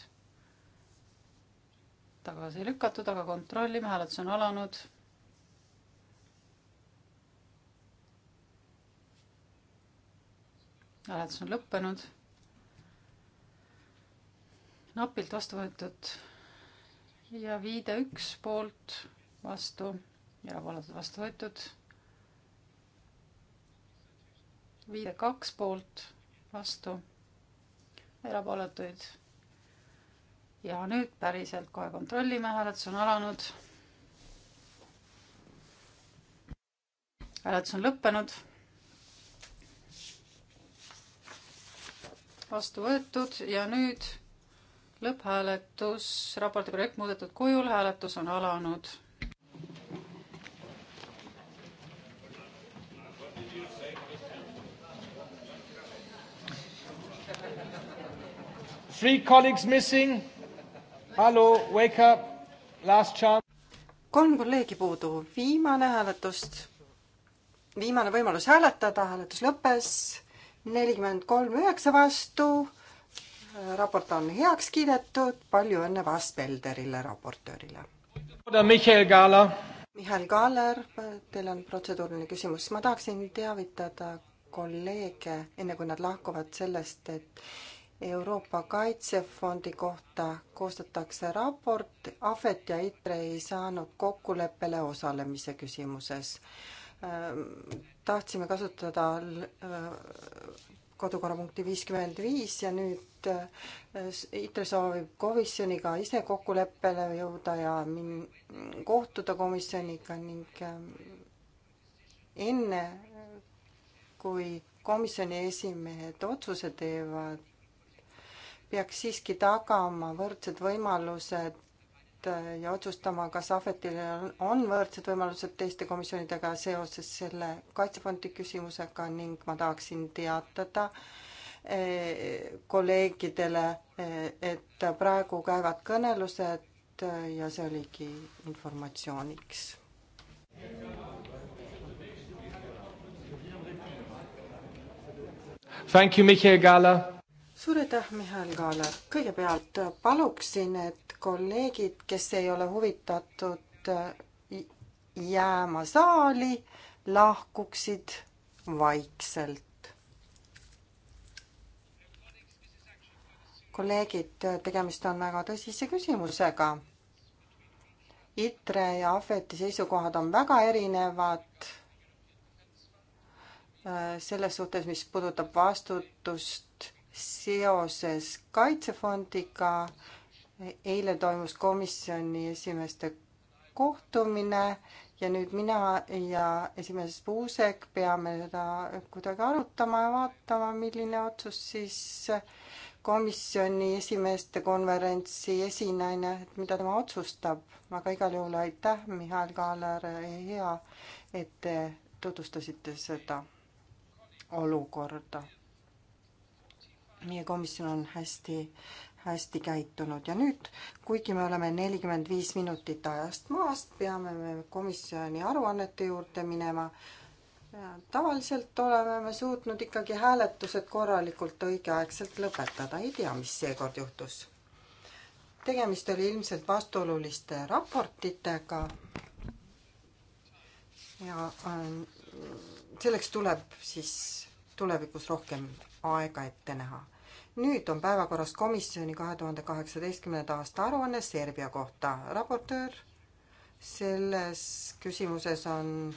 tagasi lükatud, aga kontrollime, hääletus on alanud. hääletus on lõppenud. napilt vastu võetud ja viide üks poolt, vastu, erapooletud, vastu võetud viide kaks poolt, vastu, erapooletuid. ja nüüd päriselt kohe kontrollime, hääletus on alanud. hääletus on lõppenud. vastu võetud ja nüüd lõpphääletus, raporti projekt muudetud kujul, hääletus on alanud Three colleagues missing. hallo, wake up, last chance. kolm kolleegi puudu, viimane hääletust, viimane võimalus hääletada, hääletus lõppes nelikümmend kolm üheksa vastu. raport on heaks kiidetud, palju õnne Vassbelderile, raportöörile. Mihhail Kaaler. Mihhail Kaaler, teil on protseduuriline küsimus, ma tahaksin teavitada kolleege, enne kui nad lahkuvad sellest, et Euroopa Kaitsefondi kohta koostatakse raport, Ahvet ja ITRE ei saanud kokkuleppele osalemise küsimuses. Ähm, tahtsime kasutada äh, kodukorrapunkti viiskümmend viis ja nüüd äh, ITRE soovib komisjoniga ise kokkuleppele jõuda ja min-, kohtuda komisjoniga ning äh, enne, kui komisjoni esimehed otsuse teevad, peaks siiski tagama võrdsed võimalused äh, ja otsustama, kas Ahvetil on võrdsed võimalused teiste komisjonidega seoses selle kaitsefondi küsimusega ning ma tahaksin teatada äh, kolleegidele, äh, et praegu käivad kõnelused ja see oligi informatsiooniks. Thank you, Mihhail Gala suur aitäh, Mihhail Kaaler. kõigepealt äh, paluksin, et kolleegid, kes ei ole huvitatud äh, jääma saali, lahkuksid vaikselt. kolleegid, äh, tegemist on väga tõsise küsimusega. ITRE ja Ahveti seisukohad on väga erinevad selles suhtes, mis puudutab vastutust seoses Kaitsefondiga. eile toimus komisjoni esimeeste kohtumine ja nüüd mina ja esimees Puusek peame seda kuidagi arutama ja vaatama, milline otsus siis komisjoni esimeeste konverentsi esinaine, et mida tema otsustab. aga igal juhul aitäh, Mihhail Kaaler, hea, et te tutvustasite seda olukorda meie komisjon on hästi, hästi käitunud ja nüüd, kuigi me oleme nelikümmend viis minutit ajast maast, peame me komisjoni aruannete juurde minema. tavaliselt oleme me suutnud ikkagi hääletused korralikult õigeaegselt lõpetada, ei tea, mis seekord juhtus tegemist oli ilmselt vastuoluliste raportitega. ja äh, selleks tuleb siis tulevikus rohkem aega ette näha nüüd on päevakorras komisjoni kahe tuhande kaheksateistkümnenda aasta aruanne Serbia kohta. raportöör selles küsimuses on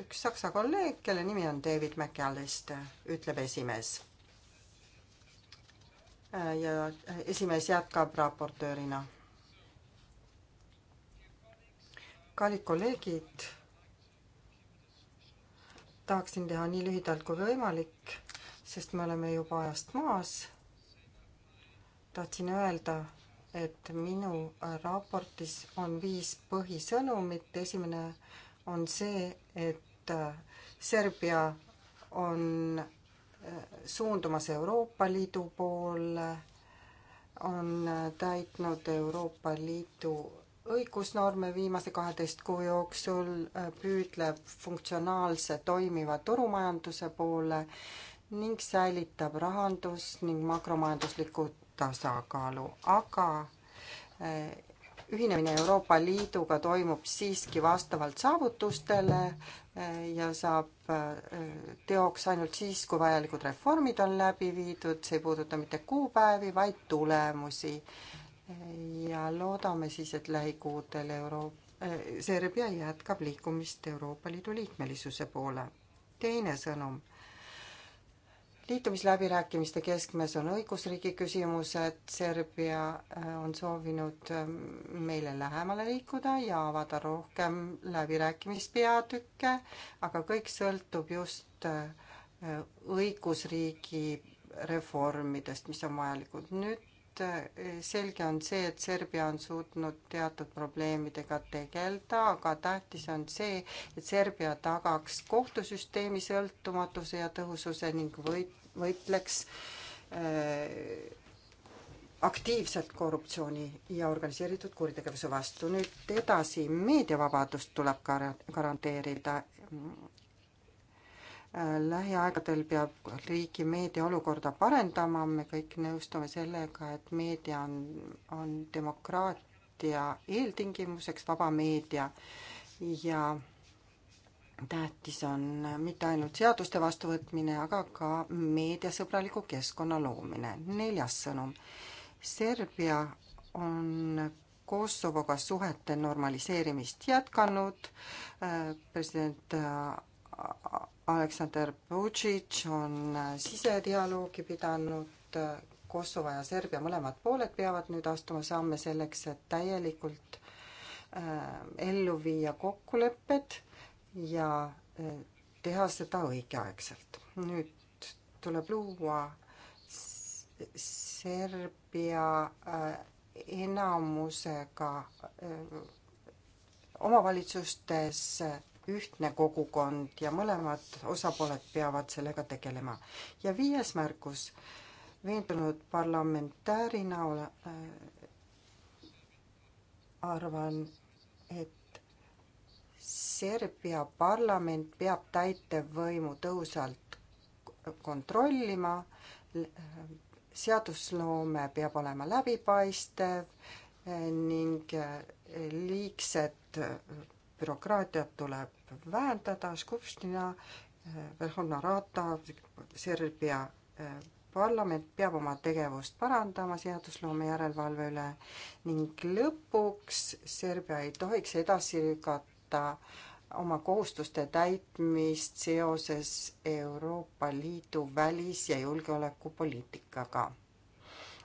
üks saksa kolleeg, kelle nimi on David McAllister, ütleb esimees. ja esimees jätkab raportöörina. kallid kolleegid, tahaksin teha nii lühidalt kui võimalik sest me oleme juba ajast maas. tahtsin öelda, et minu raportis on viis põhisõnumit. esimene on see, et äh, Serbia on äh, suundumas Euroopa Liidu poole, on äh, täitnud Euroopa Liidu õigusnorme viimase kaheteist kuu jooksul, püüdleb funktsionaalse toimiva turumajanduse poole ning säilitab rahandus- ning makromajandusliku tasakaalu, aga eh, ühinemine Euroopa Liiduga toimub siiski vastavalt saavutustele eh, ja saab eh, teoks ainult siis, kui vajalikud reformid on läbi viidud, see ei puuduta mitte kuupäevi, vaid tulemusi. ja loodame siis, et lähikuudel Euro-, Serbia jätkab liikumist Euroopa Liidu liikmelisuse poole. teine sõnum liitumisläbirääkimiste keskmes on õigusriigi küsimused, Serbia äh, on soovinud ähm, meile lähemale liikuda ja avada rohkem läbirääkimispeatükke, aga kõik sõltub just äh, õigusriigi reformidest, mis on vajalikud. nüüd äh, selge on see, et Serbia on suutnud teatud probleemidega tegeleda, aga tähtis on see, et Serbia tagaks kohtusüsteemi sõltumatuse ja tõhususe ning võit-, võitleks äh, aktiivselt korruptsiooni ja organiseeritud kuritegevuse vastu. nüüd edasi, meediavabadust tuleb garanteerida. Äh, lähiaegadel peab riigi meedia olukorda parendama, me kõik nõustume sellega, et meedia on, on demokraatia eeltingimuseks, vaba meedia ja tähtis on mitte ainult seaduste vastuvõtmine, aga ka meediasõbraliku keskkonna loomine. neljas sõnum. Serbia on Kosovoga suhete normaliseerimist jätkanud. president Aleksander Vučić on sisedialoogi pidanud. Kosovo ja Serbia mõlemad pooled peavad nüüd astuma samme selleks, et täielikult äh, ellu viia kokkulepped ja eh, teha seda õigeaegselt. nüüd tuleb luua Serbia eh, enamusega eh, omavalitsustes ühtne kogukond ja mõlemad osapooled peavad sellega tegelema. ja viies märkus, veendunud parlamentäärina ole, äh, arvan, et Serbia parlament peab täitevvõimu tõhusalt kontrollima, seadusloome peab olema läbipaistev ning liigset bürokraatiat tuleb vähendada, Škupština, Verhovna Rata, Serbia parlament peab oma tegevust parandama seadusloome järelevalve üle ning lõpuks Serbia ei tohiks edasi lükata jätkata oma kohustuste täitmist seoses Euroopa Liidu välis- ja julgeolekupoliitikaga.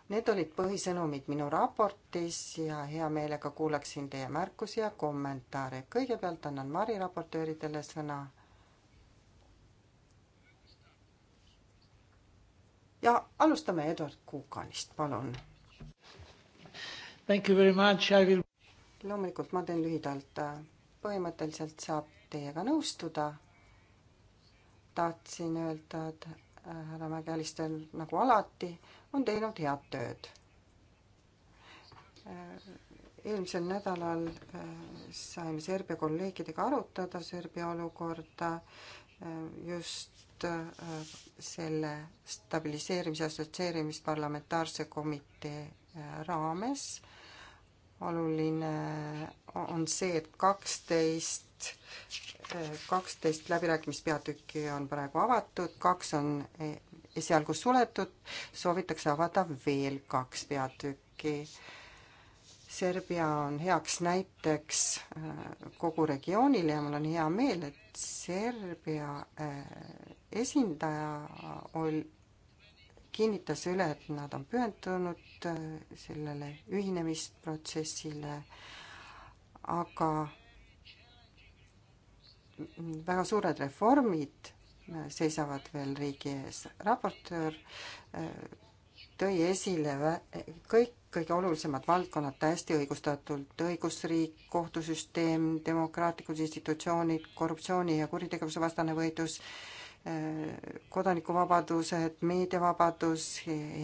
Need olid põhisõnumid minu raportis ja hea meelega kuulaksin teie märkusi ja kommentaare. kõigepealt annan Mari raportööridele sõna. ja alustame Eduard Kukanist, palun. Thank you very much, I will loomulikult ma teen lühidalt põhimõtteliselt saab teiega nõustuda. tahtsin öelda, et äh, härra Mägi-Alister nagu alati on teinud head tööd. Äh, eelmisel nädalal äh, saime Serbia kolleegidega arutada Serbia olukorda just selle stabiliseerimise assotsieerimisparlamentaarse komitee raames äh, oluline on see, et kaksteist, kaksteist läbirääkimispeatükki on praegu avatud, kaks on esialgu suletud, soovitakse avada veel kaks peatükki. Serbia on heaks näiteks äh, kogu regioonile ja mul on hea meel, et Serbia äh, esindaja ol-, kinnitas üle, et nad on pühendunud äh, sellele ühinemisprotsessile, aga väga suured reformid äh, seisavad veel riigi ees. raportöör äh, tõi esile kõik kõige olulisemad valdkonnad täiesti õigustatult, õigusriik, kohtusüsteem, demokraatlikud institutsioonid, korruptsiooni ja kuritegevuse vastane võitlus, kodanikuvabadused, meediavabadus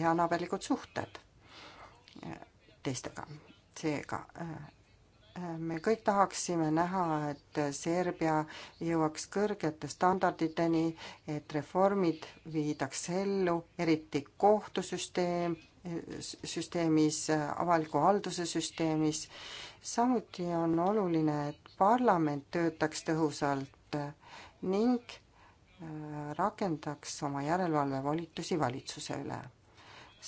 ja naaberlikud suhted teistega. seega äh, äh, me kõik tahaksime näha, et Serbia jõuaks kõrgete standarditeni, et reformid viidaks ellu, eriti kohtusüsteem, süsteemis, avaliku halduse süsteemis. samuti on oluline, et parlament töötaks tõhusalt ning rakendaks oma järelevalvevolitusi valitsuse üle.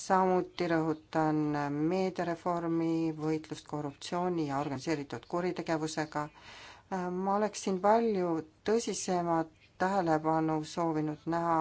samuti rõhutan meediareformi, võitlust korruptsiooni ja organiseeritud kuritegevusega. ma oleksin palju tõsisemat tähelepanu soovinud näha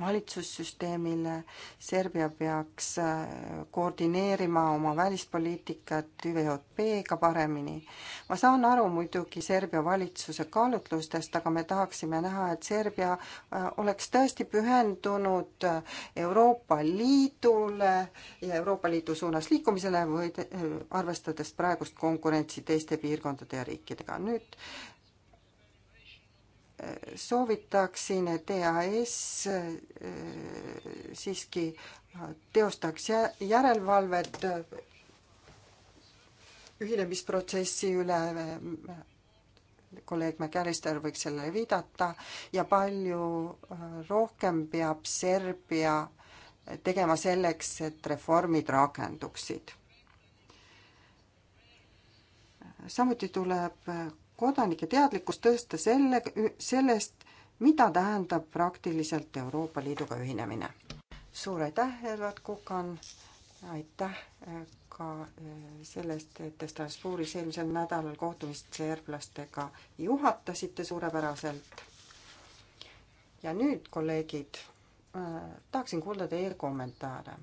valitsussüsteemile, Serbia peaks äh, koordineerima oma välispoliitikat ÜVJP-ga paremini. ma saan aru muidugi Serbia valitsuse kaalutlustest, aga me tahaksime näha, et Serbia äh, oleks tõesti pühendunud äh, Euroopa Liidule ja Euroopa Liidu suunas liikumisele või arvestades praegust konkurentsi teiste piirkondade ja riikidega. nüüd soovitaksin, et EAS äh, siiski teostaks järelevalvet äh, ühinemisprotsessi üle, kolleeg McAllister võiks sellele viidata, ja palju äh, rohkem peab Serbia tegema selleks, et reformid rakenduksid. samuti tuleb kodanike teadlikkust tõsta selle, sellest, mida tähendab praktiliselt Euroopa Liiduga ühinemine. suur aitäh, Edward Kukan, aitäh eh, ka eh, sellest, et te Strasbourgis eelmisel nädalal kohtumist serblastega juhatasite suurepäraselt. ja nüüd, kolleegid, eh, tahaksin kuulda teie kommentaare.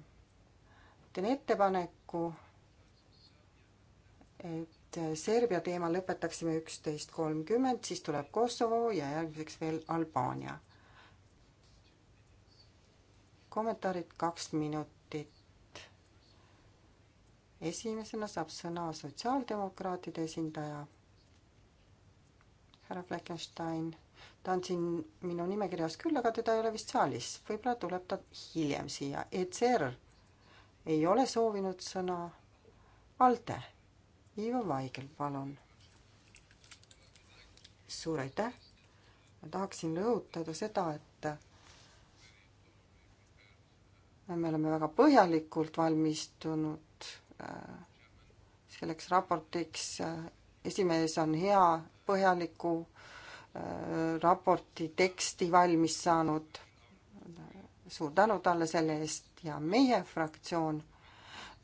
teen ettepaneku, et Serbia teema lõpetaksime üksteist kolmkümmend, siis tuleb Kosovo ja järgmiseks veel Albaania. kommentaarid kaks minutit. esimesena saab sõna sotsiaaldemokraatide esindaja härra Fleckenstein. ta on siin minu nimekirjas küll, aga teda ei ole vist saalis, võib-olla tuleb ta hiljem siia. ECR ei ole soovinud sõna. Alte Iivo Vaigel, palun. suur aitäh. ma tahaksin rõhutada seda, et me oleme väga põhjalikult valmistunud äh, selleks raportiks. esimees on hea põhjaliku äh, raporti teksti valmis saanud. suur tänu talle selle eest ja meie fraktsioon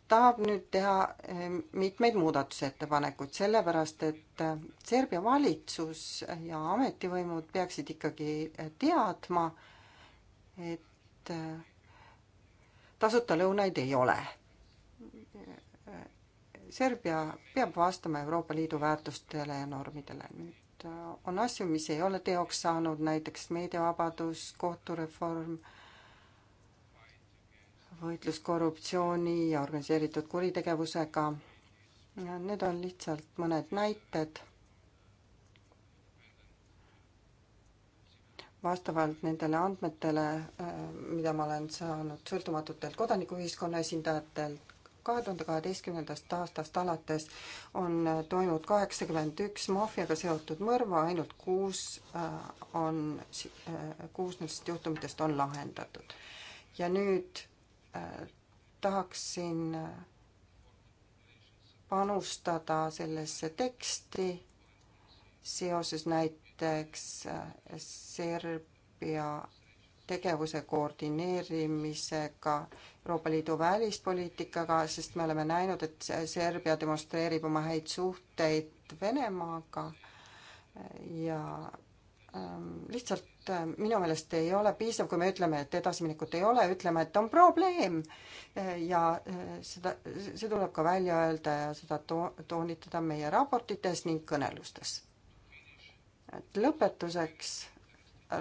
tahab nüüd teha eh, mitmeid muudatusettepanekuid, sellepärast et eh, Serbia valitsus ja ametivõimud peaksid ikkagi eh, teadma, et tasuta lõunaid ei ole. Serbia peab vastama Euroopa Liidu väärtustele ja normidele. nüüd on asju, mis ei ole teoks saanud, näiteks meediavabadus, kohtureform võitlus korruptsiooni ja organiseeritud kuritegevusega. Need on lihtsalt mõned näited. vastavalt nendele andmetele, äh, mida ma olen saanud sõltumatutelt kodanikuühiskonna esindajatelt, kahe tuhande kaheteistkümnendast aastast alates on toimunud kaheksakümmend üks maffiaga seotud mõrva, ainult kuus äh, on, äh, kuus nendest juhtumitest on lahendatud. ja nüüd tahaksin panustada sellesse teksti seoses näiteks Serbia tegevuse koordineerimisega Euroopa Liidu välispoliitikaga, sest me oleme näinud, et Serbia demonstreerib oma häid suhteid Venemaaga ja Ehm, lihtsalt ehm, minu meelest ei ole piisav, kui me ütleme, et edasiminekut ei ole, ütleme, et on probleem. E, ja e, seda, see tuleb ka välja öelda ja seda to-, toonitada meie raportites ning kõnelustes. et lõpetuseks,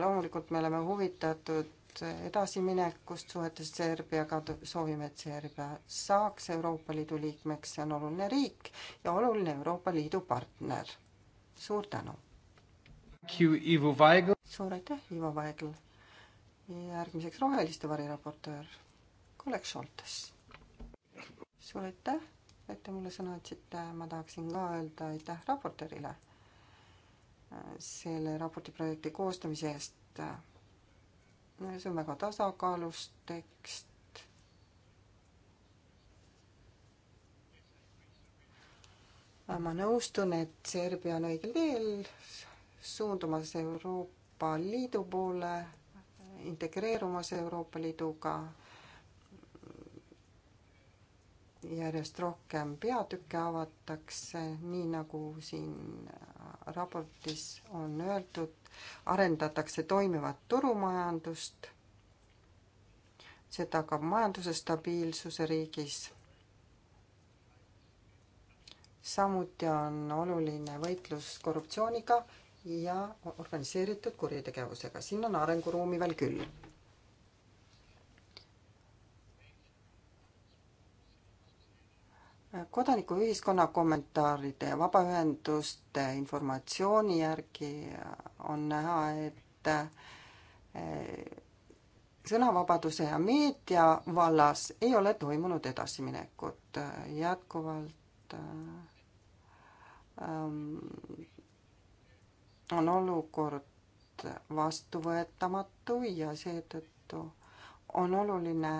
loomulikult me oleme huvitatud edasiminekust suhetes Serbiaga, soovime, et Serbia saaks Euroopa Liidu liikmeks, see on oluline riik ja oluline Euroopa Liidu partner. suur tänu! suur aitäh, Ivo Vaigel. järgmiseks Roheliste variraportöör Kolek Šoltes. suur aitäh, et te mulle sõna andsite, ma tahaksin ka öelda aitäh raportöörile äh, selle raporti projekti koostamise eest. see on väga tasakaalus tekst. Äh, ma nõustun, et Serbia on õigel teel, suundumas Euroopa Liidu poole, integreerumas Euroopa Liiduga järjest rohkem peatükke avatakse, nii nagu siin raportis on öeldud, arendatakse toimivat turumajandust, see tagab majanduse stabiilsuse riigis. samuti on oluline võitlus korruptsiooniga ja organiseeritud kuritegevusega, siin on arenguruumi veel küll. kodanikuühiskonna kommentaaride ja vabaühenduste informatsiooni järgi on näha, et eh, sõnavabaduse ja meedia vallas ei ole toimunud edasiminekut jätkuvalt ähm, on olukord vastuvõetamatu ja seetõttu on oluline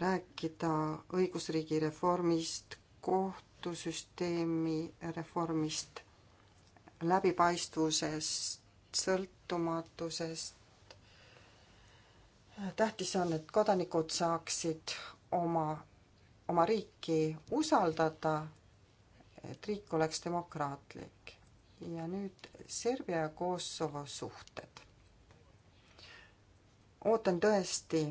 rääkida õigusriigi reformist, kohtusüsteemi reformist, läbipaistvusest, sõltumatusest. tähtis on, et kodanikud saaksid oma, oma riiki usaldada, et riik oleks demokraatlik ja nüüd Serbia ja Kosovo suhted. ootan tõesti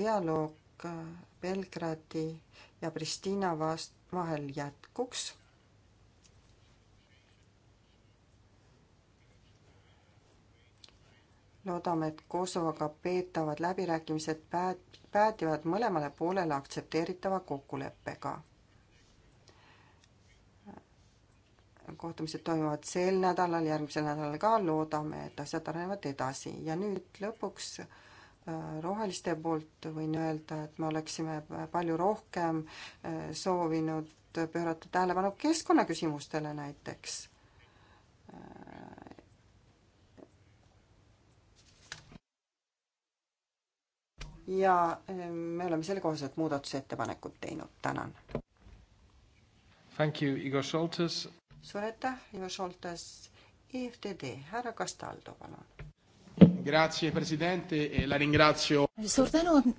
dialoog äh, Belgradi ja Pristina vast-, vahel jätkuks loodame, et Kosovoga peetavad läbirääkimised päät-, päädivad mõlemale poolele aktsepteeritava kokkuleppega. kohtumised toimuvad sel nädalal, järgmisel nädalal ka, loodame, et asjad arenevad edasi ja nüüd lõpuks äh, roheliste poolt võin öelda, et me oleksime palju rohkem äh, soovinud pöörata tähelepanu keskkonnaküsimustele näiteks. Äh, ja me oleme sellekohased muudatusettepanekud teinud, tänan. Thank you, Igor Šoltes suur aitäh, Ivo Šoltes, EFTD, härra Castaldo, palun. Grazie, president, e la ringrazio. suur tänu.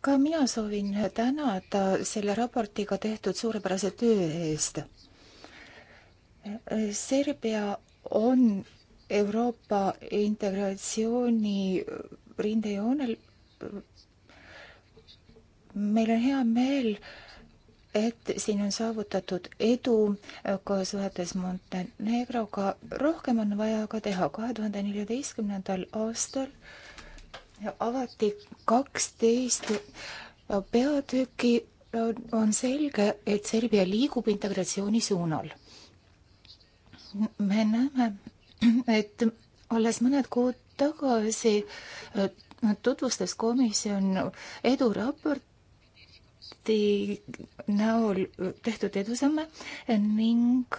ka mina soovin tänada selle raportiga tehtud suurepärase töö eest. Serbia on Euroopa integratsiooni rindejoonel. meil on hea meel äh, et siin on saavutatud edu äh, ka suhetes Montenegroga. rohkem on vaja ka teha. kahe tuhande neljateistkümnendal aastal avati kaksteist peatüki. on selge, et Serbia liigub integratsiooni suunal. me näeme, et alles mõned kuud tagasi äh, tutvustas komisjon eduraporti paketi näol tehtud edusamme ning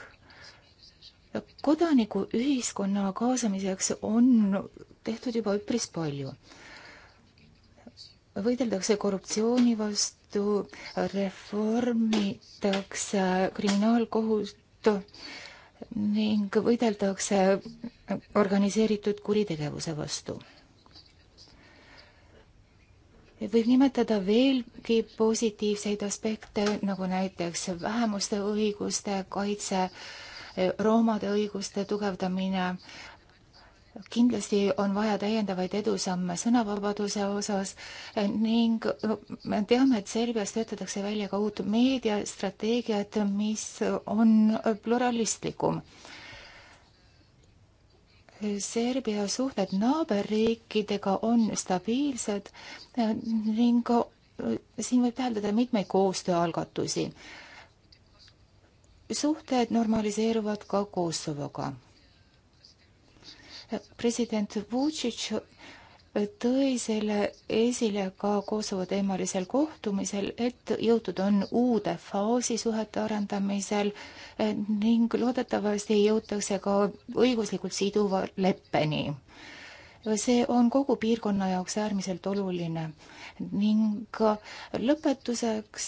kodanikuühiskonna kaasamiseks on tehtud juba üpris palju. võideldakse korruptsiooni vastu, reformitakse kriminaalkohut ning võideldakse organiseeritud kuritegevuse vastu võib nimetada veelgi positiivseid aspekte, nagu näiteks vähemuste õiguste kaitse, roomade õiguste tugevdamine. kindlasti on vaja täiendavaid edusamme sõnavabaduse osas ning me teame, et Serbias töötatakse välja ka uut meediastrateegiat, mis on pluralistlikum Serbia suhted naaberriikidega on stabiilsed eh, ning eh, siin võib täheldada mitmeid koostööalgatusi. suhted normaliseeruvad ka Kosovoga. president Vučić tõi selle esile ka Kosovo teemalisel kohtumisel, et jõutud on uude faasi suhete arendamisel eh, ning loodetavasti jõutakse ka õiguslikult siduva leppeni. see on kogu piirkonna jaoks äärmiselt oluline ning lõpetuseks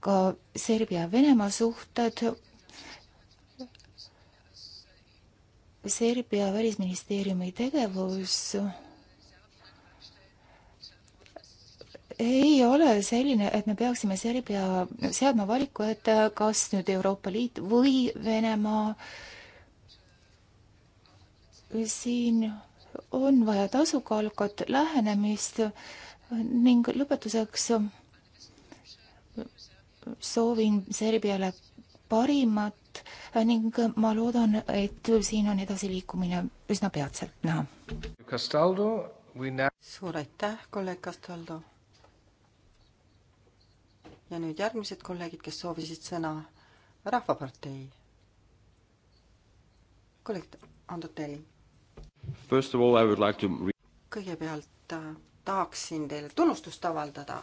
ka Serbia-Venemaa suhted Serbia välisministeeriumi tegevus ei ole selline, et me peaksime Serbia seadma valiku, et kas nüüd Euroopa Liit või Venemaa. siin on vaja tasukaalukat lähenemist ning lõpetuseks soovin Serbiale parimat ning ma loodan, et siin on edasiliikumine üsna peatselt näha. suur aitäh, kolleeg Castaldo ja nüüd järgmised kolleegid, kes soovisid sõna. rahvapartei. kolleeg Ando Teli. First of all I would like to kõigepealt äh, tahaksin teile tunnustust avaldada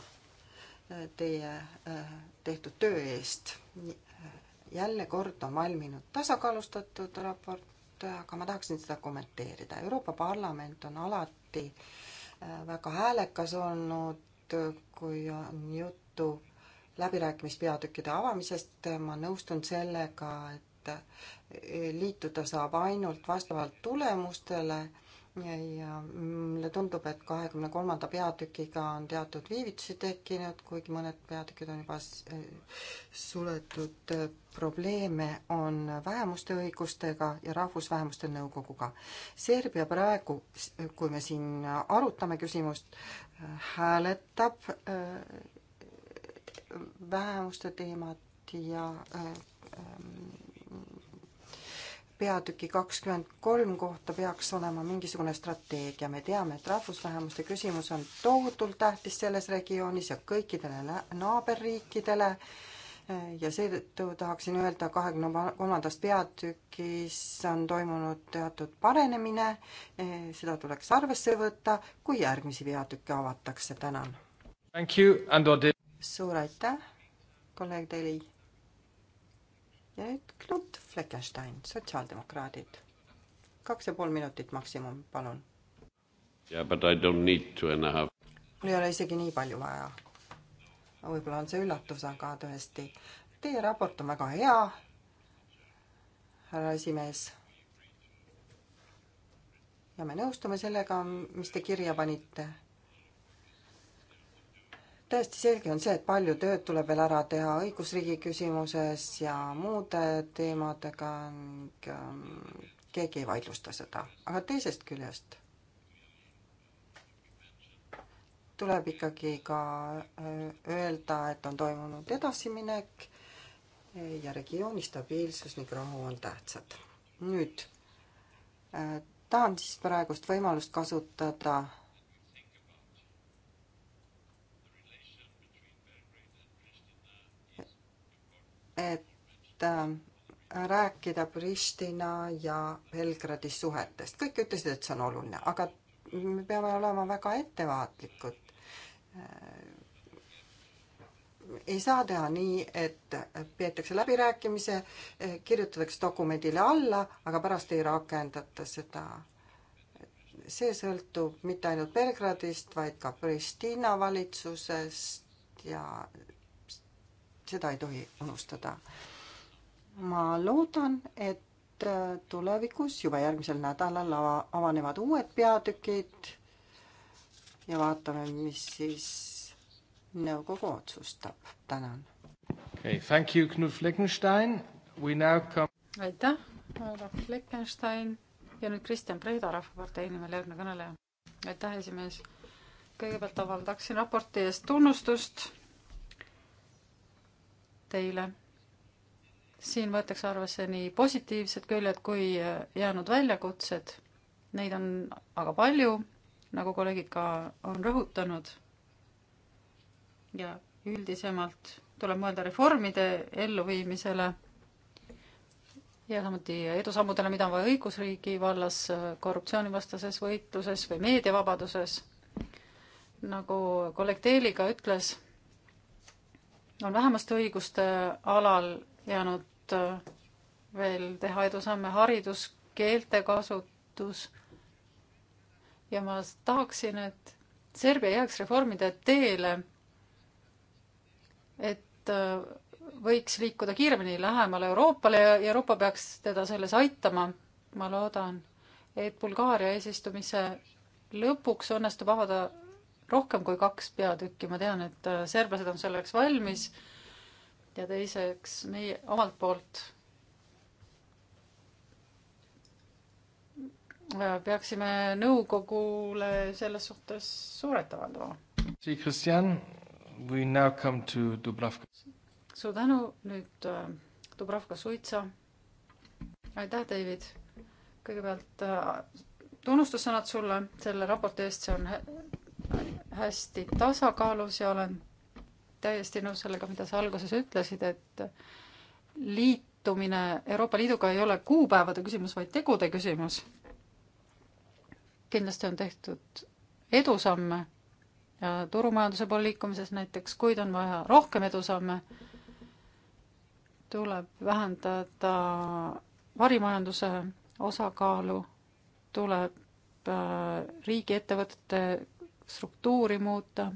äh, teie äh, tehtud töö eest. jälle kord on valminud tasakaalustatud raport, aga ma tahaksin seda kommenteerida. Euroopa Parlament on alati väga häälekas olnud, kui on juttu läbirääkimispeatükkide avamisest, ma nõustun sellega, et liituda saab ainult vastavalt tulemustele ja mulle tundub, et kahekümne kolmanda peatükiga on teatud viivitusi tekkinud, kuigi mõned peatükid on juba suletud. probleeme on vähemuste õigustega ja Rahvusvähemuste Nõukoguga. Serbia praegu, kui me siin arutame küsimust, hääletab äh, vähemuste teemat ja ähm, peatüki kakskümmend kolm kohta peaks olema mingisugune strateegia. me teame, et rahvusvähemuste küsimus on tohutult tähtis selles regioonis ja kõikidele naaberriikidele ja seetõttu tahaksin öelda, kahekümne kolmandas peatükis on toimunud teatud paranemine, seda tuleks arvesse võtta, kui järgmisi peatükke avatakse, tänan suur aitäh, kolleeg Deli. ja nüüd Knut Fleckenstein, sotsiaaldemokraadid. kaks ja pool minutit maksimum, palun. Yeah, but I don't need two and a half. mul ei ole isegi nii palju vaja. võib-olla on see üllatus, aga tõesti, teie raport on väga hea, härra esimees. ja me nõustume sellega, mis te kirja panite täiesti selge on see, et palju tööd tuleb veel ära teha õigusriigi küsimuses ja muude teemadega ning ähm, keegi ei vaidlusta seda, aga teisest küljest tuleb ikkagi ka äh, öelda, et on toimunud edasiminek ja regiooni stabiilsus ning rahu on tähtsad. nüüd äh, tahan siis praegust võimalust kasutada et äh, rääkida Pristina ja Belgradi suhetest. kõik ütlesid, et see on oluline, aga me peame olema väga ettevaatlikud. Äh, ei saa teha nii, et peetakse läbirääkimise, äh, kirjutatakse dokumendile alla, aga pärast ei rakendata seda. see sõltub mitte ainult Belgradist, vaid ka Pristina valitsusest ja seda ei tohi unustada. ma loodan, et tulevikus juba järgmisel nädalal ava, avanevad uued peatükid ja vaatame, mis siis nõukogu otsustab. tänan. Okay, thank you, Knut Fleckenstein. We now come. aitäh, härra Fleckenstein ja nüüd Kristjan Preida Rahvapartei nimel järgmine kõneleja. aitäh, esimees. kõigepealt avaldaksin raporti eest tunnustust teile. siin võetakse arvesse nii positiivsed küljed kui äh, jäänud väljakutsed. Neid on aga palju, nagu kolleegid ka on rõhutanud. ja üldisemalt tuleb mõelda reformide elluviimisele ja samuti edusammudele, mida on vaja õigusriigi vallas, äh, korruptsioonivastases võitluses või meediavabaduses. nagu kolleeg Teeli ka ütles on vähemuste õiguste alal jäänud äh, veel teha edusamme haridus, keeltekasutus ja ma tahaksin, et Serbia jääks reformide teele, et äh, võiks liikuda kiiremini lähemale Euroopale ja Euroopa peaks teda selles aitama. ma loodan, et Bulgaaria eesistumise lõpuks õnnestub avada rohkem kui kaks peatükki, ma tean, et äh, serblased on selleks valmis. ja teiseks meie omalt poolt äh, peaksime nõukogule selles suhtes suurelt avaldama. suur tänu, nüüd äh, Dubravka suitsa. aitäh, David. kõigepealt tunnustussõnad sulle selle raporti eest, see on hästi tasakaalus ja olen täiesti nõus sellega, mida sa alguses ütlesid, et liitumine Euroopa Liiduga ei ole kuupäevade küsimus, vaid tegude küsimus. kindlasti on tehtud edusamme ja turumajanduse poole liikumises näiteks, kuid on vaja rohkem edusamme, tuleb vähendada varimajanduse osakaalu, tuleb äh, riigiettevõtete struktuuri muuta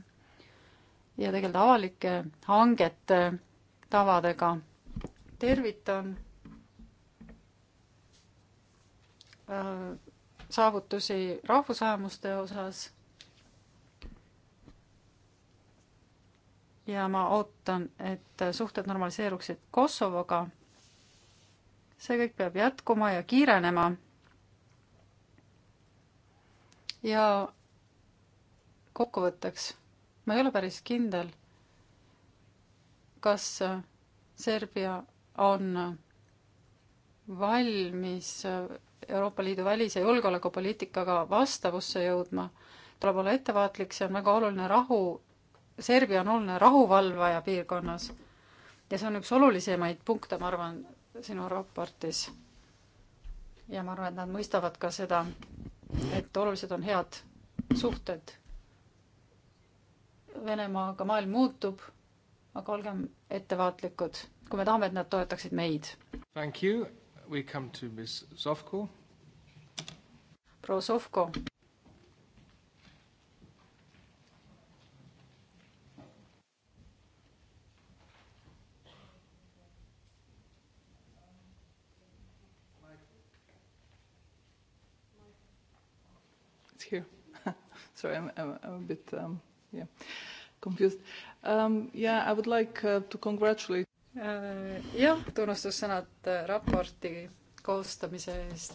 ja tegeleda avalike hangete tavadega. tervitan äh, saavutusi rahvusvähemuste osas. ja ma ootan, et suhted normaliseeruksid Kosovoga. see kõik peab jätkuma ja kiirenema. ja kokkuvõtteks, ma ei ole päris kindel, kas äh, Serbia on äh, valmis äh, Euroopa Liidu välis- ja julgeolekupoliitikaga vastavusse jõudma, tuleb olla ettevaatlik, see on väga oluline rahu, Serbia on oluline rahuvalvaja piirkonnas ja see on üks olulisemaid punkte, ma arvan, sinu raportis. ja ma arvan, et nad mõistavad ka seda, et olulised on head suhted Venemaaga maailm muutub, aga olgem ettevaatlikud, kui me tahame, et nad toetaksid meid. Thank you, we come to Miss Sovko. proua Sovko. It's here. Sorry, I'm, I'm, I'm a bit um, yeah, confused. Um, yeah, I would like uh, to congratulate. Äh, jah, tunnustussõnad äh, raporti koostamise eest.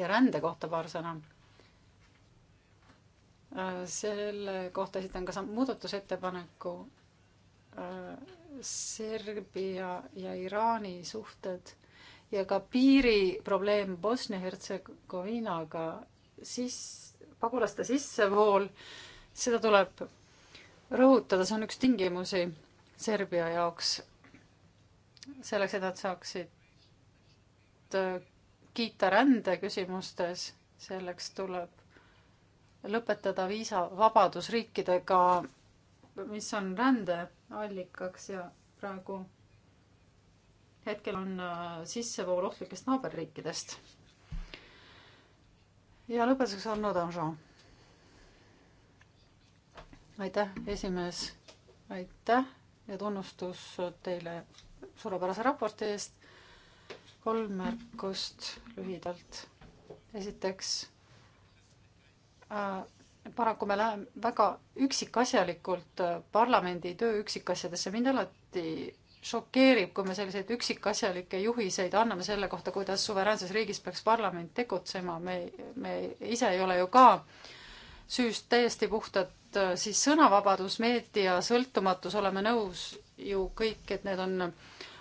ja rände kohta paar sõna. Äh, selle kohta esitan ka muudatusettepaneku. Serbia ja Iraani suhted ja ka piiriprobleem Bosnia-Hertsegoviinaga, siis pagulaste sissevool äh, seda tuleb rõhutada, see on üks tingimusi Serbia jaoks, selleks, et nad saaksid äh, kiita rände küsimustes, selleks tuleb lõpetada viisavabadus riikidega, mis on rändeallikaks ja praegu hetkel on äh, sissevool ohtlikest naaberriikidest. ja lõpetuseks Arno Danjon aitäh, esimees, aitäh ja tunnustus teile suurepärase raporti eest. kolm märkust lühidalt. esiteks äh, paraku me läheme väga üksikasjalikult äh, parlamendi töö üksikasjadesse, mind alati šokeerib, kui me selliseid üksikasjalikke juhiseid anname selle kohta, kuidas suveräänses riigis peaks parlament tegutsema, me, me ise ei ole ju ka süüst täiesti puhtad Äh, siis sõnavabadus, meedia sõltumatus, oleme nõus ju kõik, et need on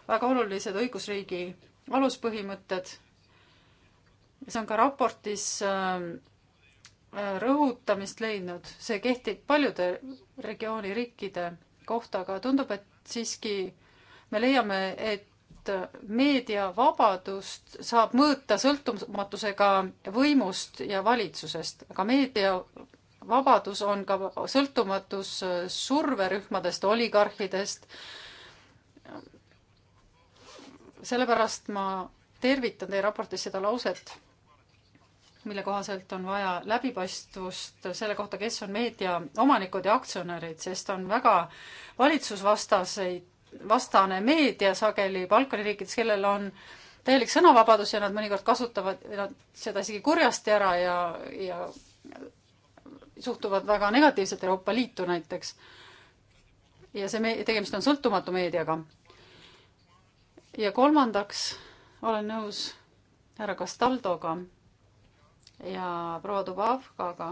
väga olulised õigusriigi aluspõhimõtted. see on ka raportis äh, äh, rõhutamist leidnud, see kehtib paljude regiooni riikide kohta, aga tundub, et siiski me leiame, et meediavabadust saab mõõta sõltumatusega võimust ja valitsusest, aga meedia vabadus on ka sõltumatus surverühmadest, oligarhidest. sellepärast ma tervitan teie raportis seda lauset, mille kohaselt on vaja läbipaistvust selle kohta, kes on meedia omanikud ja aktsionärid, sest on väga valitsusvastaseid, vastane meedia sageli Balkani riikides, kellel on täielik sõnavabadus ja nad mõnikord kasutavad nad seda isegi kurjasti ära ja, ja suhtuvad väga negatiivselt Euroopa Liitu näiteks. ja see me-, tegemist on sõltumatu meediaga. ja kolmandaks olen nõus härra Castaldoga ja proua Dubavkaga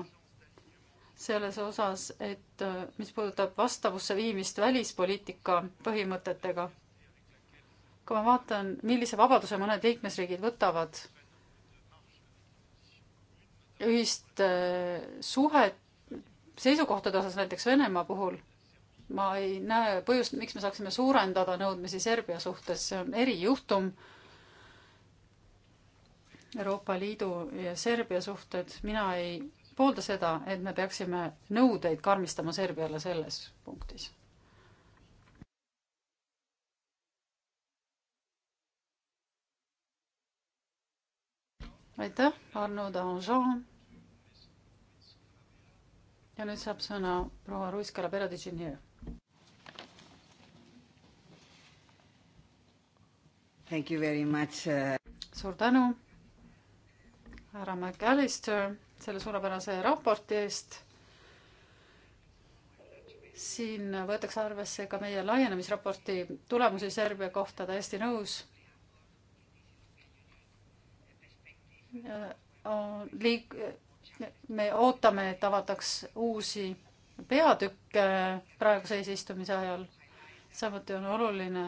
selles osas, et mis puudutab vastavusse viimist välispoliitika põhimõtetega. kui ma vaatan, millise vabaduse mõned liikmesriigid võtavad ühist äh, suhet seisukohtade osas näiteks Venemaa puhul ma ei näe põhjust, miks me saaksime suurendada nõudmisi Serbia suhtes, see on erijuhtum. Euroopa Liidu ja Serbia suhted, mina ei poolda seda, et me peaksime nõudeid karmistama Serbiale selles punktis aitäh, Arno Danjean. ja nüüd saab sõna proua Ruiskala Peredžinjev. Thank you very much uh.... suur tänu, härra McAllister, selle suurepärase raporti eest siin võetakse arvesse ka meie laienemisraporti tulemusi Serbia kohta, täiesti nõus Äh, liik-, äh, me ootame, et avataks uusi peatükke praeguse eesistumise ajal. samuti on oluline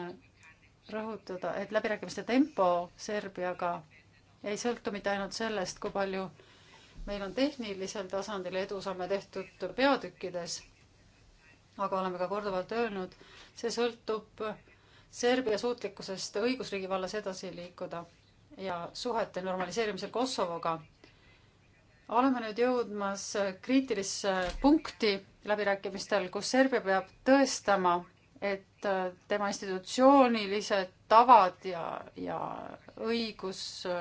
rõhutada, et läbirääkimiste tempo Serbiaga ei sõltu mitte ainult sellest, kui palju meil on tehnilisel tasandil edusamme tehtud peatükkides, aga oleme ka korduvalt öelnud, see sõltub Serbia suutlikkusest õigusriigi vallas edasi liikuda ja suhete normaliseerimisel Kosovoga. oleme nüüd jõudmas kriitilisse punkti läbirääkimistel, kus Serbia peab tõestama, et äh, tema institutsioonilised tavad ja, ja õigussüsteem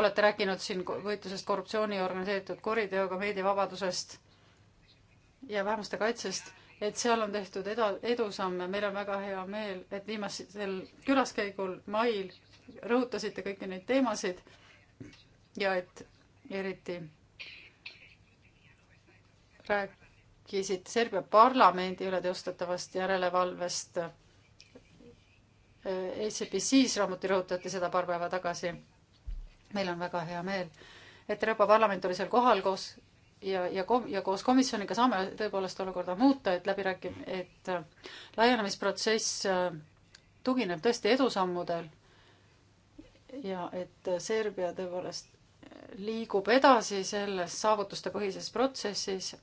olete rääkinud siin võitlusest korruptsiooni ja organiseeritud kuriteoga, meediavabadusest ja vähemuste kaitsest et seal on tehtud eda-, edusamme, meil on väga hea meel, et viimasel külaskäigul mail rõhutasite kõiki neid teemasid ja et eriti rääkisite Serbia parlamendi üle teostatavast järelevalvest. ACPC-s e samuti rõhutati seda paar päeva tagasi. meil on väga hea meel, et Euroopa Parlament oli seal kohal koos ja, ja kom-, ja koos komisjoniga saame tõepoolest olukorda muuta, et läbirääkim-, et äh, laienemisprotsess äh, tugineb tõesti edusammudel ja et Serbia tõepoolest äh, liigub edasi selles saavutustepõhises protsessis.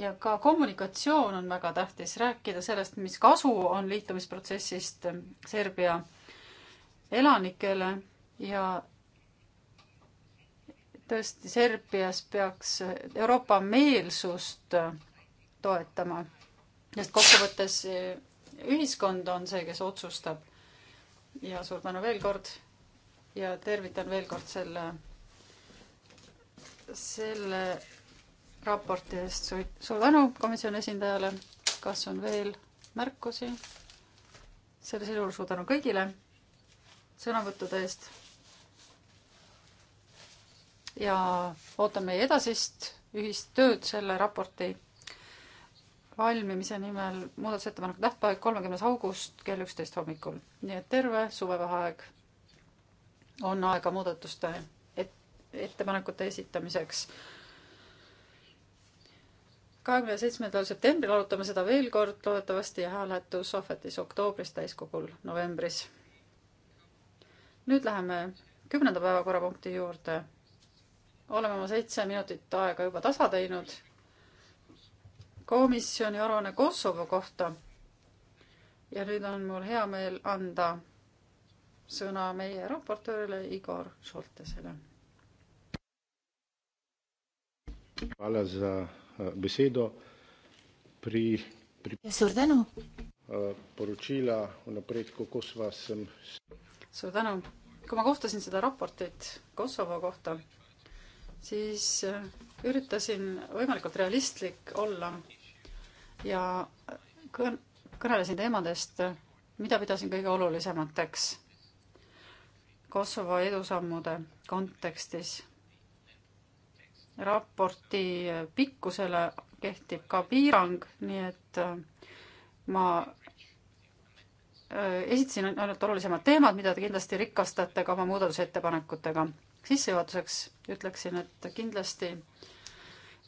ja ka kommunikatsioon on väga tähtis, rääkida sellest, mis kasu on liitumisprotsessist Serbia elanikele ja tõesti Serbias peaks Euroopa meelsust toetama, sest kokkuvõttes eh, ühiskond on see, kes otsustab. ja suur tänu veel kord ja tervitan veel kord selle, selle raporti eest. suur tänu komisjoni esindajale. kas on veel märkusi? sellisel juhul suur tänu kõigile sõnavõttude eest ja ootan meie edasist ühist tööd selle raporti valmimise nimel. muudatusettepaneku tähtaeg kolmekümnes august kell üksteist hommikul, nii et terve suvevaheaeg on aega muudatuste et, ettepanekute esitamiseks. kahekümne seitsmendal septembril arutame seda veel kord, loodetavasti hääletus ohvetis oktoobris, täiskogul novembris. nüüd läheme kümnenda päevakorrapunkti juurde oleme oma seitse minutit aega juba tasa teinud. komisjoni aruanne Kosovo kohta. ja nüüd on mul hea meel anda sõna meie raportöörile Igor Šoltesele. Hvala za eh, besedo. Pri, pri... Ja, suur tänu. Eh, poročila o napredku Kosova sem. suur tänu. kui ma kohtasin seda raportit Kosovo kohta, siis äh, üritasin võimalikult realistlik olla ja kõn-, kõnelesin teemadest, mida pidasin kõige olulisemateks Kosovo edusammude kontekstis. raporti pikkusele kehtib ka piirang, nii et äh, ma äh, esitasin ainult olulisemad teemad, mida te kindlasti rikastate ka oma muudatusettepanekutega sissejuhatuseks ütleksin, et kindlasti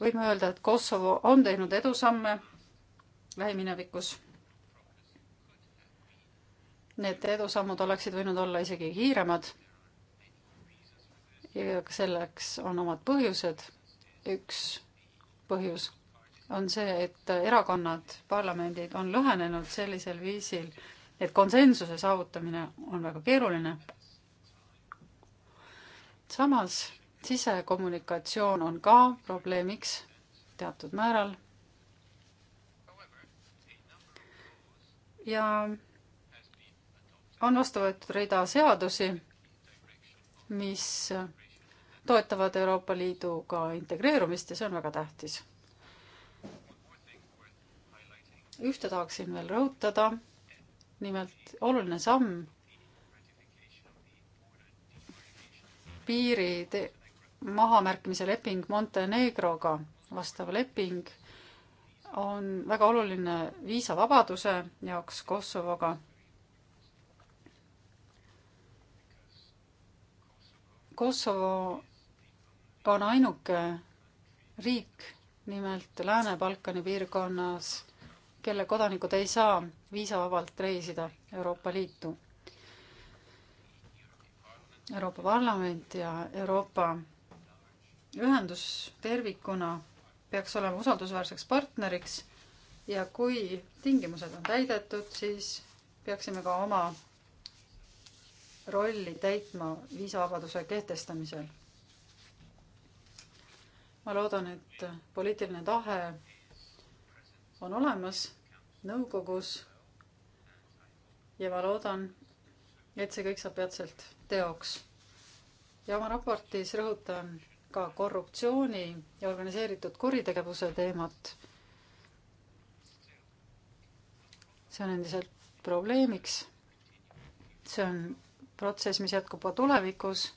võime öelda, et Kosovo on teinud edusamme lähiminevikus. Need edusammud oleksid võinud olla isegi kiiremad. ja selleks on omad põhjused. üks põhjus on see, et erakonnad, parlamendid on lõhenenud sellisel viisil, et konsensuse saavutamine on väga keeruline samas sisekommunikatsioon on ka probleemiks teatud määral. ja on vastu võetud rida seadusi, mis toetavad Euroopa Liiduga integreerumist ja see on väga tähtis. ühte tahaksin veel rõhutada, nimelt oluline samm piiri mahamärkimise leping Montenegroga, vastav leping on väga oluline viisavabaduse jaoks Kosovoga. Kosovo on ainuke riik nimelt Lääne-Balkani piirkonnas, kelle kodanikud ei saa viisavabalt reisida Euroopa Liitu Euroopa Parlament ja Euroopa ühendus tervikuna peaks olema usaldusväärseks partneriks ja kui tingimused on täidetud, siis peaksime ka oma rolli täitma viisavabaduse kehtestamisel. ma loodan, et poliitiline tahe on olemas nõukogus ja ma loodan, et see kõik saab peatselt teoks. ja oma raportis rõhutan ka korruptsiooni ja organiseeritud kuritegevuse teemat. see on endiselt probleemiks. see on protsess, mis jätkub ka tulevikus.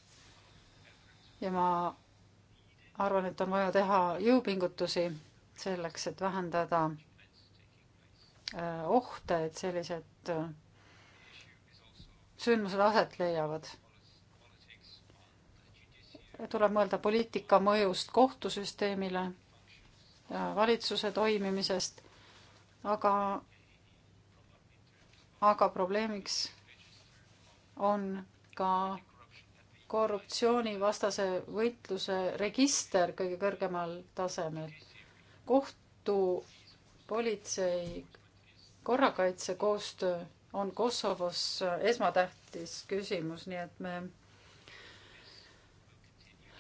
ja ma arvan, et on vaja teha jõupingutusi selleks, et vähendada äh, ohte, et sellised äh, sündmused aset leiavad. tuleb mõelda poliitika mõjust kohtusüsteemile, valitsuse toimimisest, aga, aga probleemiks on ka korruptsioonivastase võitluse register kõige kõrgemal tasemel. kohtu, politsei, korrakaitse koostöö on Kosovos esmatähtis küsimus, nii et me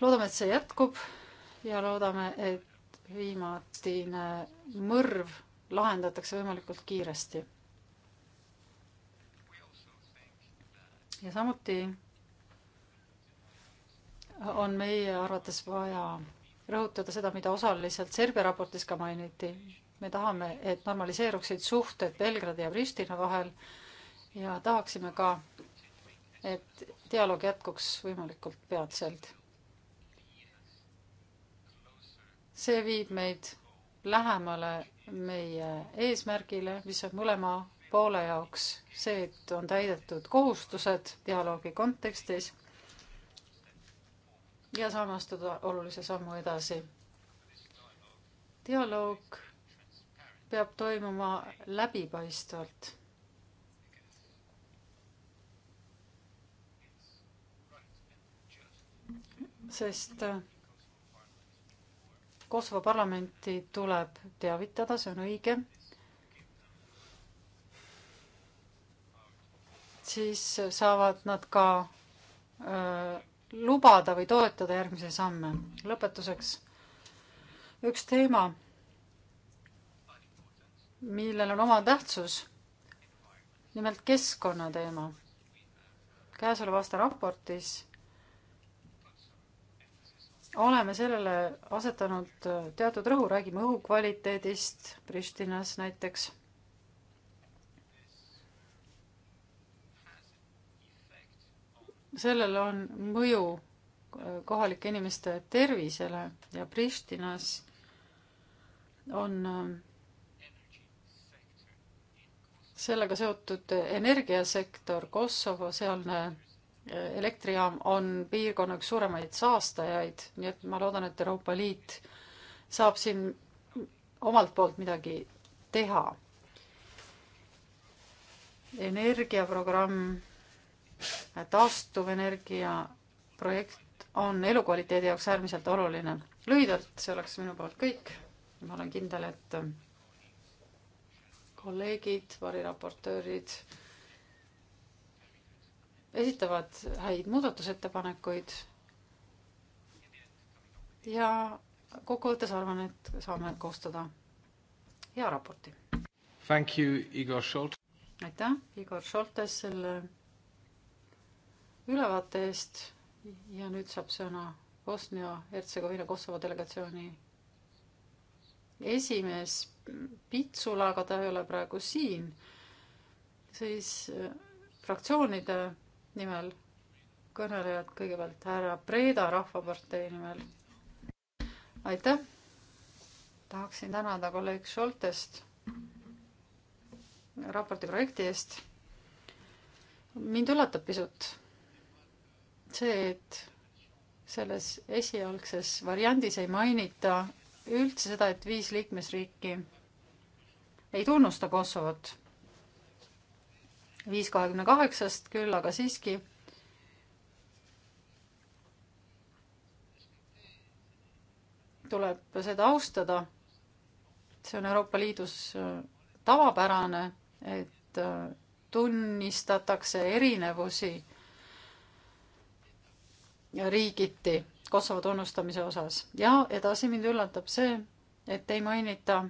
loodame, et see jätkub ja loodame, et viimatine mõrv lahendatakse võimalikult kiiresti. ja samuti on meie arvates vaja rõhutada seda, mida osaliselt Serbia raportis ka mainiti, me tahame, et normaliseeruksid suhted Belgradi ja Pristina vahel ja tahaksime ka, et dialoog jätkuks võimalikult peatselt. see viib meid lähemale meie eesmärgile, mis on mõlema poole jaoks see, et on täidetud kohustused dialoogi kontekstis ja saame astuda olulise sammu edasi. dialoog peab toimuma läbipaistvalt. sest äh, Kosovo parlamenti tuleb teavitada, see on õige. siis saavad nad ka öö, äh, lubada või toetada järgmisi samme. lõpetuseks üks teema millel on oma tähtsus. nimelt keskkonnateema. käesoleva aasta raportis oleme sellele asetanud teatud rõhu, räägime õhukvaliteedist Pristinas näiteks. sellel on mõju kohalike inimeste tervisele ja Pristinas on sellega seotud energiasektor Kosovo, sealne äh, elektrijaam on piirkonna üks suuremaid saastajaid, nii et ma loodan, et Euroopa Liit saab siin omalt poolt midagi teha. energiaprogramm, äh, taastuvenergia projekt on elukvaliteedi jaoks äärmiselt oluline. lühidalt, see oleks minu poolt kõik. ma olen kindel, et äh, kolleegid, variraportöörid esitavad häid muudatusettepanekuid. ja kokkuvõttes arvan, et saame koostada hea raporti. Thank you, Igor Šolt. aitäh, Igor Šoltes selle ülevaate eest ja nüüd saab sõna Bosnia-Hertsegoviina Kosovo delegatsiooni esimees Pitsul, aga ta ei ole praegu siin, siis äh, fraktsioonide nimel kõnelejad kõigepealt härra Preeda Rahvapartei nimel. aitäh! tahaksin tänada kolleeg Šoltest raporti projekti eest. mind üllatab pisut see, et selles esialgses variandis ei mainita üldse seda, et viis liikmesriiki ei tunnusta Kosovot. viis kahekümne kaheksast küll, aga siiski. tuleb seda austada. see on Euroopa Liidus äh, tavapärane, et äh, tunnistatakse erinevusi riigiti Kosovo tunnustamise osas ja edasi mind üllatab see, et ei mainita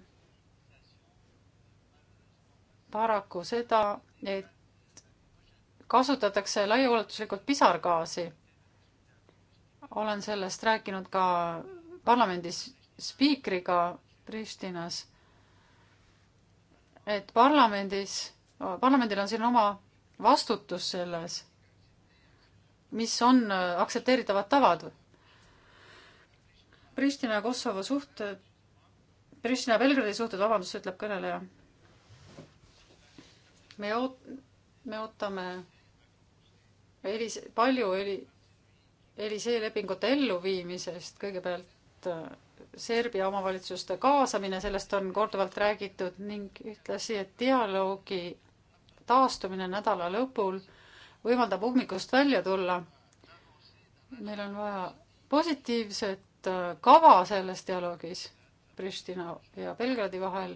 paraku seda, et kasutatakse laiaulatuslikult pisargaasi. olen sellest rääkinud ka parlamendis spiikriga Pristinas. et parlamendis, parlamendil on siin oma vastutus selles, mis on aktsepteeritavad tavad. Pristina ja Kosovo suhted, Pristina ja Belgradi suhted, vabandust, ütleb kõneleja me oot-, me ootame elis-, palju eri, Elisee lepingute elluviimisest, kõigepealt äh, Serbia omavalitsuste kaasamine, sellest on korduvalt räägitud ning ühtlasi, et dialoogi taastumine nädala lõpul võimaldab ummikust välja tulla. meil on vaja positiivset äh, kava selles dialoogis Pristina ja Belgradi vahel.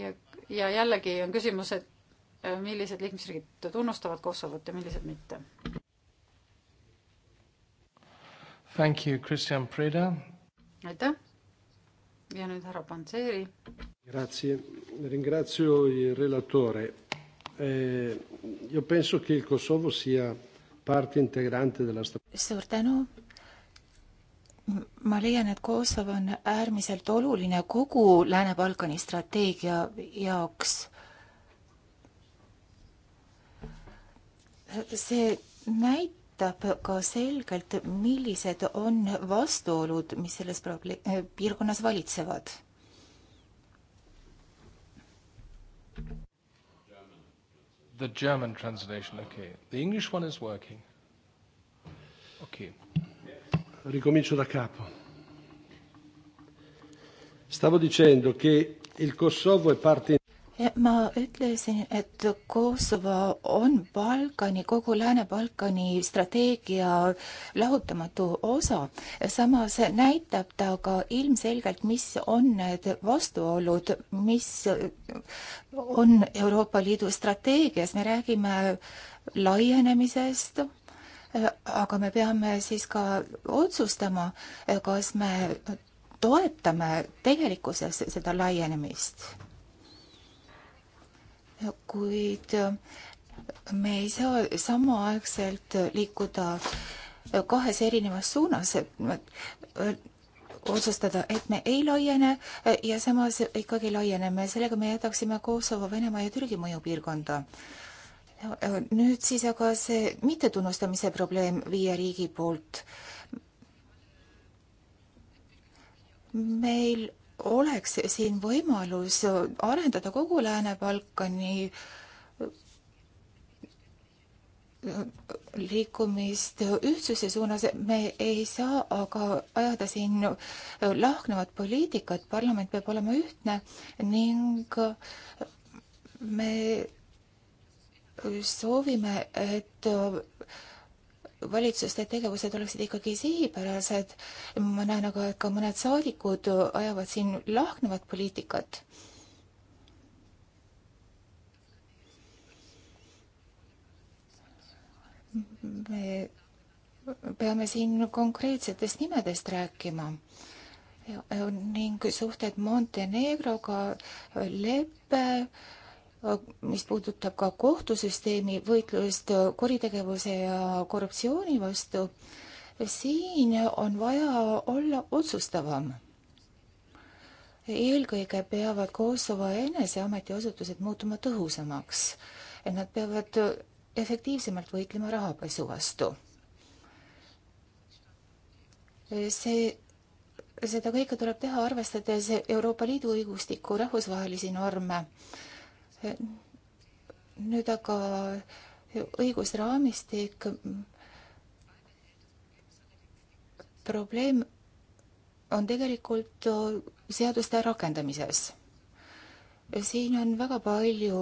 ja ja jällegi on küsimus, et äh, millised liikmesriigid tunnustavad Kosovot ja millised mitte. Thank you, Kristjan Preda. aitäh. ja nüüd härra Panseri. Grazie, ringrazio il relatore eh,. Io penso che il Kosovo sia parte integrante della. suur tänu ma leian, et Kosovo on äärmiselt oluline kogu Lääne-Balkani strateegia jaoks. see näitab ka selgelt, millised on vastuolud, mis selles eh, piirkonnas valitsevad. The German translation, okay. The English one is working. Okay ricomincio da capo. Stavo dicendo che il Kosovo è parte ma ütlesin, et Kosovo on Balkani, kogu Lääne-Balkani strateegia lahutamatu osa. samas näitab ta ka ilmselgelt, mis on need vastuolud, mis on Euroopa Liidu strateegias, me räägime laienemisest aga me peame siis ka otsustama, kas me toetame tegelikkuses seda laienemist. kuid me ei saa samaaegselt liikuda kahes erinevas suunas, otsustada, et me ei laiene ja samas ikkagi laieneme, sellega me jätaksime Kosovo, Venemaa ja Türgi mõjupiirkonda nüüd siis aga see mittetunnustamise probleem viie riigi poolt. meil oleks siin võimalus arendada kogu Lääne-Balkani liikumist ühtsuse suunas, me ei saa aga ajada siin lahknevat poliitikat, parlament peab olema ühtne ning me soovime, et äh, valitsuste tegevused oleksid ikkagi sihipärased. ma näen aga, et ka mõned saadikud ajavad siin lahknevat poliitikat. me peame siin konkreetsetest nimedest rääkima ning suhted Montenegroga, lepe Äh, mis puudutab ka kohtusüsteemi võitlust äh, kuritegevuse ja korruptsiooni vastu, siin on vaja olla otsustavam. eelkõige peavad Kosovo enese ametiasutused muutuma tõhusamaks, et nad peavad efektiivsemalt võitlema rahapesu vastu. see, seda kõike tuleb teha, arvestades Euroopa Liidu õigustikku, rahvusvahelisi norme nüüd aga õigusraamistik. probleem on tegelikult seaduste rakendamises. siin on väga palju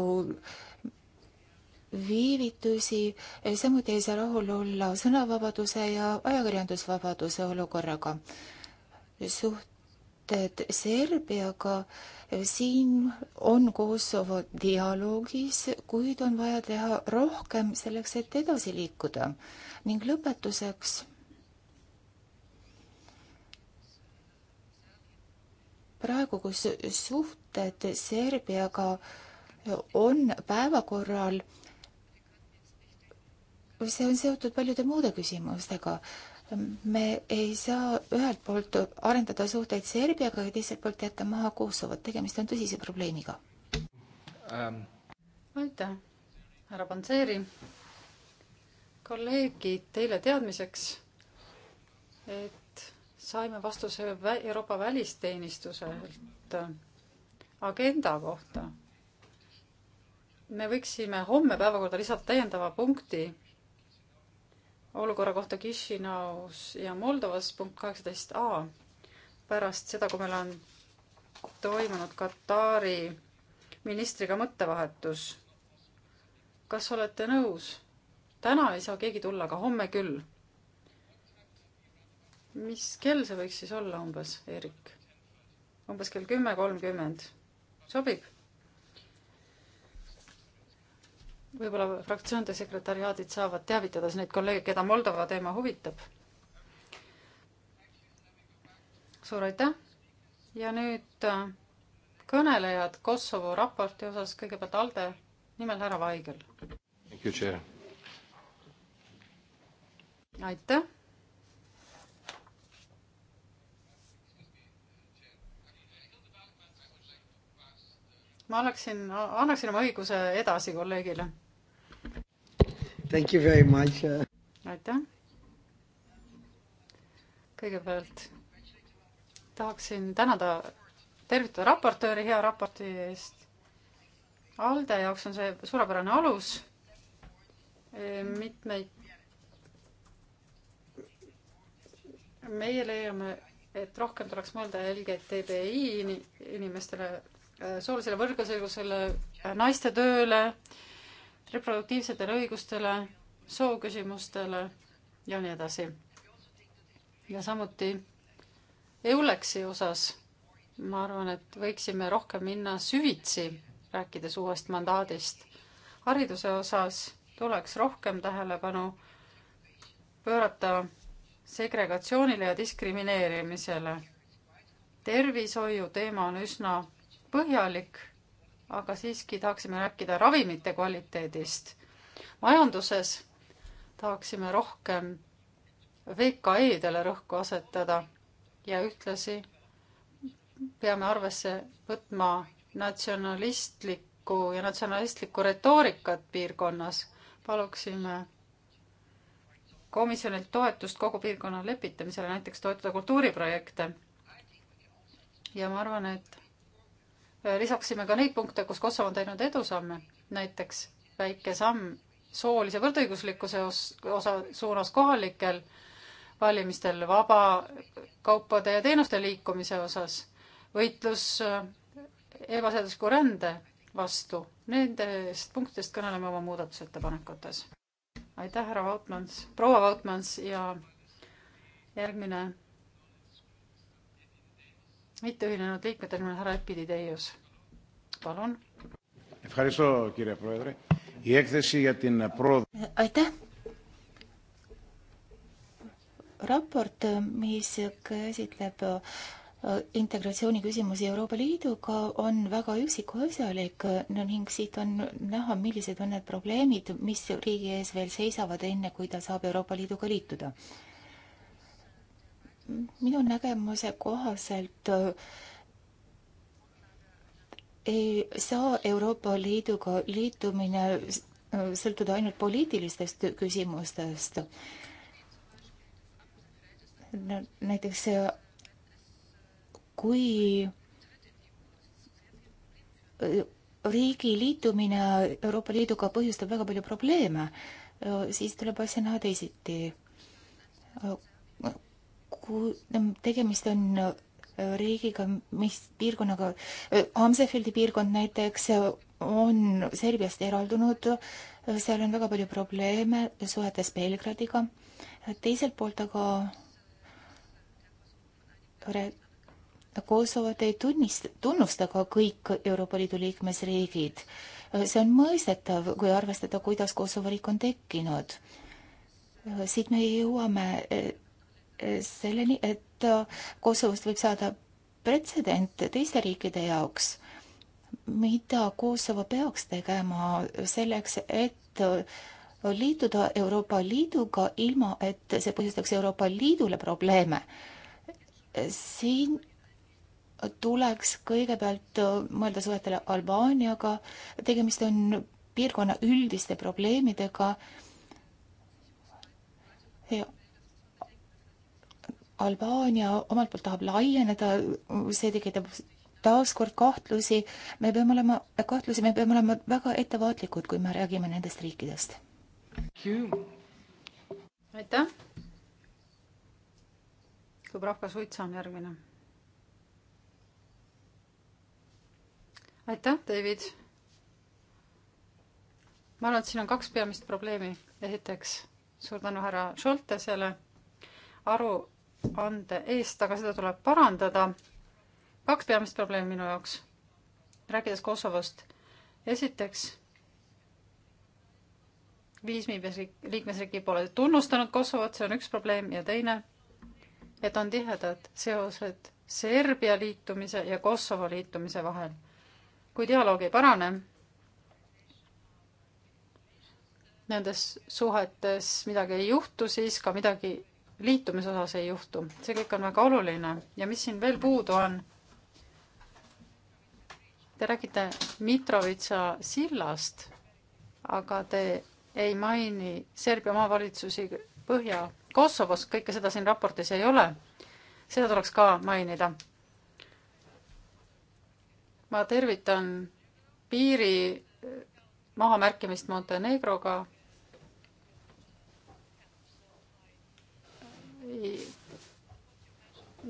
viivitusi, samuti ei saa rahul olla sõnavabaduse ja ajakirjandusvabaduse olukorraga. suht suhted Serbiaga, eh, siin on Kosovo dialoogis, kuid on vaja teha rohkem selleks, et edasi liikuda. ning lõpetuseks praegu, kus suhted Serbiaga on päevakorral, see on seotud paljude muude küsimustega me ei saa ühelt poolt arendada suhteid Serbiaga ja teiselt poolt jätta maha Kosovot, tegemist on tõsise probleemiga ähm.. aitäh, härra Panseri. kolleegid, teile teadmiseks, et saime vastuse vä Euroopa välisteenistuselt äh, agenda kohta. me võiksime homme päevakorda lisada täiendava punkti olukorra kohta Kishinaus ja Moldovas punkt kaheksateist A. pärast seda, kui meil on toimunud Katari ministriga mõttevahetus. kas olete nõus? täna ei saa keegi tulla, aga homme küll. mis kell see võiks siis olla umbes, Eerik? umbes kell kümme kolmkümmend. sobib? võib-olla fraktsioonide sekretariaadid saavad teavitada siis neid kolleege, keda Moldova teema huvitab. suur aitäh ja nüüd äh, kõnelejad Kosovo raporti osas, kõigepealt Alde nimel härra Vaigel. aitäh. ma oleksin, annaksin oma õiguse edasi kolleegile Thank you very much. Uh, aitäh. kõigepealt tahaksin tänada, tervitada raportööri hea raporti eest. ALDE jaoks on see suurepärane alus mitmeid. meie leiame, et rohkem tuleks mõelda LGTBI inimestele, soolisele võrgusõigusele, naiste tööle äh,, reproduktiivsetele õigustele, sooküsimustele ja nii edasi. ja samuti EULEX-i osas ma arvan, et võiksime rohkem minna süvitsi, rääkides uuest mandaadist. hariduse osas tuleks rohkem tähelepanu pöörata segregatsioonile ja diskrimineerimisele. tervishoiu teema on üsna põhjalik aga siiski tahaksime rääkida ravimite kvaliteedist. majanduses tahaksime rohkem VKE-dele rõhku asetada ja ühtlasi peame arvesse võtma natsionalistlikku ja natsionalistlikku retoorikat piirkonnas. paluksime komisjonilt toetust kogu piirkonna lepitamisele, näiteks toetada kultuuriprojekte. ja ma arvan, et Äh, lisaksime ka neid punkte, kus Kosovo on teinud edusamme, näiteks väike samm soolise võrdõiguslikkuse osa suunas kohalikel valimistel, vaba kaupade ja teenuste liikumise osas, võitlus äh, ebaseadusliku rände vastu. Nendest punktidest kõneleme oma muudatusettepanekutes. aitäh, härra Vautmans, proua Vautmans ja järgmine mitteühinenud liikmete nimel härra Epideios, palun. aitäh. raport, mis käsitleb äh, integratsiooni küsimusi Euroopa Liiduga on väga üksikasjalik no ning siit on näha, millised on need probleemid, mis riigi ees veel seisavad, enne kui ta saab Euroopa Liiduga liituda minu nägemuse kohaselt äh, ei saa Euroopa Liiduga liitumine äh, sõltuda ainult poliitilistest küsimustest. näiteks kui äh, riigi liitumine Euroopa Liiduga põhjustab väga palju probleeme, siis tuleb asja näha teisiti kui tegemist on äh, riigiga, mis piirkonnaga, äh, Amsefeldi piirkond näiteks äh, on Serbiast eraldunud, seal on väga palju probleeme suhetes Belgradiga, teiselt poolt aga Kosovot ei tunnist-, tunnusta ka kõik Euroopa Liidu liikmesriigid. see on mõistetav, kui arvestada, kuidas Kosovo riik on tekkinud. siit me jõuame selleni, et äh, Kosovost võib saada pretsedent teiste riikide jaoks, mida Kosovo peaks tegema selleks, et äh, liituda Euroopa Liiduga, ilma et see põhjustaks Euroopa Liidule probleeme. siin tuleks kõigepealt äh, mõelda suhetele Albaaniaga, tegemist on piirkonna üldiste probleemidega. ja Albaania omalt poolt tahab laieneda, see tekitab taaskord kahtlusi, me peame olema, kahtlusi, me peame olema väga ettevaatlikud, kui me räägime nendest riikidest. aitäh. Dubravka Suitsa on järgmine. aitäh, David. ma arvan, et siin on kaks peamist probleemi. esiteks suur tänu härra Šoltesele aru ande eest, aga seda tuleb parandada. kaks peamist probleemi minu jaoks, rääkides Kosovost. esiteks, viis liikmesriiki pole tunnustanud Kosovot, see on üks probleem, ja teine, et on tihedad seosed Serbia liitumise ja Kosovo liitumise vahel. kui dialoog ei parane, nendes suhetes midagi ei juhtu, siis ka midagi liitumise osas ei juhtu, see kõik on väga oluline ja mis siin veel puudu on? Te räägite Mitrovitsa sillast, aga te ei maini Serbia maavalitsusi Põhja-Kosovos, kõike seda siin raportis ei ole. seda tuleks ka mainida. ma tervitan piiri eh, mahamärkimist Montenegroga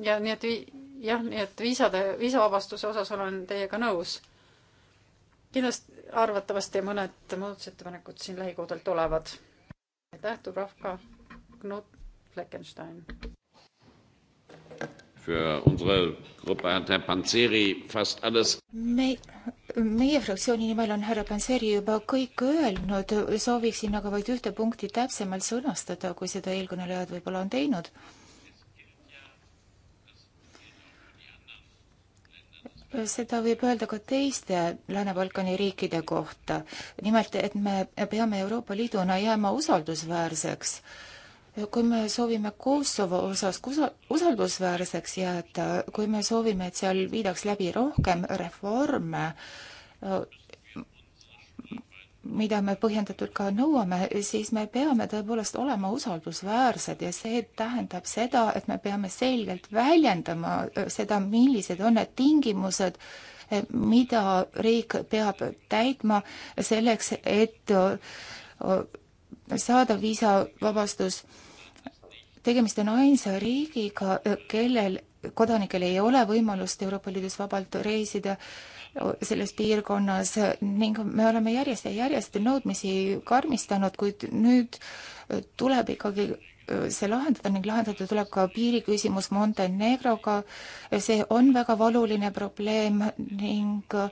ja nii et jah, nii et viisade, viisavabastuse osas olen teiega nõus. kindlasti arvatavasti mõned muudatusettepanekud siin lähikoodelt olevad. aitäh, Dubravka Knut Fleckenstein. Für unsere Gruppe hat Herr Panzeri fast alles. Me, meie fraktsiooni nimel on härra Panseri juba kõik öelnud, sooviksin aga vaid ühte punkti täpsemalt sõnastada, kui seda eelkõnelejad võib-olla on teinud. seda võib öelda ka teiste Lääne-Balkani riikide kohta. nimelt, et me peame Euroopa Liiduna jääma usaldusväärseks kui me soovime Kosovo osas usaldusväärseks jääda, kui me soovime, et seal viidaks läbi rohkem reforme, mida me põhjendatult ka nõuame, siis me peame tõepoolest olema usaldusväärsed ja see tähendab seda, et me peame selgelt väljendama seda, millised on need tingimused, mida riik peab täitma selleks, et saada viisavabastus tegemist on ainsa riigiga, kellel kodanikel ei ole võimalust Euroopa Liidus vabalt reisida selles piirkonnas ning me oleme järjest ja järjest nõudmisi karmistanud, kuid nüüd tuleb ikkagi äh, see lahendada ning lahendada tuleb ka piiriküsimus Montenegroga. see on väga valuline probleem ning äh,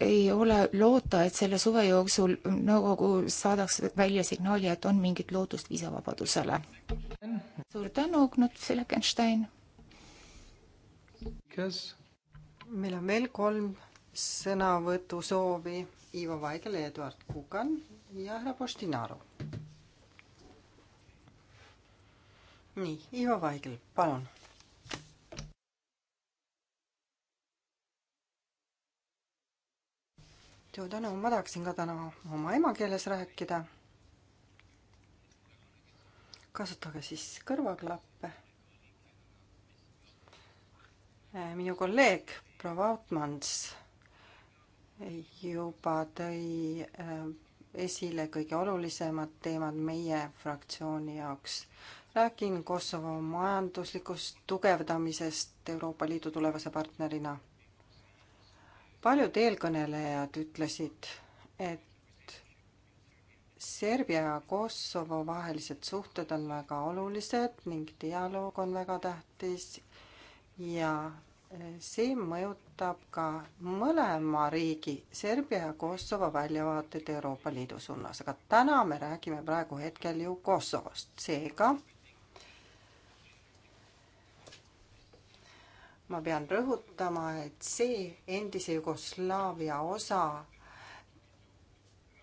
ei ole loota, et selle suve jooksul nõukogu saadaks välja signaali, et on mingit lootust viisavabadusele. suur tänu, Knut Fleckenstein. kes? meil on veel kolm sõnavõtusoovi. Ivo Vaigel, Eduard Kukan ja härra Postinaru. nii, Ivo Vaigel, palun suur tänu, ma tahaksin ka täna oma emakeeles rääkida. kasutage siis kõrvaklappe. Äh, minu kolleeg proua Outmans juba tõi äh, esile kõige olulisemad teemad meie fraktsiooni jaoks. räägin Kosovo majanduslikust tugevdamisest Euroopa Liidu tulevase partnerina paljud eelkõnelejad ütlesid, et Serbia ja Kosovo vahelised suhted on väga olulised ning dialoog on väga tähtis ja see mõjutab ka mõlema riigi, Serbia ja Kosovo väljavaated Euroopa Liidu suunas, aga täna me räägime praegu hetkel ju Kosovost, seega ma pean rõhutama, et see endise Jugoslaavia osa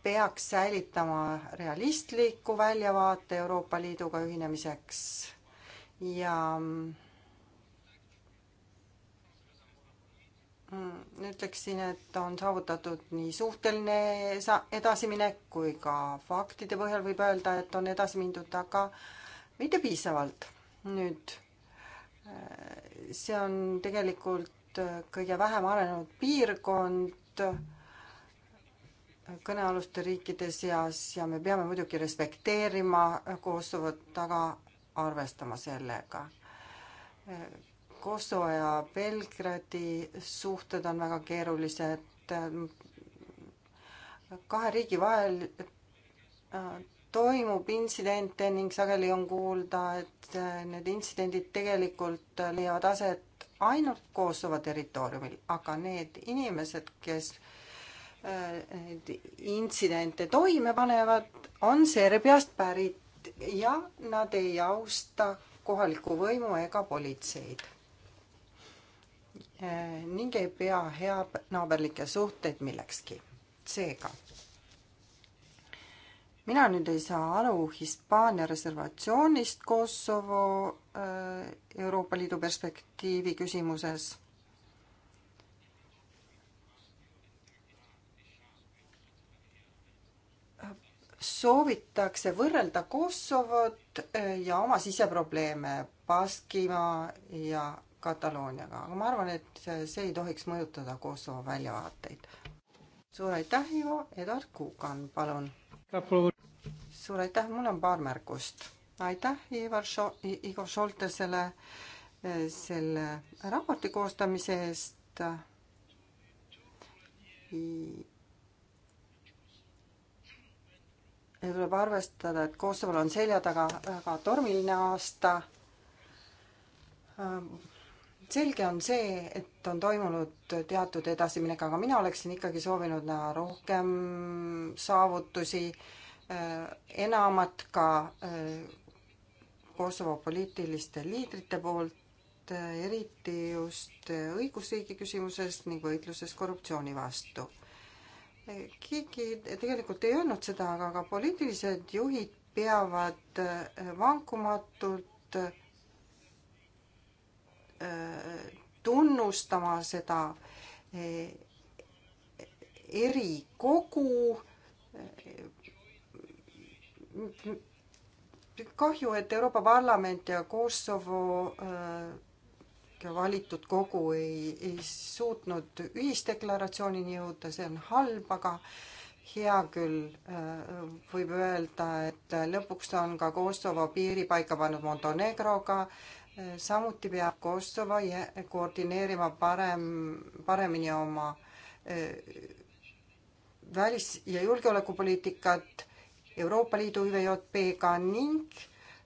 peaks säilitama realistliku väljavaate Euroopa Liiduga ühinemiseks ja mm, ütleksin, et on saavutatud nii suhteline edasiminek kui ka faktide põhjal võib öelda, et on edasi mindud, aga mitte piisavalt. nüüd see on tegelikult äh, kõige vähem arenenud piirkond äh, kõnealuste riikide seas ja me peame muidugi respekteerima Kosovot, aga arvestama sellega. Kosovo ja Belgradi suhted on väga keerulised. kahe riigi vahel äh, toimub intsidente ning sageli on kuulda, et äh, need intsidendid tegelikult leiavad aset ainult Kosovo territooriumil, aga need inimesed, kes äh, neid intsidente toime panevad, on Serbiast pärit ja nad ei austa kohalikku võimu ega politseid. Äh, ning ei pea heanaaberlikke suhteid millekski. seega mina nüüd ei saa aru Hispaania reservatsioonist Kosovo äh, Euroopa Liidu perspektiivi küsimuses soovitakse võrrelda Kosovot äh, ja oma siseprobleeme Baskimaa ja Katalooniaga, aga ma arvan, et see ei tohiks mõjutada Kosovo väljavaateid. suur aitäh, Ivo, Eduard Kukan, palun suur aitäh, mul on paar märkust. aitäh Ivar Šo-, Igor Šoltesele eh, selle raporti koostamise eest. tuleb arvestada, et Kosovol on selja taga väga tormiline aasta. Ähm, selge on see, et on toimunud teatud edasiminek, aga mina oleksin ikkagi soovinud näha rohkem saavutusi Äh, enamat ka äh, Kosovo poliitiliste liidrite poolt, äh, eriti just õigusriigi küsimuses ning võitluses korruptsiooni vastu. keegi tegelikult ei öelnud seda, aga ka poliitilised juhid peavad vankumatult tunnustama seda erikogu kahju, et Euroopa Parlament ja Kosovo äh, valitud kogu ei, ei suutnud ühisdeklaratsioonini jõuda, see on halb, aga hea küll, äh, võib öelda, et lõpuks on ka Kosovo piiri paika pannud Montenegroga, äh, samuti peab Kosovo koordineerima parem, paremini oma välis- ja julgeolekupoliitikat Euroopa Liidu ÜVJP-ga ning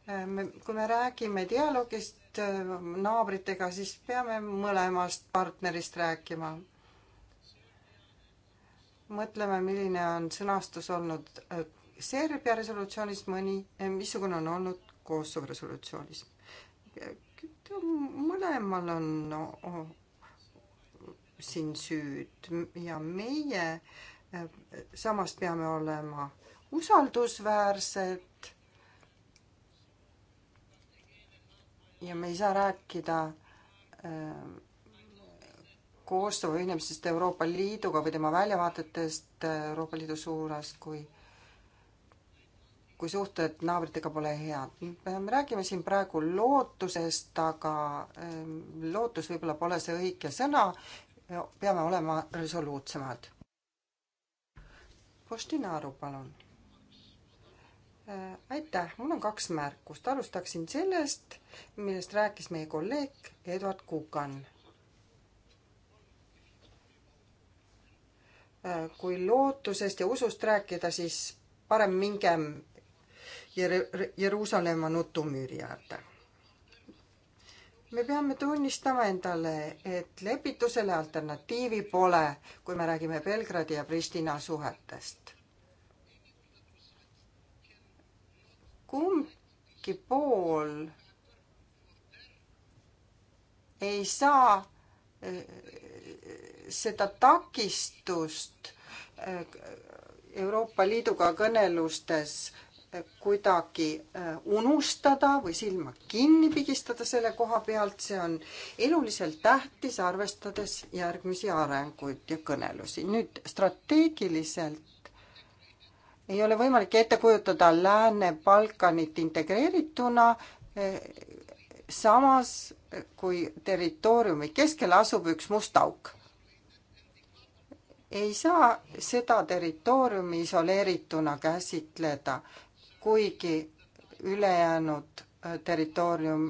äh, kui me räägime dialoogist äh, naabritega, siis peame mõlemast partnerist rääkima. mõtleme, milline on sõnastus olnud äh, Serbia resolutsioonis mõni, missugune on olnud Kosovo resolutsioonis. mõlemal on no, oh, siin süüd ja meie samas peame olema äh, usaldusväärsed. ja me ei saa rääkida äh, koostöö ühinemisest Euroopa Liiduga või tema väljavaatetest Euroopa Liidu suunas, kui kui suhted naabritega pole head. me räägime siin praegu lootusest, aga ähm, lootus võib-olla pole see õige sõna. peame olema resoluutsemad. Postinaru, palun Äh, aitäh, mul on kaks märkust, alustaksin sellest, millest rääkis meie kolleeg Eduard Kukan. Äh, kui lootusest ja usust rääkida, siis parem mingem Jer-, Jeruusalemma nutumüüri äärde. me peame tunnistama endale, et lepitusele alternatiivi pole, kui me räägime Belgradi ja Pristina suhetest kumbki pool ei saa eh, seda takistust eh, Euroopa Liiduga kõnelustes kuidagi eh, unustada või silma kinni pigistada selle koha pealt, see on eluliselt tähtis, arvestades järgmisi arenguid ja kõnelusi. nüüd strateegiliselt ei ole võimalik ette kujutada Lääne-Balkanit integreerituna, eh, samas eh, kui territooriumi keskel asub üks must auk. ei saa seda territooriumi isoleerituna käsitleda, kuigi ülejäänud eh, territoorium,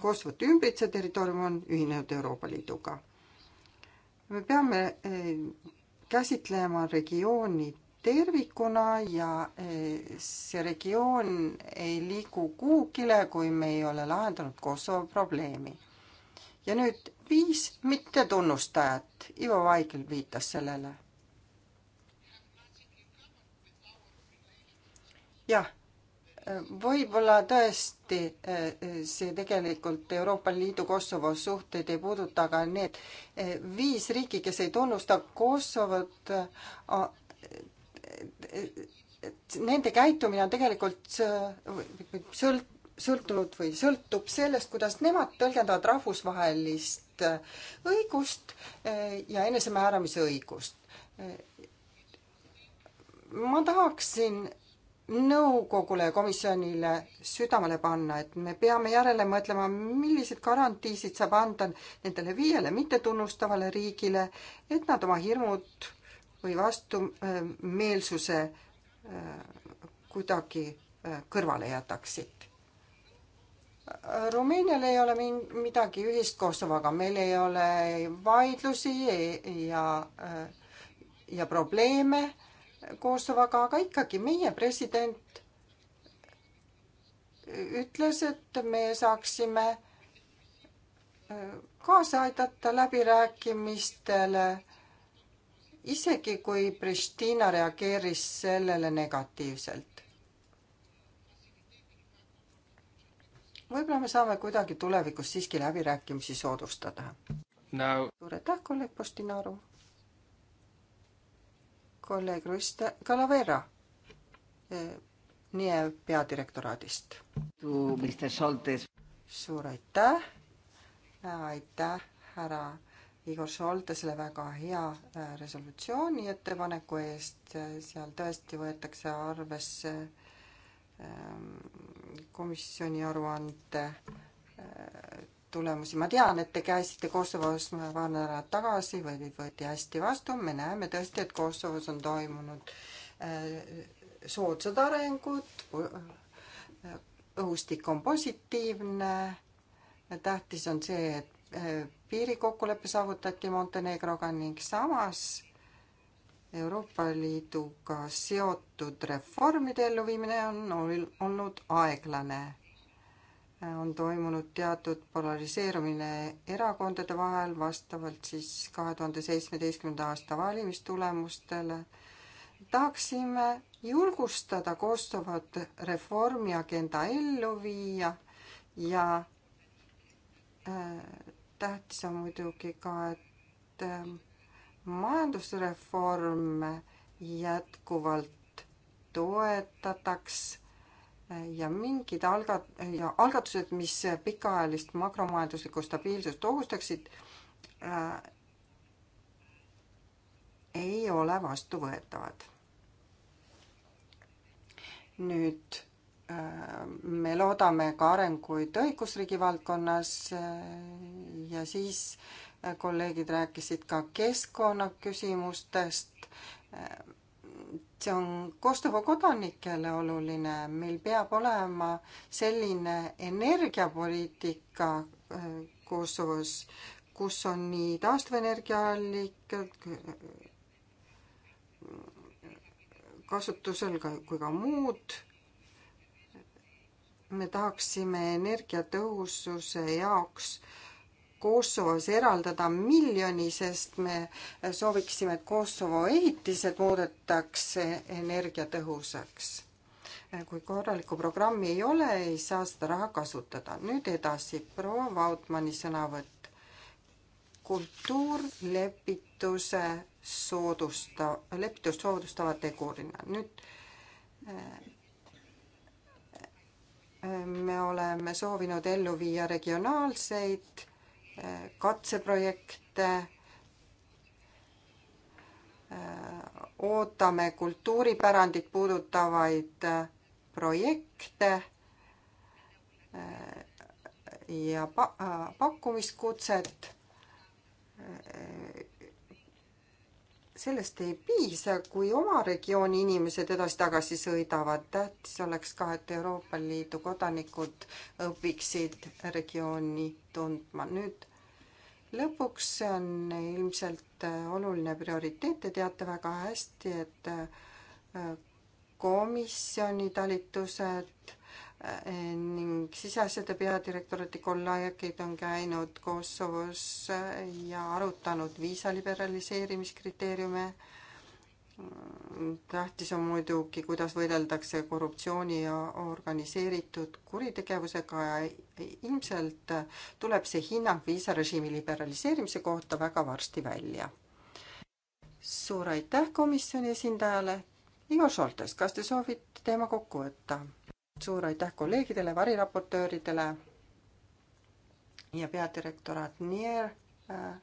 koostööd ümbritse territoorium on ühinenud Euroopa Liiduga. me peame käsitlema regiooni tervikuna ja eh, see regioon ei liigu kuhugile, kui me ei ole lahendanud Kosovo probleemi. ja nüüd viis mittetunnustajat, Ivo Vaigel viitas sellele. jah, võib-olla tõesti eh, see tegelikult Euroopa Liidu Kosovo suhteid ei puuduta, aga need eh, viis riiki, kes ei tunnusta Kosovot, et nende käitumine on tegelikult äh, sõlt-, sõltunud või sõltub sellest, kuidas nemad tõlgendavad rahvusvahelist äh, õigust äh, ja enesemääramise õigust. ma tahaksin nõukogule ja komisjonile südamele panna, et me peame järele mõtlema, millised garantiisid saab anda nendele viiele mittetunnustavale riigile, et nad oma hirmud või vastumeelsuse äh, kuidagi äh, kõrvale jätaksid. Rumeenial ei ole min-, midagi ühist Kosovoga, meil ei ole vaidlusi e-, ja, äh, ja probleeme Kosovoga, aga ikkagi meie president ütles, et me saaksime kaasa aidata läbirääkimistele isegi kui Pristina reageeris sellele negatiivselt. võib-olla me saame kuidagi tulevikus siiski läbirääkimisi soodustada no.. suur aitäh, kolleeg Postinaru. kolleeg Ruiste Calavera eh, NIE peadirektoraadist. suur aitäh, aitäh, härra Igor Šolte selle väga hea äh, resolutsiooni ettepaneku eest, seal tõesti võetakse arvesse ähm, komisjoni aruande äh, tulemusi. ma tean, et te käisite Kosovos paar nädalat tagasi või teid võeti hästi vastu. me näeme tõesti, et Kosovos on toimunud äh, soodsad arengud, õhustik on positiivne. tähtis on see, et piirikokkulepe saavutati Montenegroga ning samas Euroopa Liiduga seotud reformide elluviimine on olnud aeglane. on toimunud teatud polariseerumine erakondade vahel vastavalt siis kahe tuhande seitsmeteistkümnenda aasta valimistulemustele. tahaksime julgustada Kosovot reformi agenda ellu viia ja äh, tähtis on muidugi ka, et ähm, majandusreforme jätkuvalt toetataks äh, ja mingid algat-, ja algatused, mis pikaajalist makromajanduslikku stabiilsust ohustaksid äh,, ei ole vastuvõetavad. nüüd me loodame ka arenguid õigusriigi valdkonnas eh, ja siis eh, kolleegid rääkisid ka keskkonnaküsimustest. Eh, see on Kosovo kodanikele oluline, meil peab olema selline energiapoliitika Kosovos, kus on nii taastuvenergiaallikad kasutusel ka, kui ka muud me tahaksime energiatõhususe jaoks Kosovos eraldada miljoni, sest me sooviksime, et Kosovo ehitised muudetaks energiatõhusaks. kui korralikku programmi ei ole, ei saa seda raha kasutada. nüüd edasi, proua Vautmani sõnavõtt. kultuurlepituse soodusta, lepitust soodustava tegurina. nüüd me oleme soovinud ellu viia regionaalseid eh, katseprojekte, eh, ootame kultuuripärandit puudutavaid eh, projekte ja pa-, pakkumiskutset sellest ei piisa, kui oma regiooni inimesed edasi-tagasi sõidavad. tähtis oleks ka, et Euroopa Liidu kodanikud õpiksid regiooni tundma. nüüd lõpuks on ilmselt äh, oluline prioriteet, te teate väga hästi, et äh, komisjoni talitused ning siseasjade peadirektorati kolleegid on käinud Kosovos ja arutanud viisa liberaliseerimiskriteeriume. tähtis on muidugi, kuidas võideldakse korruptsiooni ja organiseeritud kuritegevusega ja ilmselt tuleb see hinnang viisarežiimi liberaliseerimise kohta väga varsti välja. suur aitäh komisjoni esindajale. Igor Šoltes, kas te soovite teema kokku võtta? suur aitäh kolleegidele, variraportööridele ja peadirektoraat Nier äh,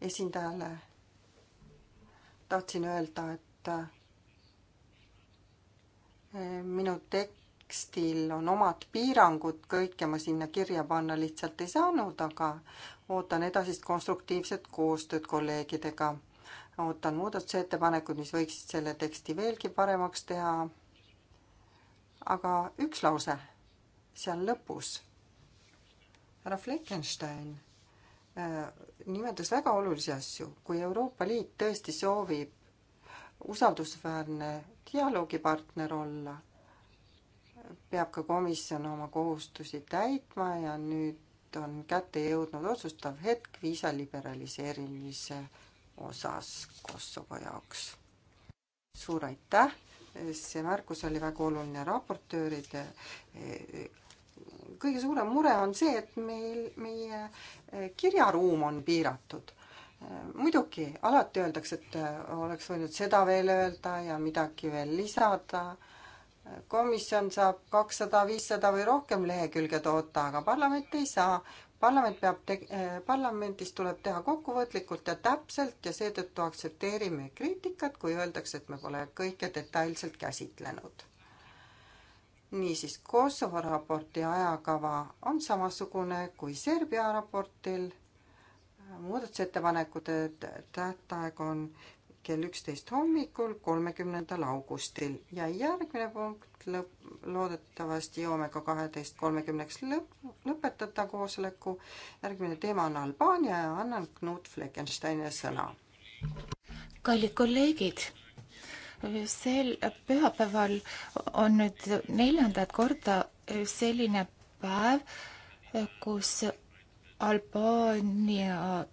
esindajale. tahtsin öelda, et äh, äh, minu tekstil on omad piirangud, kõike ma sinna kirja panna lihtsalt ei saanud, aga ootan edasist konstruktiivset koostööd kolleegidega. ootan muudatusettepanekud, mis võiksid selle teksti veelgi paremaks teha aga üks lause seal lõpus. härra Fleckenstein äh, nimetas väga olulisi asju, kui Euroopa Liit tõesti soovib usaldusväärne dialoogipartner olla, peab ka komisjon oma kohustusi täitma ja nüüd on kätte jõudnud otsustav hetk viisa liberaliseerimise osas Kosovo jaoks. suur aitäh see märkus oli väga oluline raportööride kõige suurem mure on see, et meil, meie eh, kirjaruum on piiratud. muidugi, alati öeldakse, et eh, oleks võinud seda veel öelda ja midagi veel lisada. komisjon saab kakssada, viissada või rohkem lehekülge toota, aga parlament ei saa parlament peab te-, eh, parlamendis tuleb teha kokkuvõtlikult ja täpselt ja seetõttu aktsepteerime kriitikat, kui öeldakse, et me pole kõike detailselt käsitlenud. niisiis, Kosovo raporti ajakava on samasugune kui Serbia raportil, muudatusettepanekute tähtaeg on kell üksteist hommikul, kolmekümnendal augustil ja järgmine punkt lõpp, loodetavasti jõuame ka kaheteist kolmekümneks lõpp, lõpetada koosoleku. järgmine teema on Albaania ja annan Knut Fleckensteinile sõna. kallid kolleegid sel pühapäeval on nüüd neljandat korda selline päev, kus Albaania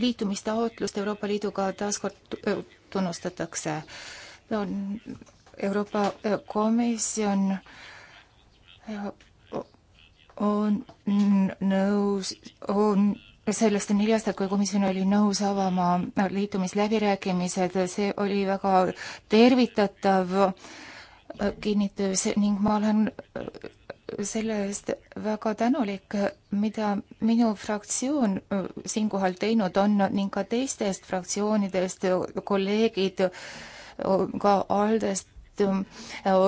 liitumistaotlust Euroopa Liiduga taaskord äh, tunnustatakse. on Euroopa äh, Komisjon äh, on nõus, on sellest on neli aastat, kui komisjon oli nõus avama liitumisläbirääkimised, see oli väga tervitatav kinnitus ning ma olen selle eest väga tänulik, mida minu fraktsioon äh, siinkohal teinud on ning ka teistest fraktsioonidest kolleegid äh, ka Aldest, äh,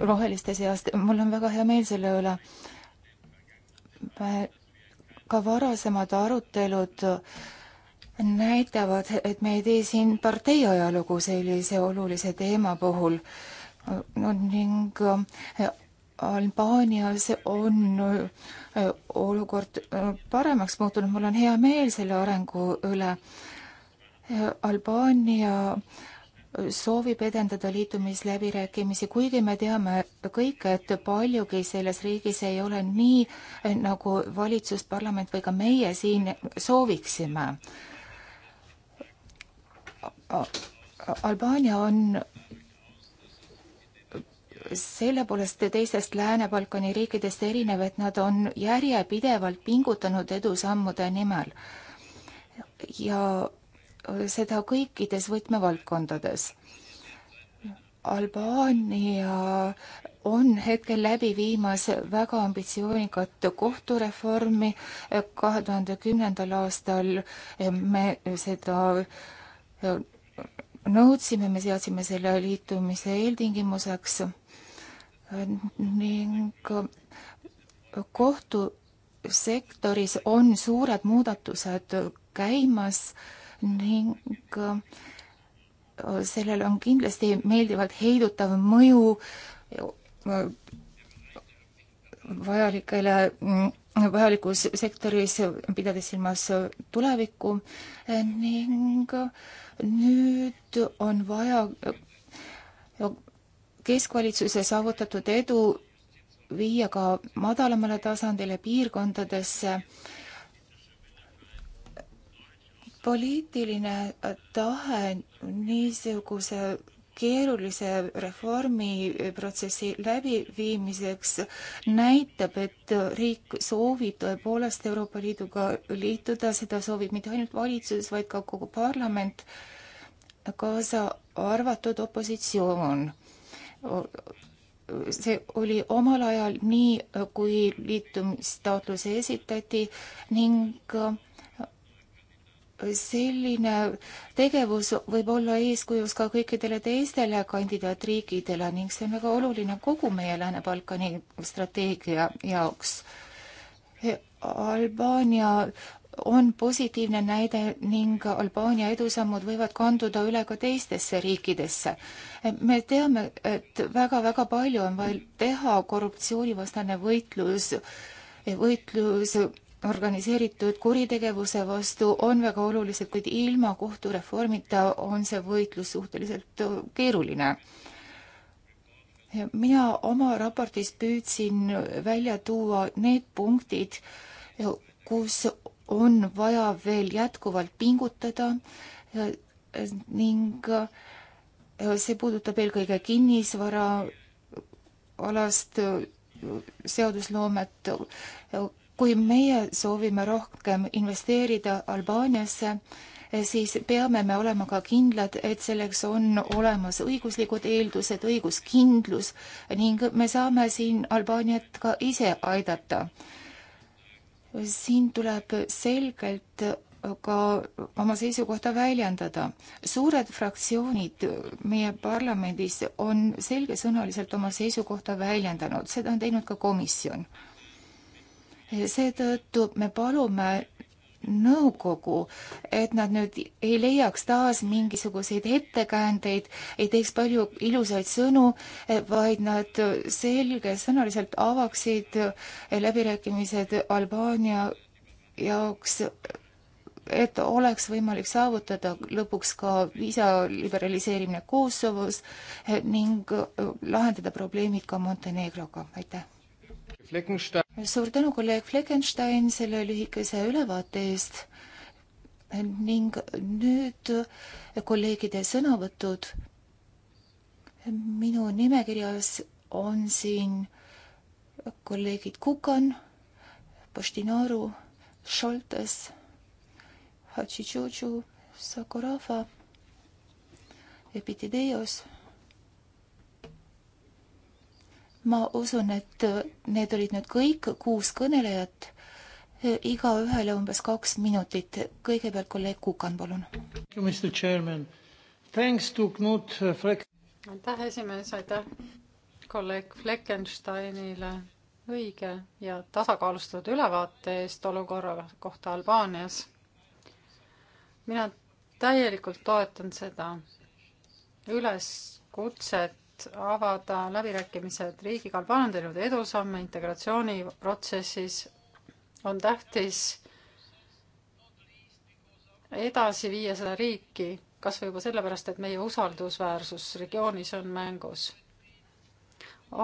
Roheliste seast, mul on väga hea meel selle üle. ka varasemad arutelud näitavad, et me ei tee siin partei ajalugu sellise olulise teema puhul no, ning Albaanias on äh, olukord äh, paremaks muutunud, mul on hea meel selle arengu üle. Äh, Albaania soovib edendada liitumisläbirääkimisi, kuigi me teame kõik, et paljugi selles riigis ei ole nii, nagu valitsus, parlament või ka meie siin sooviksime. Albaania on selle poolest teisest Lääne-Balkani riikidest erinev, et nad on järjepidevalt pingutanud edusammude nimel. ja seda kõikides võtmevaldkondades. Albaania on hetkel läbi viimas väga ambitsioonikat kohtureformi. kahe tuhande kümnendal aastal me seda nõudsime, me seadsime selle liitumise eeltingimuseks ning äh, kohtusektoris on suured muudatused käimas ning äh, sellel on kindlasti meeldivalt heidutav mõju äh, vajalikele, mm, vajalikus sektoris, pidades silmas tulevikku ning nüüd on vaja keskvalitsuse saavutatud edu viia ka madalamale tasandile piirkondadesse. poliitiline tahe niisuguse keerulise reformiprotsessi läbiviimiseks näitab, et riik soovib tõepoolest Euroopa Liiduga liituda, seda soovib mitte ainult valitsus, vaid ka kogu parlament, kaasa arvatud opositsioon see oli omal ajal nii, kui liitumistaotluse esitati ning selline tegevus võib olla eeskujuks ka kõikidele teistele kandidaatriikidele ning see on väga oluline kogu meie Lääne-Balkani strateegia jaoks. Albaania on positiivne näide ning Albaania edusammud võivad kanduda üle ka teistesse riikidesse. me teame, et väga-väga palju on vaja teha, korruptsioonivastane võitlus, võitlus organiseeritud kuritegevuse vastu on väga olulised, kuid ilma kohtureformita on see võitlus suhteliselt keeruline mina oma raportis püüdsin välja tuua need punktid, kus on vaja veel jätkuvalt pingutada ning äh, see puudutab eelkõige kinnisvara alast äh, seadusloomet. Äh, kui meie soovime rohkem investeerida Albaaniasse, siis peame me olema ka kindlad, et selleks on olemas õiguslikud eeldused, õiguskindlus ning me saame siin Albaaniat ka ise aidata siin tuleb selgelt ka oma seisukohta väljendada. suured fraktsioonid meie parlamendis on selgesõnaliselt oma seisukohta väljendanud, seda on teinud ka komisjon. seetõttu me palume nõukogu, et nad nüüd ei leiaks taas mingisuguseid ettekäändeid, ei teeks palju ilusaid sõnu, vaid nad selgesõnaliselt avaksid läbirääkimised Albaania jaoks, et oleks võimalik saavutada lõpuks ka viisa liberaliseerimine Kosovos ning lahendada probleemid ka Montenegroga, aitäh! suur tänu, kolleeg Fleckenstein, selle lühikese ülevaate eest ning nüüd kolleegide sõnavõtud. minu nimekirjas on siin kolleegid Kukan, Postinaru, Šoltes, Hatšitšutšu, Sakurafa, Epitideios ma usun, et äh, need olid nüüd kõik kuus kõnelejat, äh, igaühele umbes kaks minutit. kõigepealt kolleeg Kukan, palun. Äh, aitäh, esimees, aitäh kolleeg Fleckensteinile õige ja tasakaalustatud ülevaate eest olukorra kohta Albaanias. mina täielikult toetan seda üleskutset et avada läbirääkimised riigiga, on teinud edusamme integratsiooniprotsessis, on tähtis edasi viia seda riiki, kas või juba sellepärast, et meie usaldusväärsus regioonis on mängus.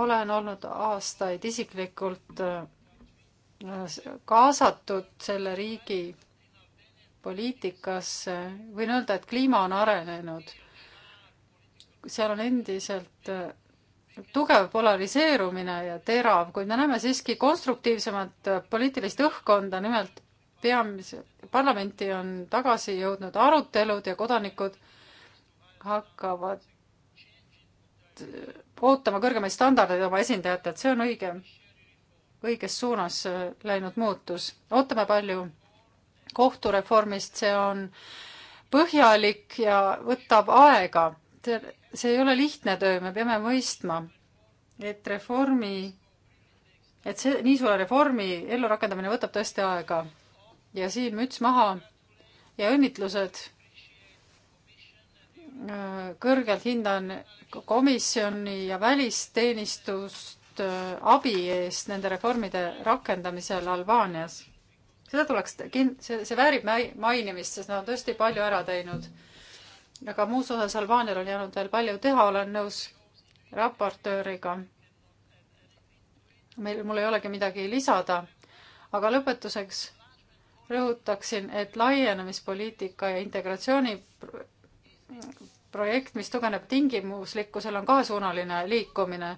olen olnud aastaid isiklikult äh, kaasatud selle riigi poliitikasse, võin öelda, et kliima on arenenud seal on endiselt äh, tugev polariseerumine ja terav, kuid me näeme siiski konstruktiivsemat äh, poliitilist õhkkonda, nimelt peamise, parlamenti on tagasi jõudnud arutelud ja kodanikud hakkavad äh, ootama kõrgemaid standardeid oma esindajatelt, see on õige, õiges suunas läinud muutus. ootame palju kohtureformist, see on põhjalik ja võtab aega see ei ole lihtne töö, me peame mõistma, et reformi, et see nii suure reformi ellurakendamine võtab tõesti aega ja siin müts maha ja õnnitlused. kõrgelt hindan komisjoni ja välisteenistust äh, abi eest nende reformide rakendamisel Albaanias. seda tuleks, see, see väärib mainimist, sest nad on tõesti palju ära teinud aga muus osas Albaanial on jäänud veel palju teha, olen nõus raportööriga. meil, mul ei olegi midagi lisada, aga lõpetuseks rõhutaksin, et laienemispoliitika ja integratsiooni projekt, mis tugineb tingimuslikkusel, on kaasuunaline liikumine.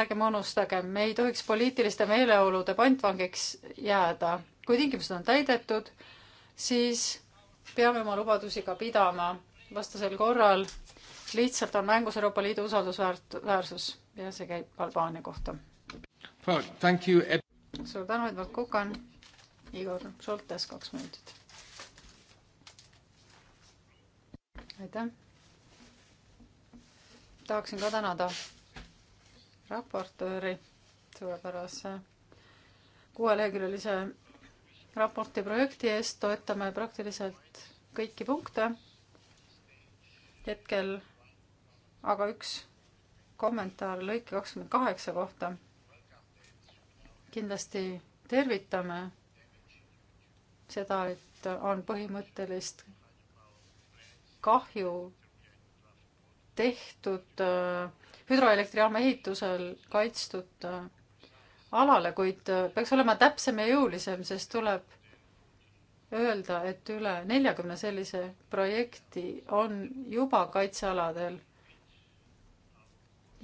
ärgem unustagem, me ei tohiks poliitiliste meeleolude pantvangiks jääda. kui tingimused on täidetud, siis peame oma lubadusi ka pidama, vastasel korral lihtsalt on mängus Euroopa Liidu usaldusväärsus ja see käib ka Albaania kohta. suur tänu, Edward Kukan, Igor Šoltes, kaks minutit. aitäh. tahaksin ka tänada raportööri suurepärase kuueleheküljelise raporti projekti eest, toetame praktiliselt kõiki punkte. hetkel aga üks kommentaar lõike kakskümmend kaheksa kohta. kindlasti tervitame seda, et on põhimõttelist kahju tehtud äh, hüdroelektrijaama ehitusel kaitstud äh, alale, kuid äh, peaks olema täpsem ja jõulisem, sest tuleb öelda, et üle neljakümne sellise projekti on juba kaitsealadel.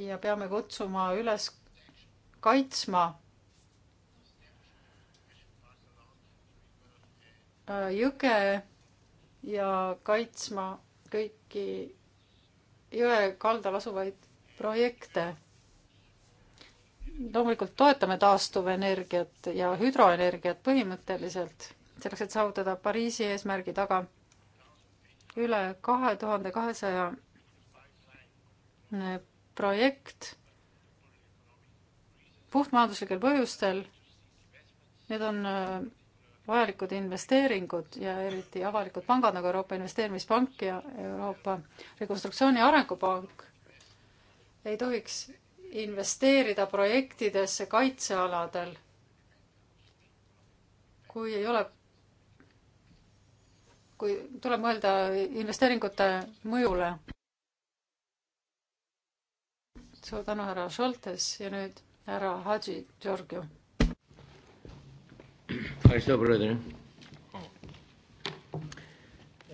ja peame kutsuma üles kaitsma äh, jõge ja kaitsma kõiki jõe kaldal asuvaid projekte loomulikult toetame taastuvenergiat ja hüdroenergiat põhimõtteliselt, selleks et saavutada Pariisi eesmärgid, aga üle kahe tuhande kahesaja eh, projekt puhtmajanduslikel põhjustel, need on eh, vajalikud investeeringud ja eriti avalikud pangad nagu Euroopa Investeerimispank ja Euroopa Rekonstruktsiooni Arengupank ei tohiks investeerida projektidesse kaitsealadel, kui ei ole, kui tuleb mõelda investeeringute mõjule. suur tänu, härra Šoltes ja nüüd härra Hadži Georgiu. aitäh, brother.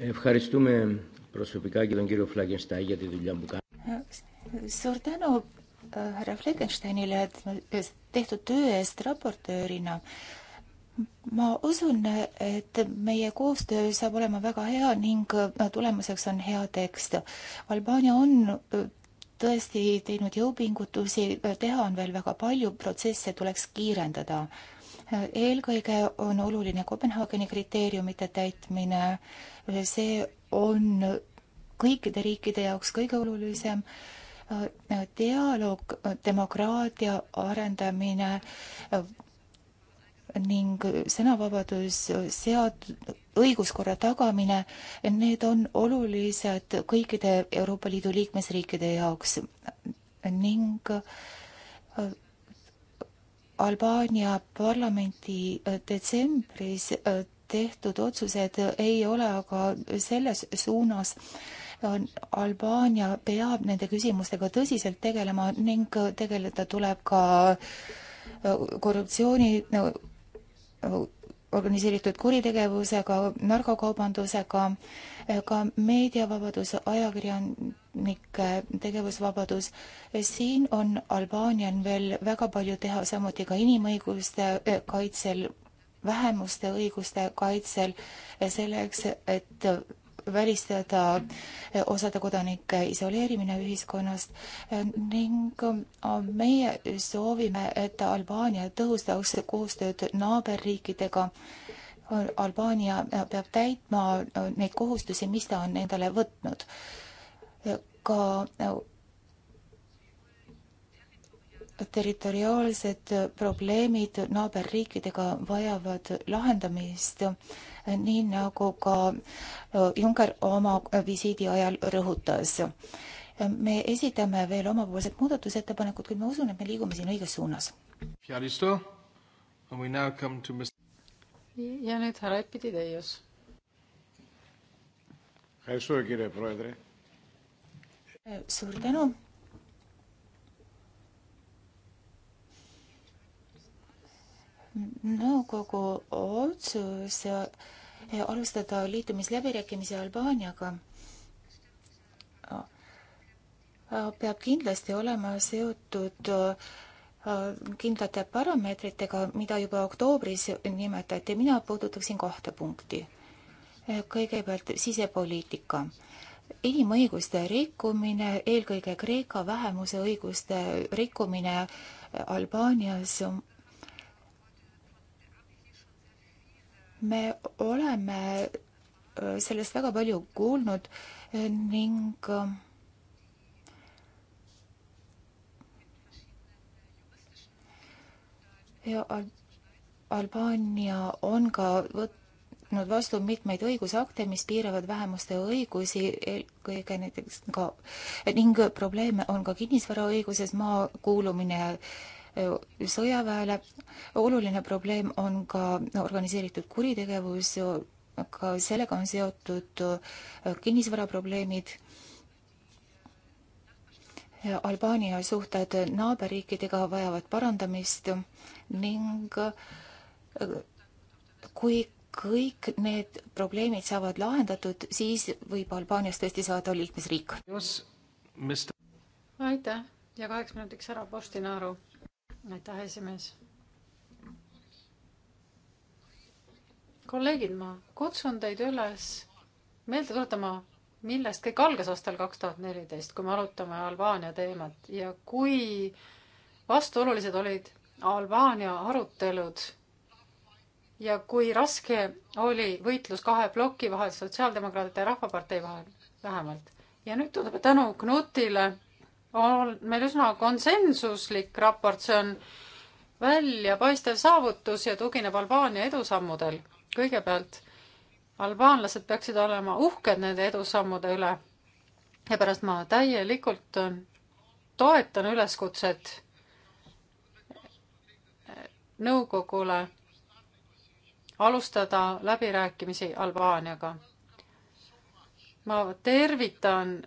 Ευχαριστούμε προσωπικά και τον κύριο Φλάκενστάι για τη δουλειά που κάνει. Suur tänu härra Fleckensteinile tehtud töö eest raportöörina. ma usun, et meie koostöö saab olema väga hea ning tulemuseks on hea tekst. Albaania on äh, tõesti teinud jõupingutusi, äh, teha on veel väga palju, protsesse tuleks kiirendada. Äh, eelkõige on oluline Kopenhaageni kriteeriumite täitmine, see on kõikide riikide jaoks kõige olulisem äh, Äh, dialoog, äh, demokraatia arendamine äh, ning sõnavabadus, sead-, õiguskorra tagamine, need on olulised kõikide Euroopa Liidu liikmesriikide jaoks ning Albaania parlamenti detsembris tehtud otsused ei ole aga selles suunas, Albaania peab nende küsimustega tõsiselt tegelema ning tegeleda tuleb ka äh, korruptsiooni organiseeritud kuritegevusega, narkokaubandusega, äh, ka meediavabadus, ajakirjanike tegevusvabadus. siin on Albaanial veel väga palju teha, samuti ka inimõiguste äh, kaitsel, vähemuste õiguste kaitsel, selleks, et välistada äh, osade kodanike isoleerimine ühiskonnast äh, ning äh, meie soovime, et Albaania tõhustaks koostööd naaberriikidega. Albaania peab täitma neid kohustusi, mis ta on endale võtnud. ka territoriaalsed probleemid naaberriikidega vajavad lahendamist nii nagu ka äh, Juncker oma äh, visiidi ajal rõhutas. me esitame veel omapoolsed muudatusettepanekud, kuid ma usun, et me liigume siin õiges suunas. ja nüüd härra Epideios. Äh, suur tänu nõukogu otsus Eh, alustada liitumisläbirääkimisi Albaaniaga, eh, peab kindlasti olema seotud eh, kindlate parameetritega, mida juba oktoobris nimetati, mina puudutaksin kahte punkti. kõigepealt sisepoliitika, inimõiguste rikkumine, eelkõige Kreeka vähemuse õiguste rikkumine Albaanias me oleme äh, sellest väga palju kuulnud äh, ning äh, ja Al Albaania on ka võtnud vastu mitmeid õigusakte, mis piiravad vähemuste õigusi, eelkõige näiteks ka ning probleeme on ka kinnisvaraõiguses, maa kuulumine äh, sõjaväele. oluline probleem on ka organiseeritud kuritegevus, ka sellega on seotud kinnisvaraprobleemid. Albaania suhted naaberriikidega vajavad parandamist ning kui kõik need probleemid saavad lahendatud, siis võib Albaaniast tõesti saada liikmesriik. aitäh ja kaheks minutiks ära Postinaru aitäh, esimees. kolleegid, ma kutsun teid üles meelde tuletama, millest kõik algas aastal kaks tuhat neliteist, kui me arutame Albaania teemat ja kui vastuolulised olid Albaania arutelud ja kui raske oli võitlus kahe ploki vahel, Sotsiaaldemokraatide ja Rahvapartei vahel vähemalt. ja nüüd tundub, et tänu Knutile on meil üsna konsensuslik raport, see on väljapaistev saavutus ja tugineb Albaania edusammudel. kõigepealt albaanlased peaksid olema uhked nende edusammude üle. ja pärast ma täielikult äh, toetan üleskutset äh, nõukogule alustada läbirääkimisi Albaaniaga. ma tervitan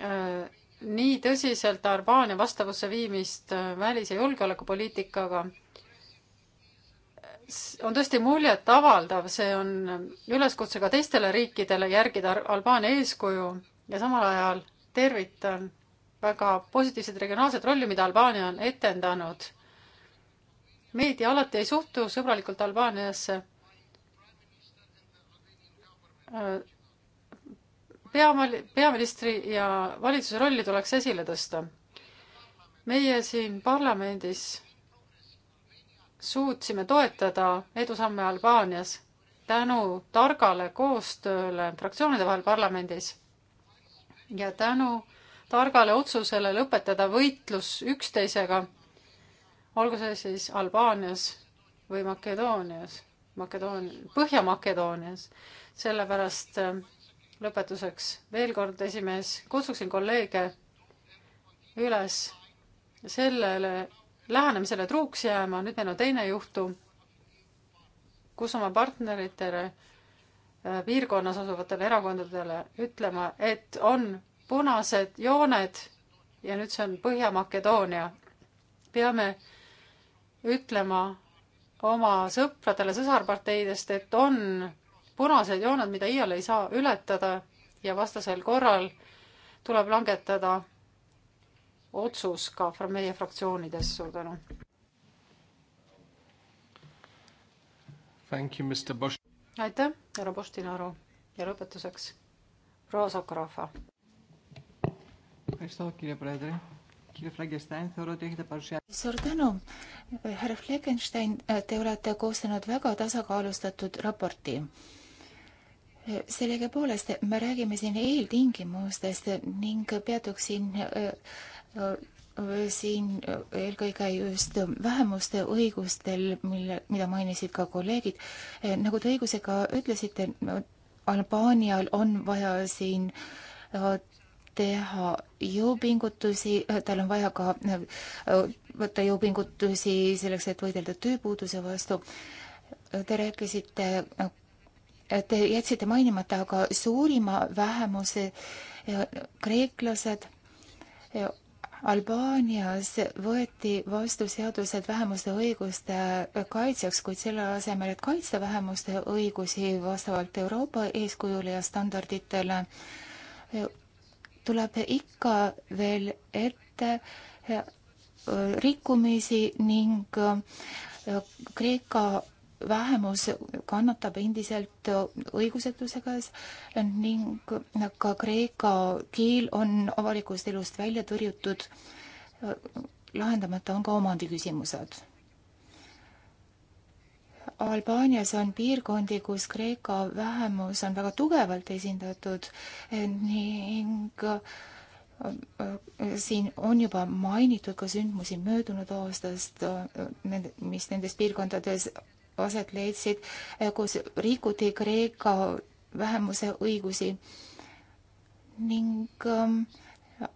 äh, nii tõsiselt Albaania vastavusse viimist äh, välis- ja julgeolekupoliitikaga on tõesti muljetavaldav, see on üleskutse ka teistele riikidele järgida Albaania eeskuju ja samal ajal tervitan väga positiivset regionaalset rolli, mida Albaania on etendanud. meedia alati ei suhtu sõbralikult Albaaniasse äh, peamal-, peaministri ja valitsuse rolli tuleks esile tõsta. meie siin parlamendis suutsime toetada edusamme Albaanias tänu targale koostööle fraktsioonide vahel parlamendis ja tänu targale otsusele lõpetada võitlus üksteisega, olgu see siis Albaanias või Makedoonias, Makedoon-, Põhja-Makedoonias, sellepärast lõpetuseks veel kord, esimees, kutsuksin kolleege üles sellele lähenemisele truuks jääma, nüüd meil on teine juhtum, kus oma partneritele, äh, piirkonnas asuvatele erakondadele ütlema, et on punased jooned ja nüüd see on Põhja-Makedoonia. peame ütlema oma sõpradele sõsarparteidest, et on punased jooned, mida iial ei saa ületada ja vastasel korral tuleb langetada otsus ka meie fraktsioonides. suur tänu. aitäh, härra Postinaru ja lõpetuseks proua Sokorahva. suur tänu, härra Fleckenstein, te olete koostanud väga tasakaalustatud raporti sellegipoolest me räägime siin eeltingimustest ning peatuksin äh, äh, siin äh, eelkõige just vähemuste õigustel, mille, mida mainisid ka kolleegid. nagu te õigusega ütlesite, Albaanial on vaja siin teha jõupingutusi, tal on vaja ka võtta jõupingutusi selleks, et võidelda tööpuuduse vastu. Te rääkisite Te jätsite mainimata, aga suurima vähemuse eh, kreeklased eh, Albaanias võeti vastu seadused vähemuste õiguste eh, kaitseks, kuid selle asemel, et kaitsta vähemuste õigusi vastavalt Euroopa eeskujule ja standarditele, tuleb ikka veel ette rikkumisi ning Kreeka vähemus kannatab endiselt õigusetuse käes ning ka kreeka keel on avalikust elust välja tõrjutud. lahendamata on ka omandiküsimused. Albaanias on piirkondi, kus Kreeka vähemus on väga tugevalt esindatud ning siin on juba mainitud ka sündmusi möödunud aastast, mis nendes piirkondades aset leidsid, eh, kus rikuti Kreeka vähemuse õigusi ning ähm,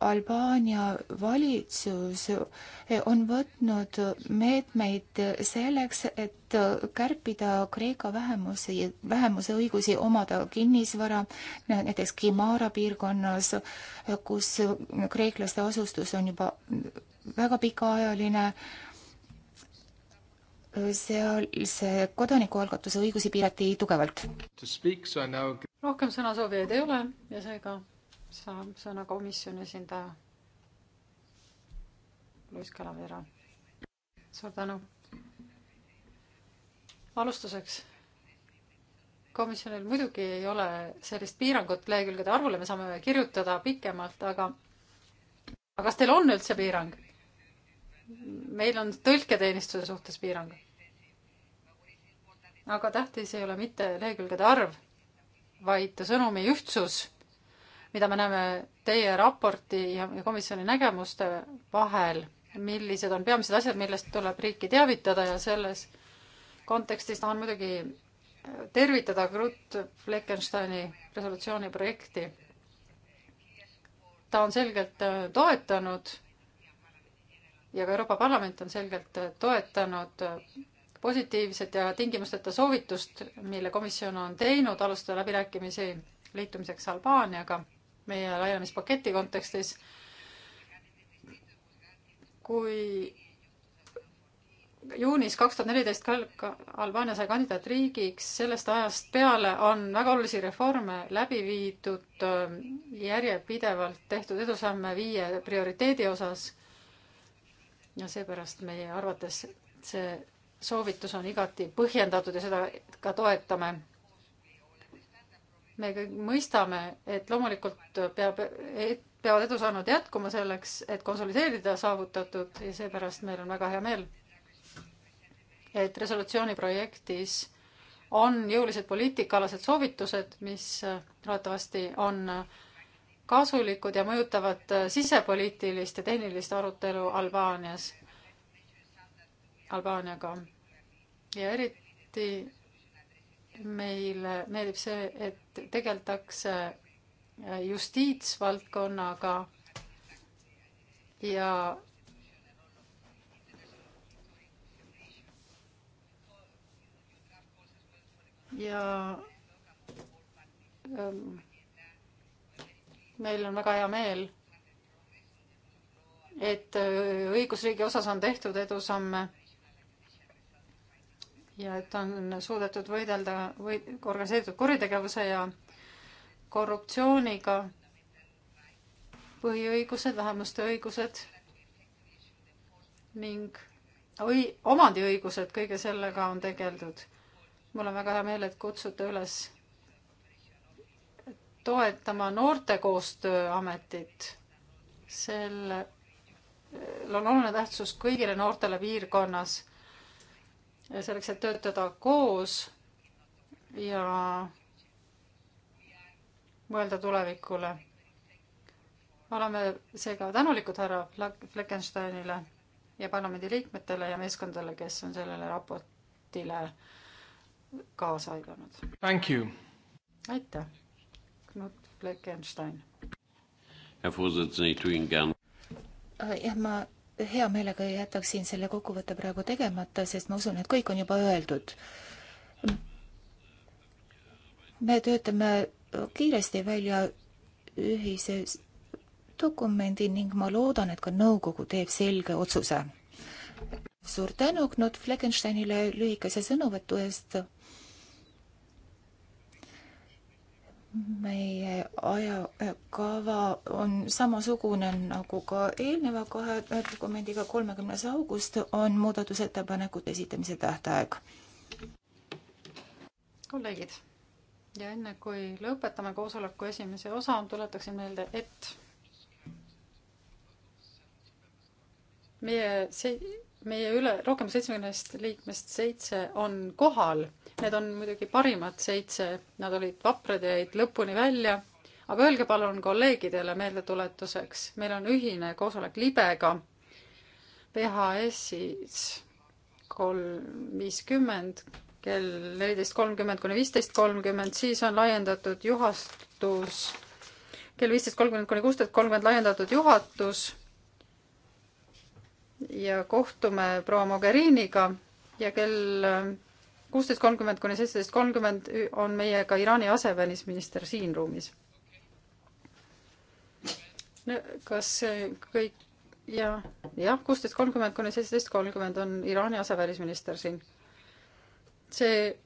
Albaania valitsus eh, on võtnud meetmeid selleks, et äh, kärpida Kreeka vähemusi, vähemuse õigusi omada kinnisvara, näiteks Kimara piirkonnas, eh, kus äh, kreeklaste asustus on juba väga pikaajaline seal see kodanikualgatuse õigusi piirati tugevalt. Now... rohkem sõnasoovijaid ei ole ja seega saab sõna komisjoni esindaja Luis Calavera. suur tänu. alustuseks. komisjonil muidugi ei ole sellist piirangut lehekülgede arvule, me saame kirjutada pikemalt, aga aga kas teil on üldse piirang? meil on tõlketeenistuse suhtes piirang aga tähtis ei ole mitte lehekülgede arv, vaid sõnumi ühtsus, mida me näeme teie raporti ja komisjoni nägemuste vahel, millised on peamised asjad, millest tuleb riiki teavitada ja selles kontekstis tahan muidugi tervitada Grut Fleckensteini resolutsiooni projekti. ta on selgelt äh, toetanud ja ka Euroopa Parlament on selgelt äh, toetanud äh, positiivset ja tingimusteta soovitust, mille komisjon on teinud alustada läbirääkimisi liitumiseks Albaaniaga meie laienemispaketi kontekstis. kui juunis kaks tuhat neliteist Albaania sai kandidaatriigiks, sellest ajast peale on väga olulisi reforme läbi viidud, järjepidevalt tehtud edusamme viie prioriteedi osas. ja seepärast meie arvates see soovitus on igati põhjendatud ja seda ka toetame. me kõik mõistame, et loomulikult peab, peavad edusaanud jätkuma selleks, et konsolideerida saavutatud ja seepärast meil on väga hea meel, et resolutsiooni projektis on jõulised poliitikaalased soovitused, mis loodetavasti on kasulikud ja mõjutavad sisepoliitilist ja tehnilist arutelu Albaanias Albaaniaga ja eriti meile meeldib see, et tegeldakse äh, justiitsvaldkonnaga ja ja ähm, meil on väga hea meel, et äh, õigusriigi osas on tehtud edusamme ja et on suudetud võidelda või organiseeritud kuritegevuse ja korruptsiooniga. põhiõigused, vähemuste õigused ning või omandiõigused, kõige sellega on tegeldud. mul on väga hea meel, et kutsute üles toetama noorte koostööametit. selle, on oluline tähtsus kõigile noortele piirkonnas selleks, et töötada koos ja mõelda tulevikule. oleme seega tänulikud härra Fleckensteinile ja parlamendi liikmetele ja meeskondadele, kes on sellele raportile kaasa aidanud. aitäh, Knut Fleckenstein. Äh, jah, ma hea meelega jätaksin selle kokkuvõtte praegu tegemata, sest ma usun, et kõik on juba öeldud. me töötame kiiresti välja ühise dokumendi ning ma loodan, et ka nõukogu teeb selge otsuse. suur tänu Knut Fleckensteinile lühikese sõnavõtu eest meie ajakava äh, on samasugune nagu ka eelneva kahe dokumendiga, kolmekümnes august on muudatusettepanekute esitamise tähtaeg. kolleegid, ja enne kui lõpetame koosoleku esimese osa, tuletaksin meelde, et meie see meie üle, rohkem seitsmekümnest liikmest seitse on kohal. Need on muidugi parimad seitse, nad olid vaprad ja jäid lõpuni välja. aga öelge palun kolleegidele meeldetuletuseks, meil on ühine koosolek libega PHS-is kolm viiskümmend kell neliteist kolmkümmend kuni viisteist kolmkümmend, siis on laiendatud juhatus kell viisteist kolmkümmend kuni kuusteist kolmkümmend laiendatud juhatus ja kohtume proua Mogheriniga ja kell äh, kuusteist kolmkümmend kuni seitseteist kolmkümmend on meiega Iraani asevälisminister siin ruumis. kas äh, kõik ja jah, kuusteist kolmkümmend kuni seitseteist kolmkümmend on Iraani asevälisminister siin. see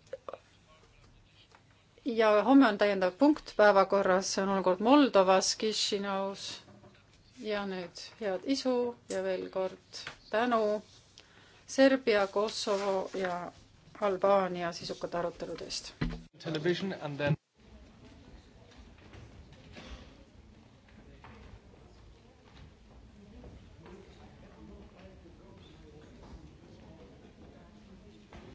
ja homme on täiendav punkt päevakorras, see on olukord Moldovas, Kišinaus ja nüüd head isu ja veel kord tänu Serbia, Kosovo ja Albaania sisukate arutelude eest. Television and then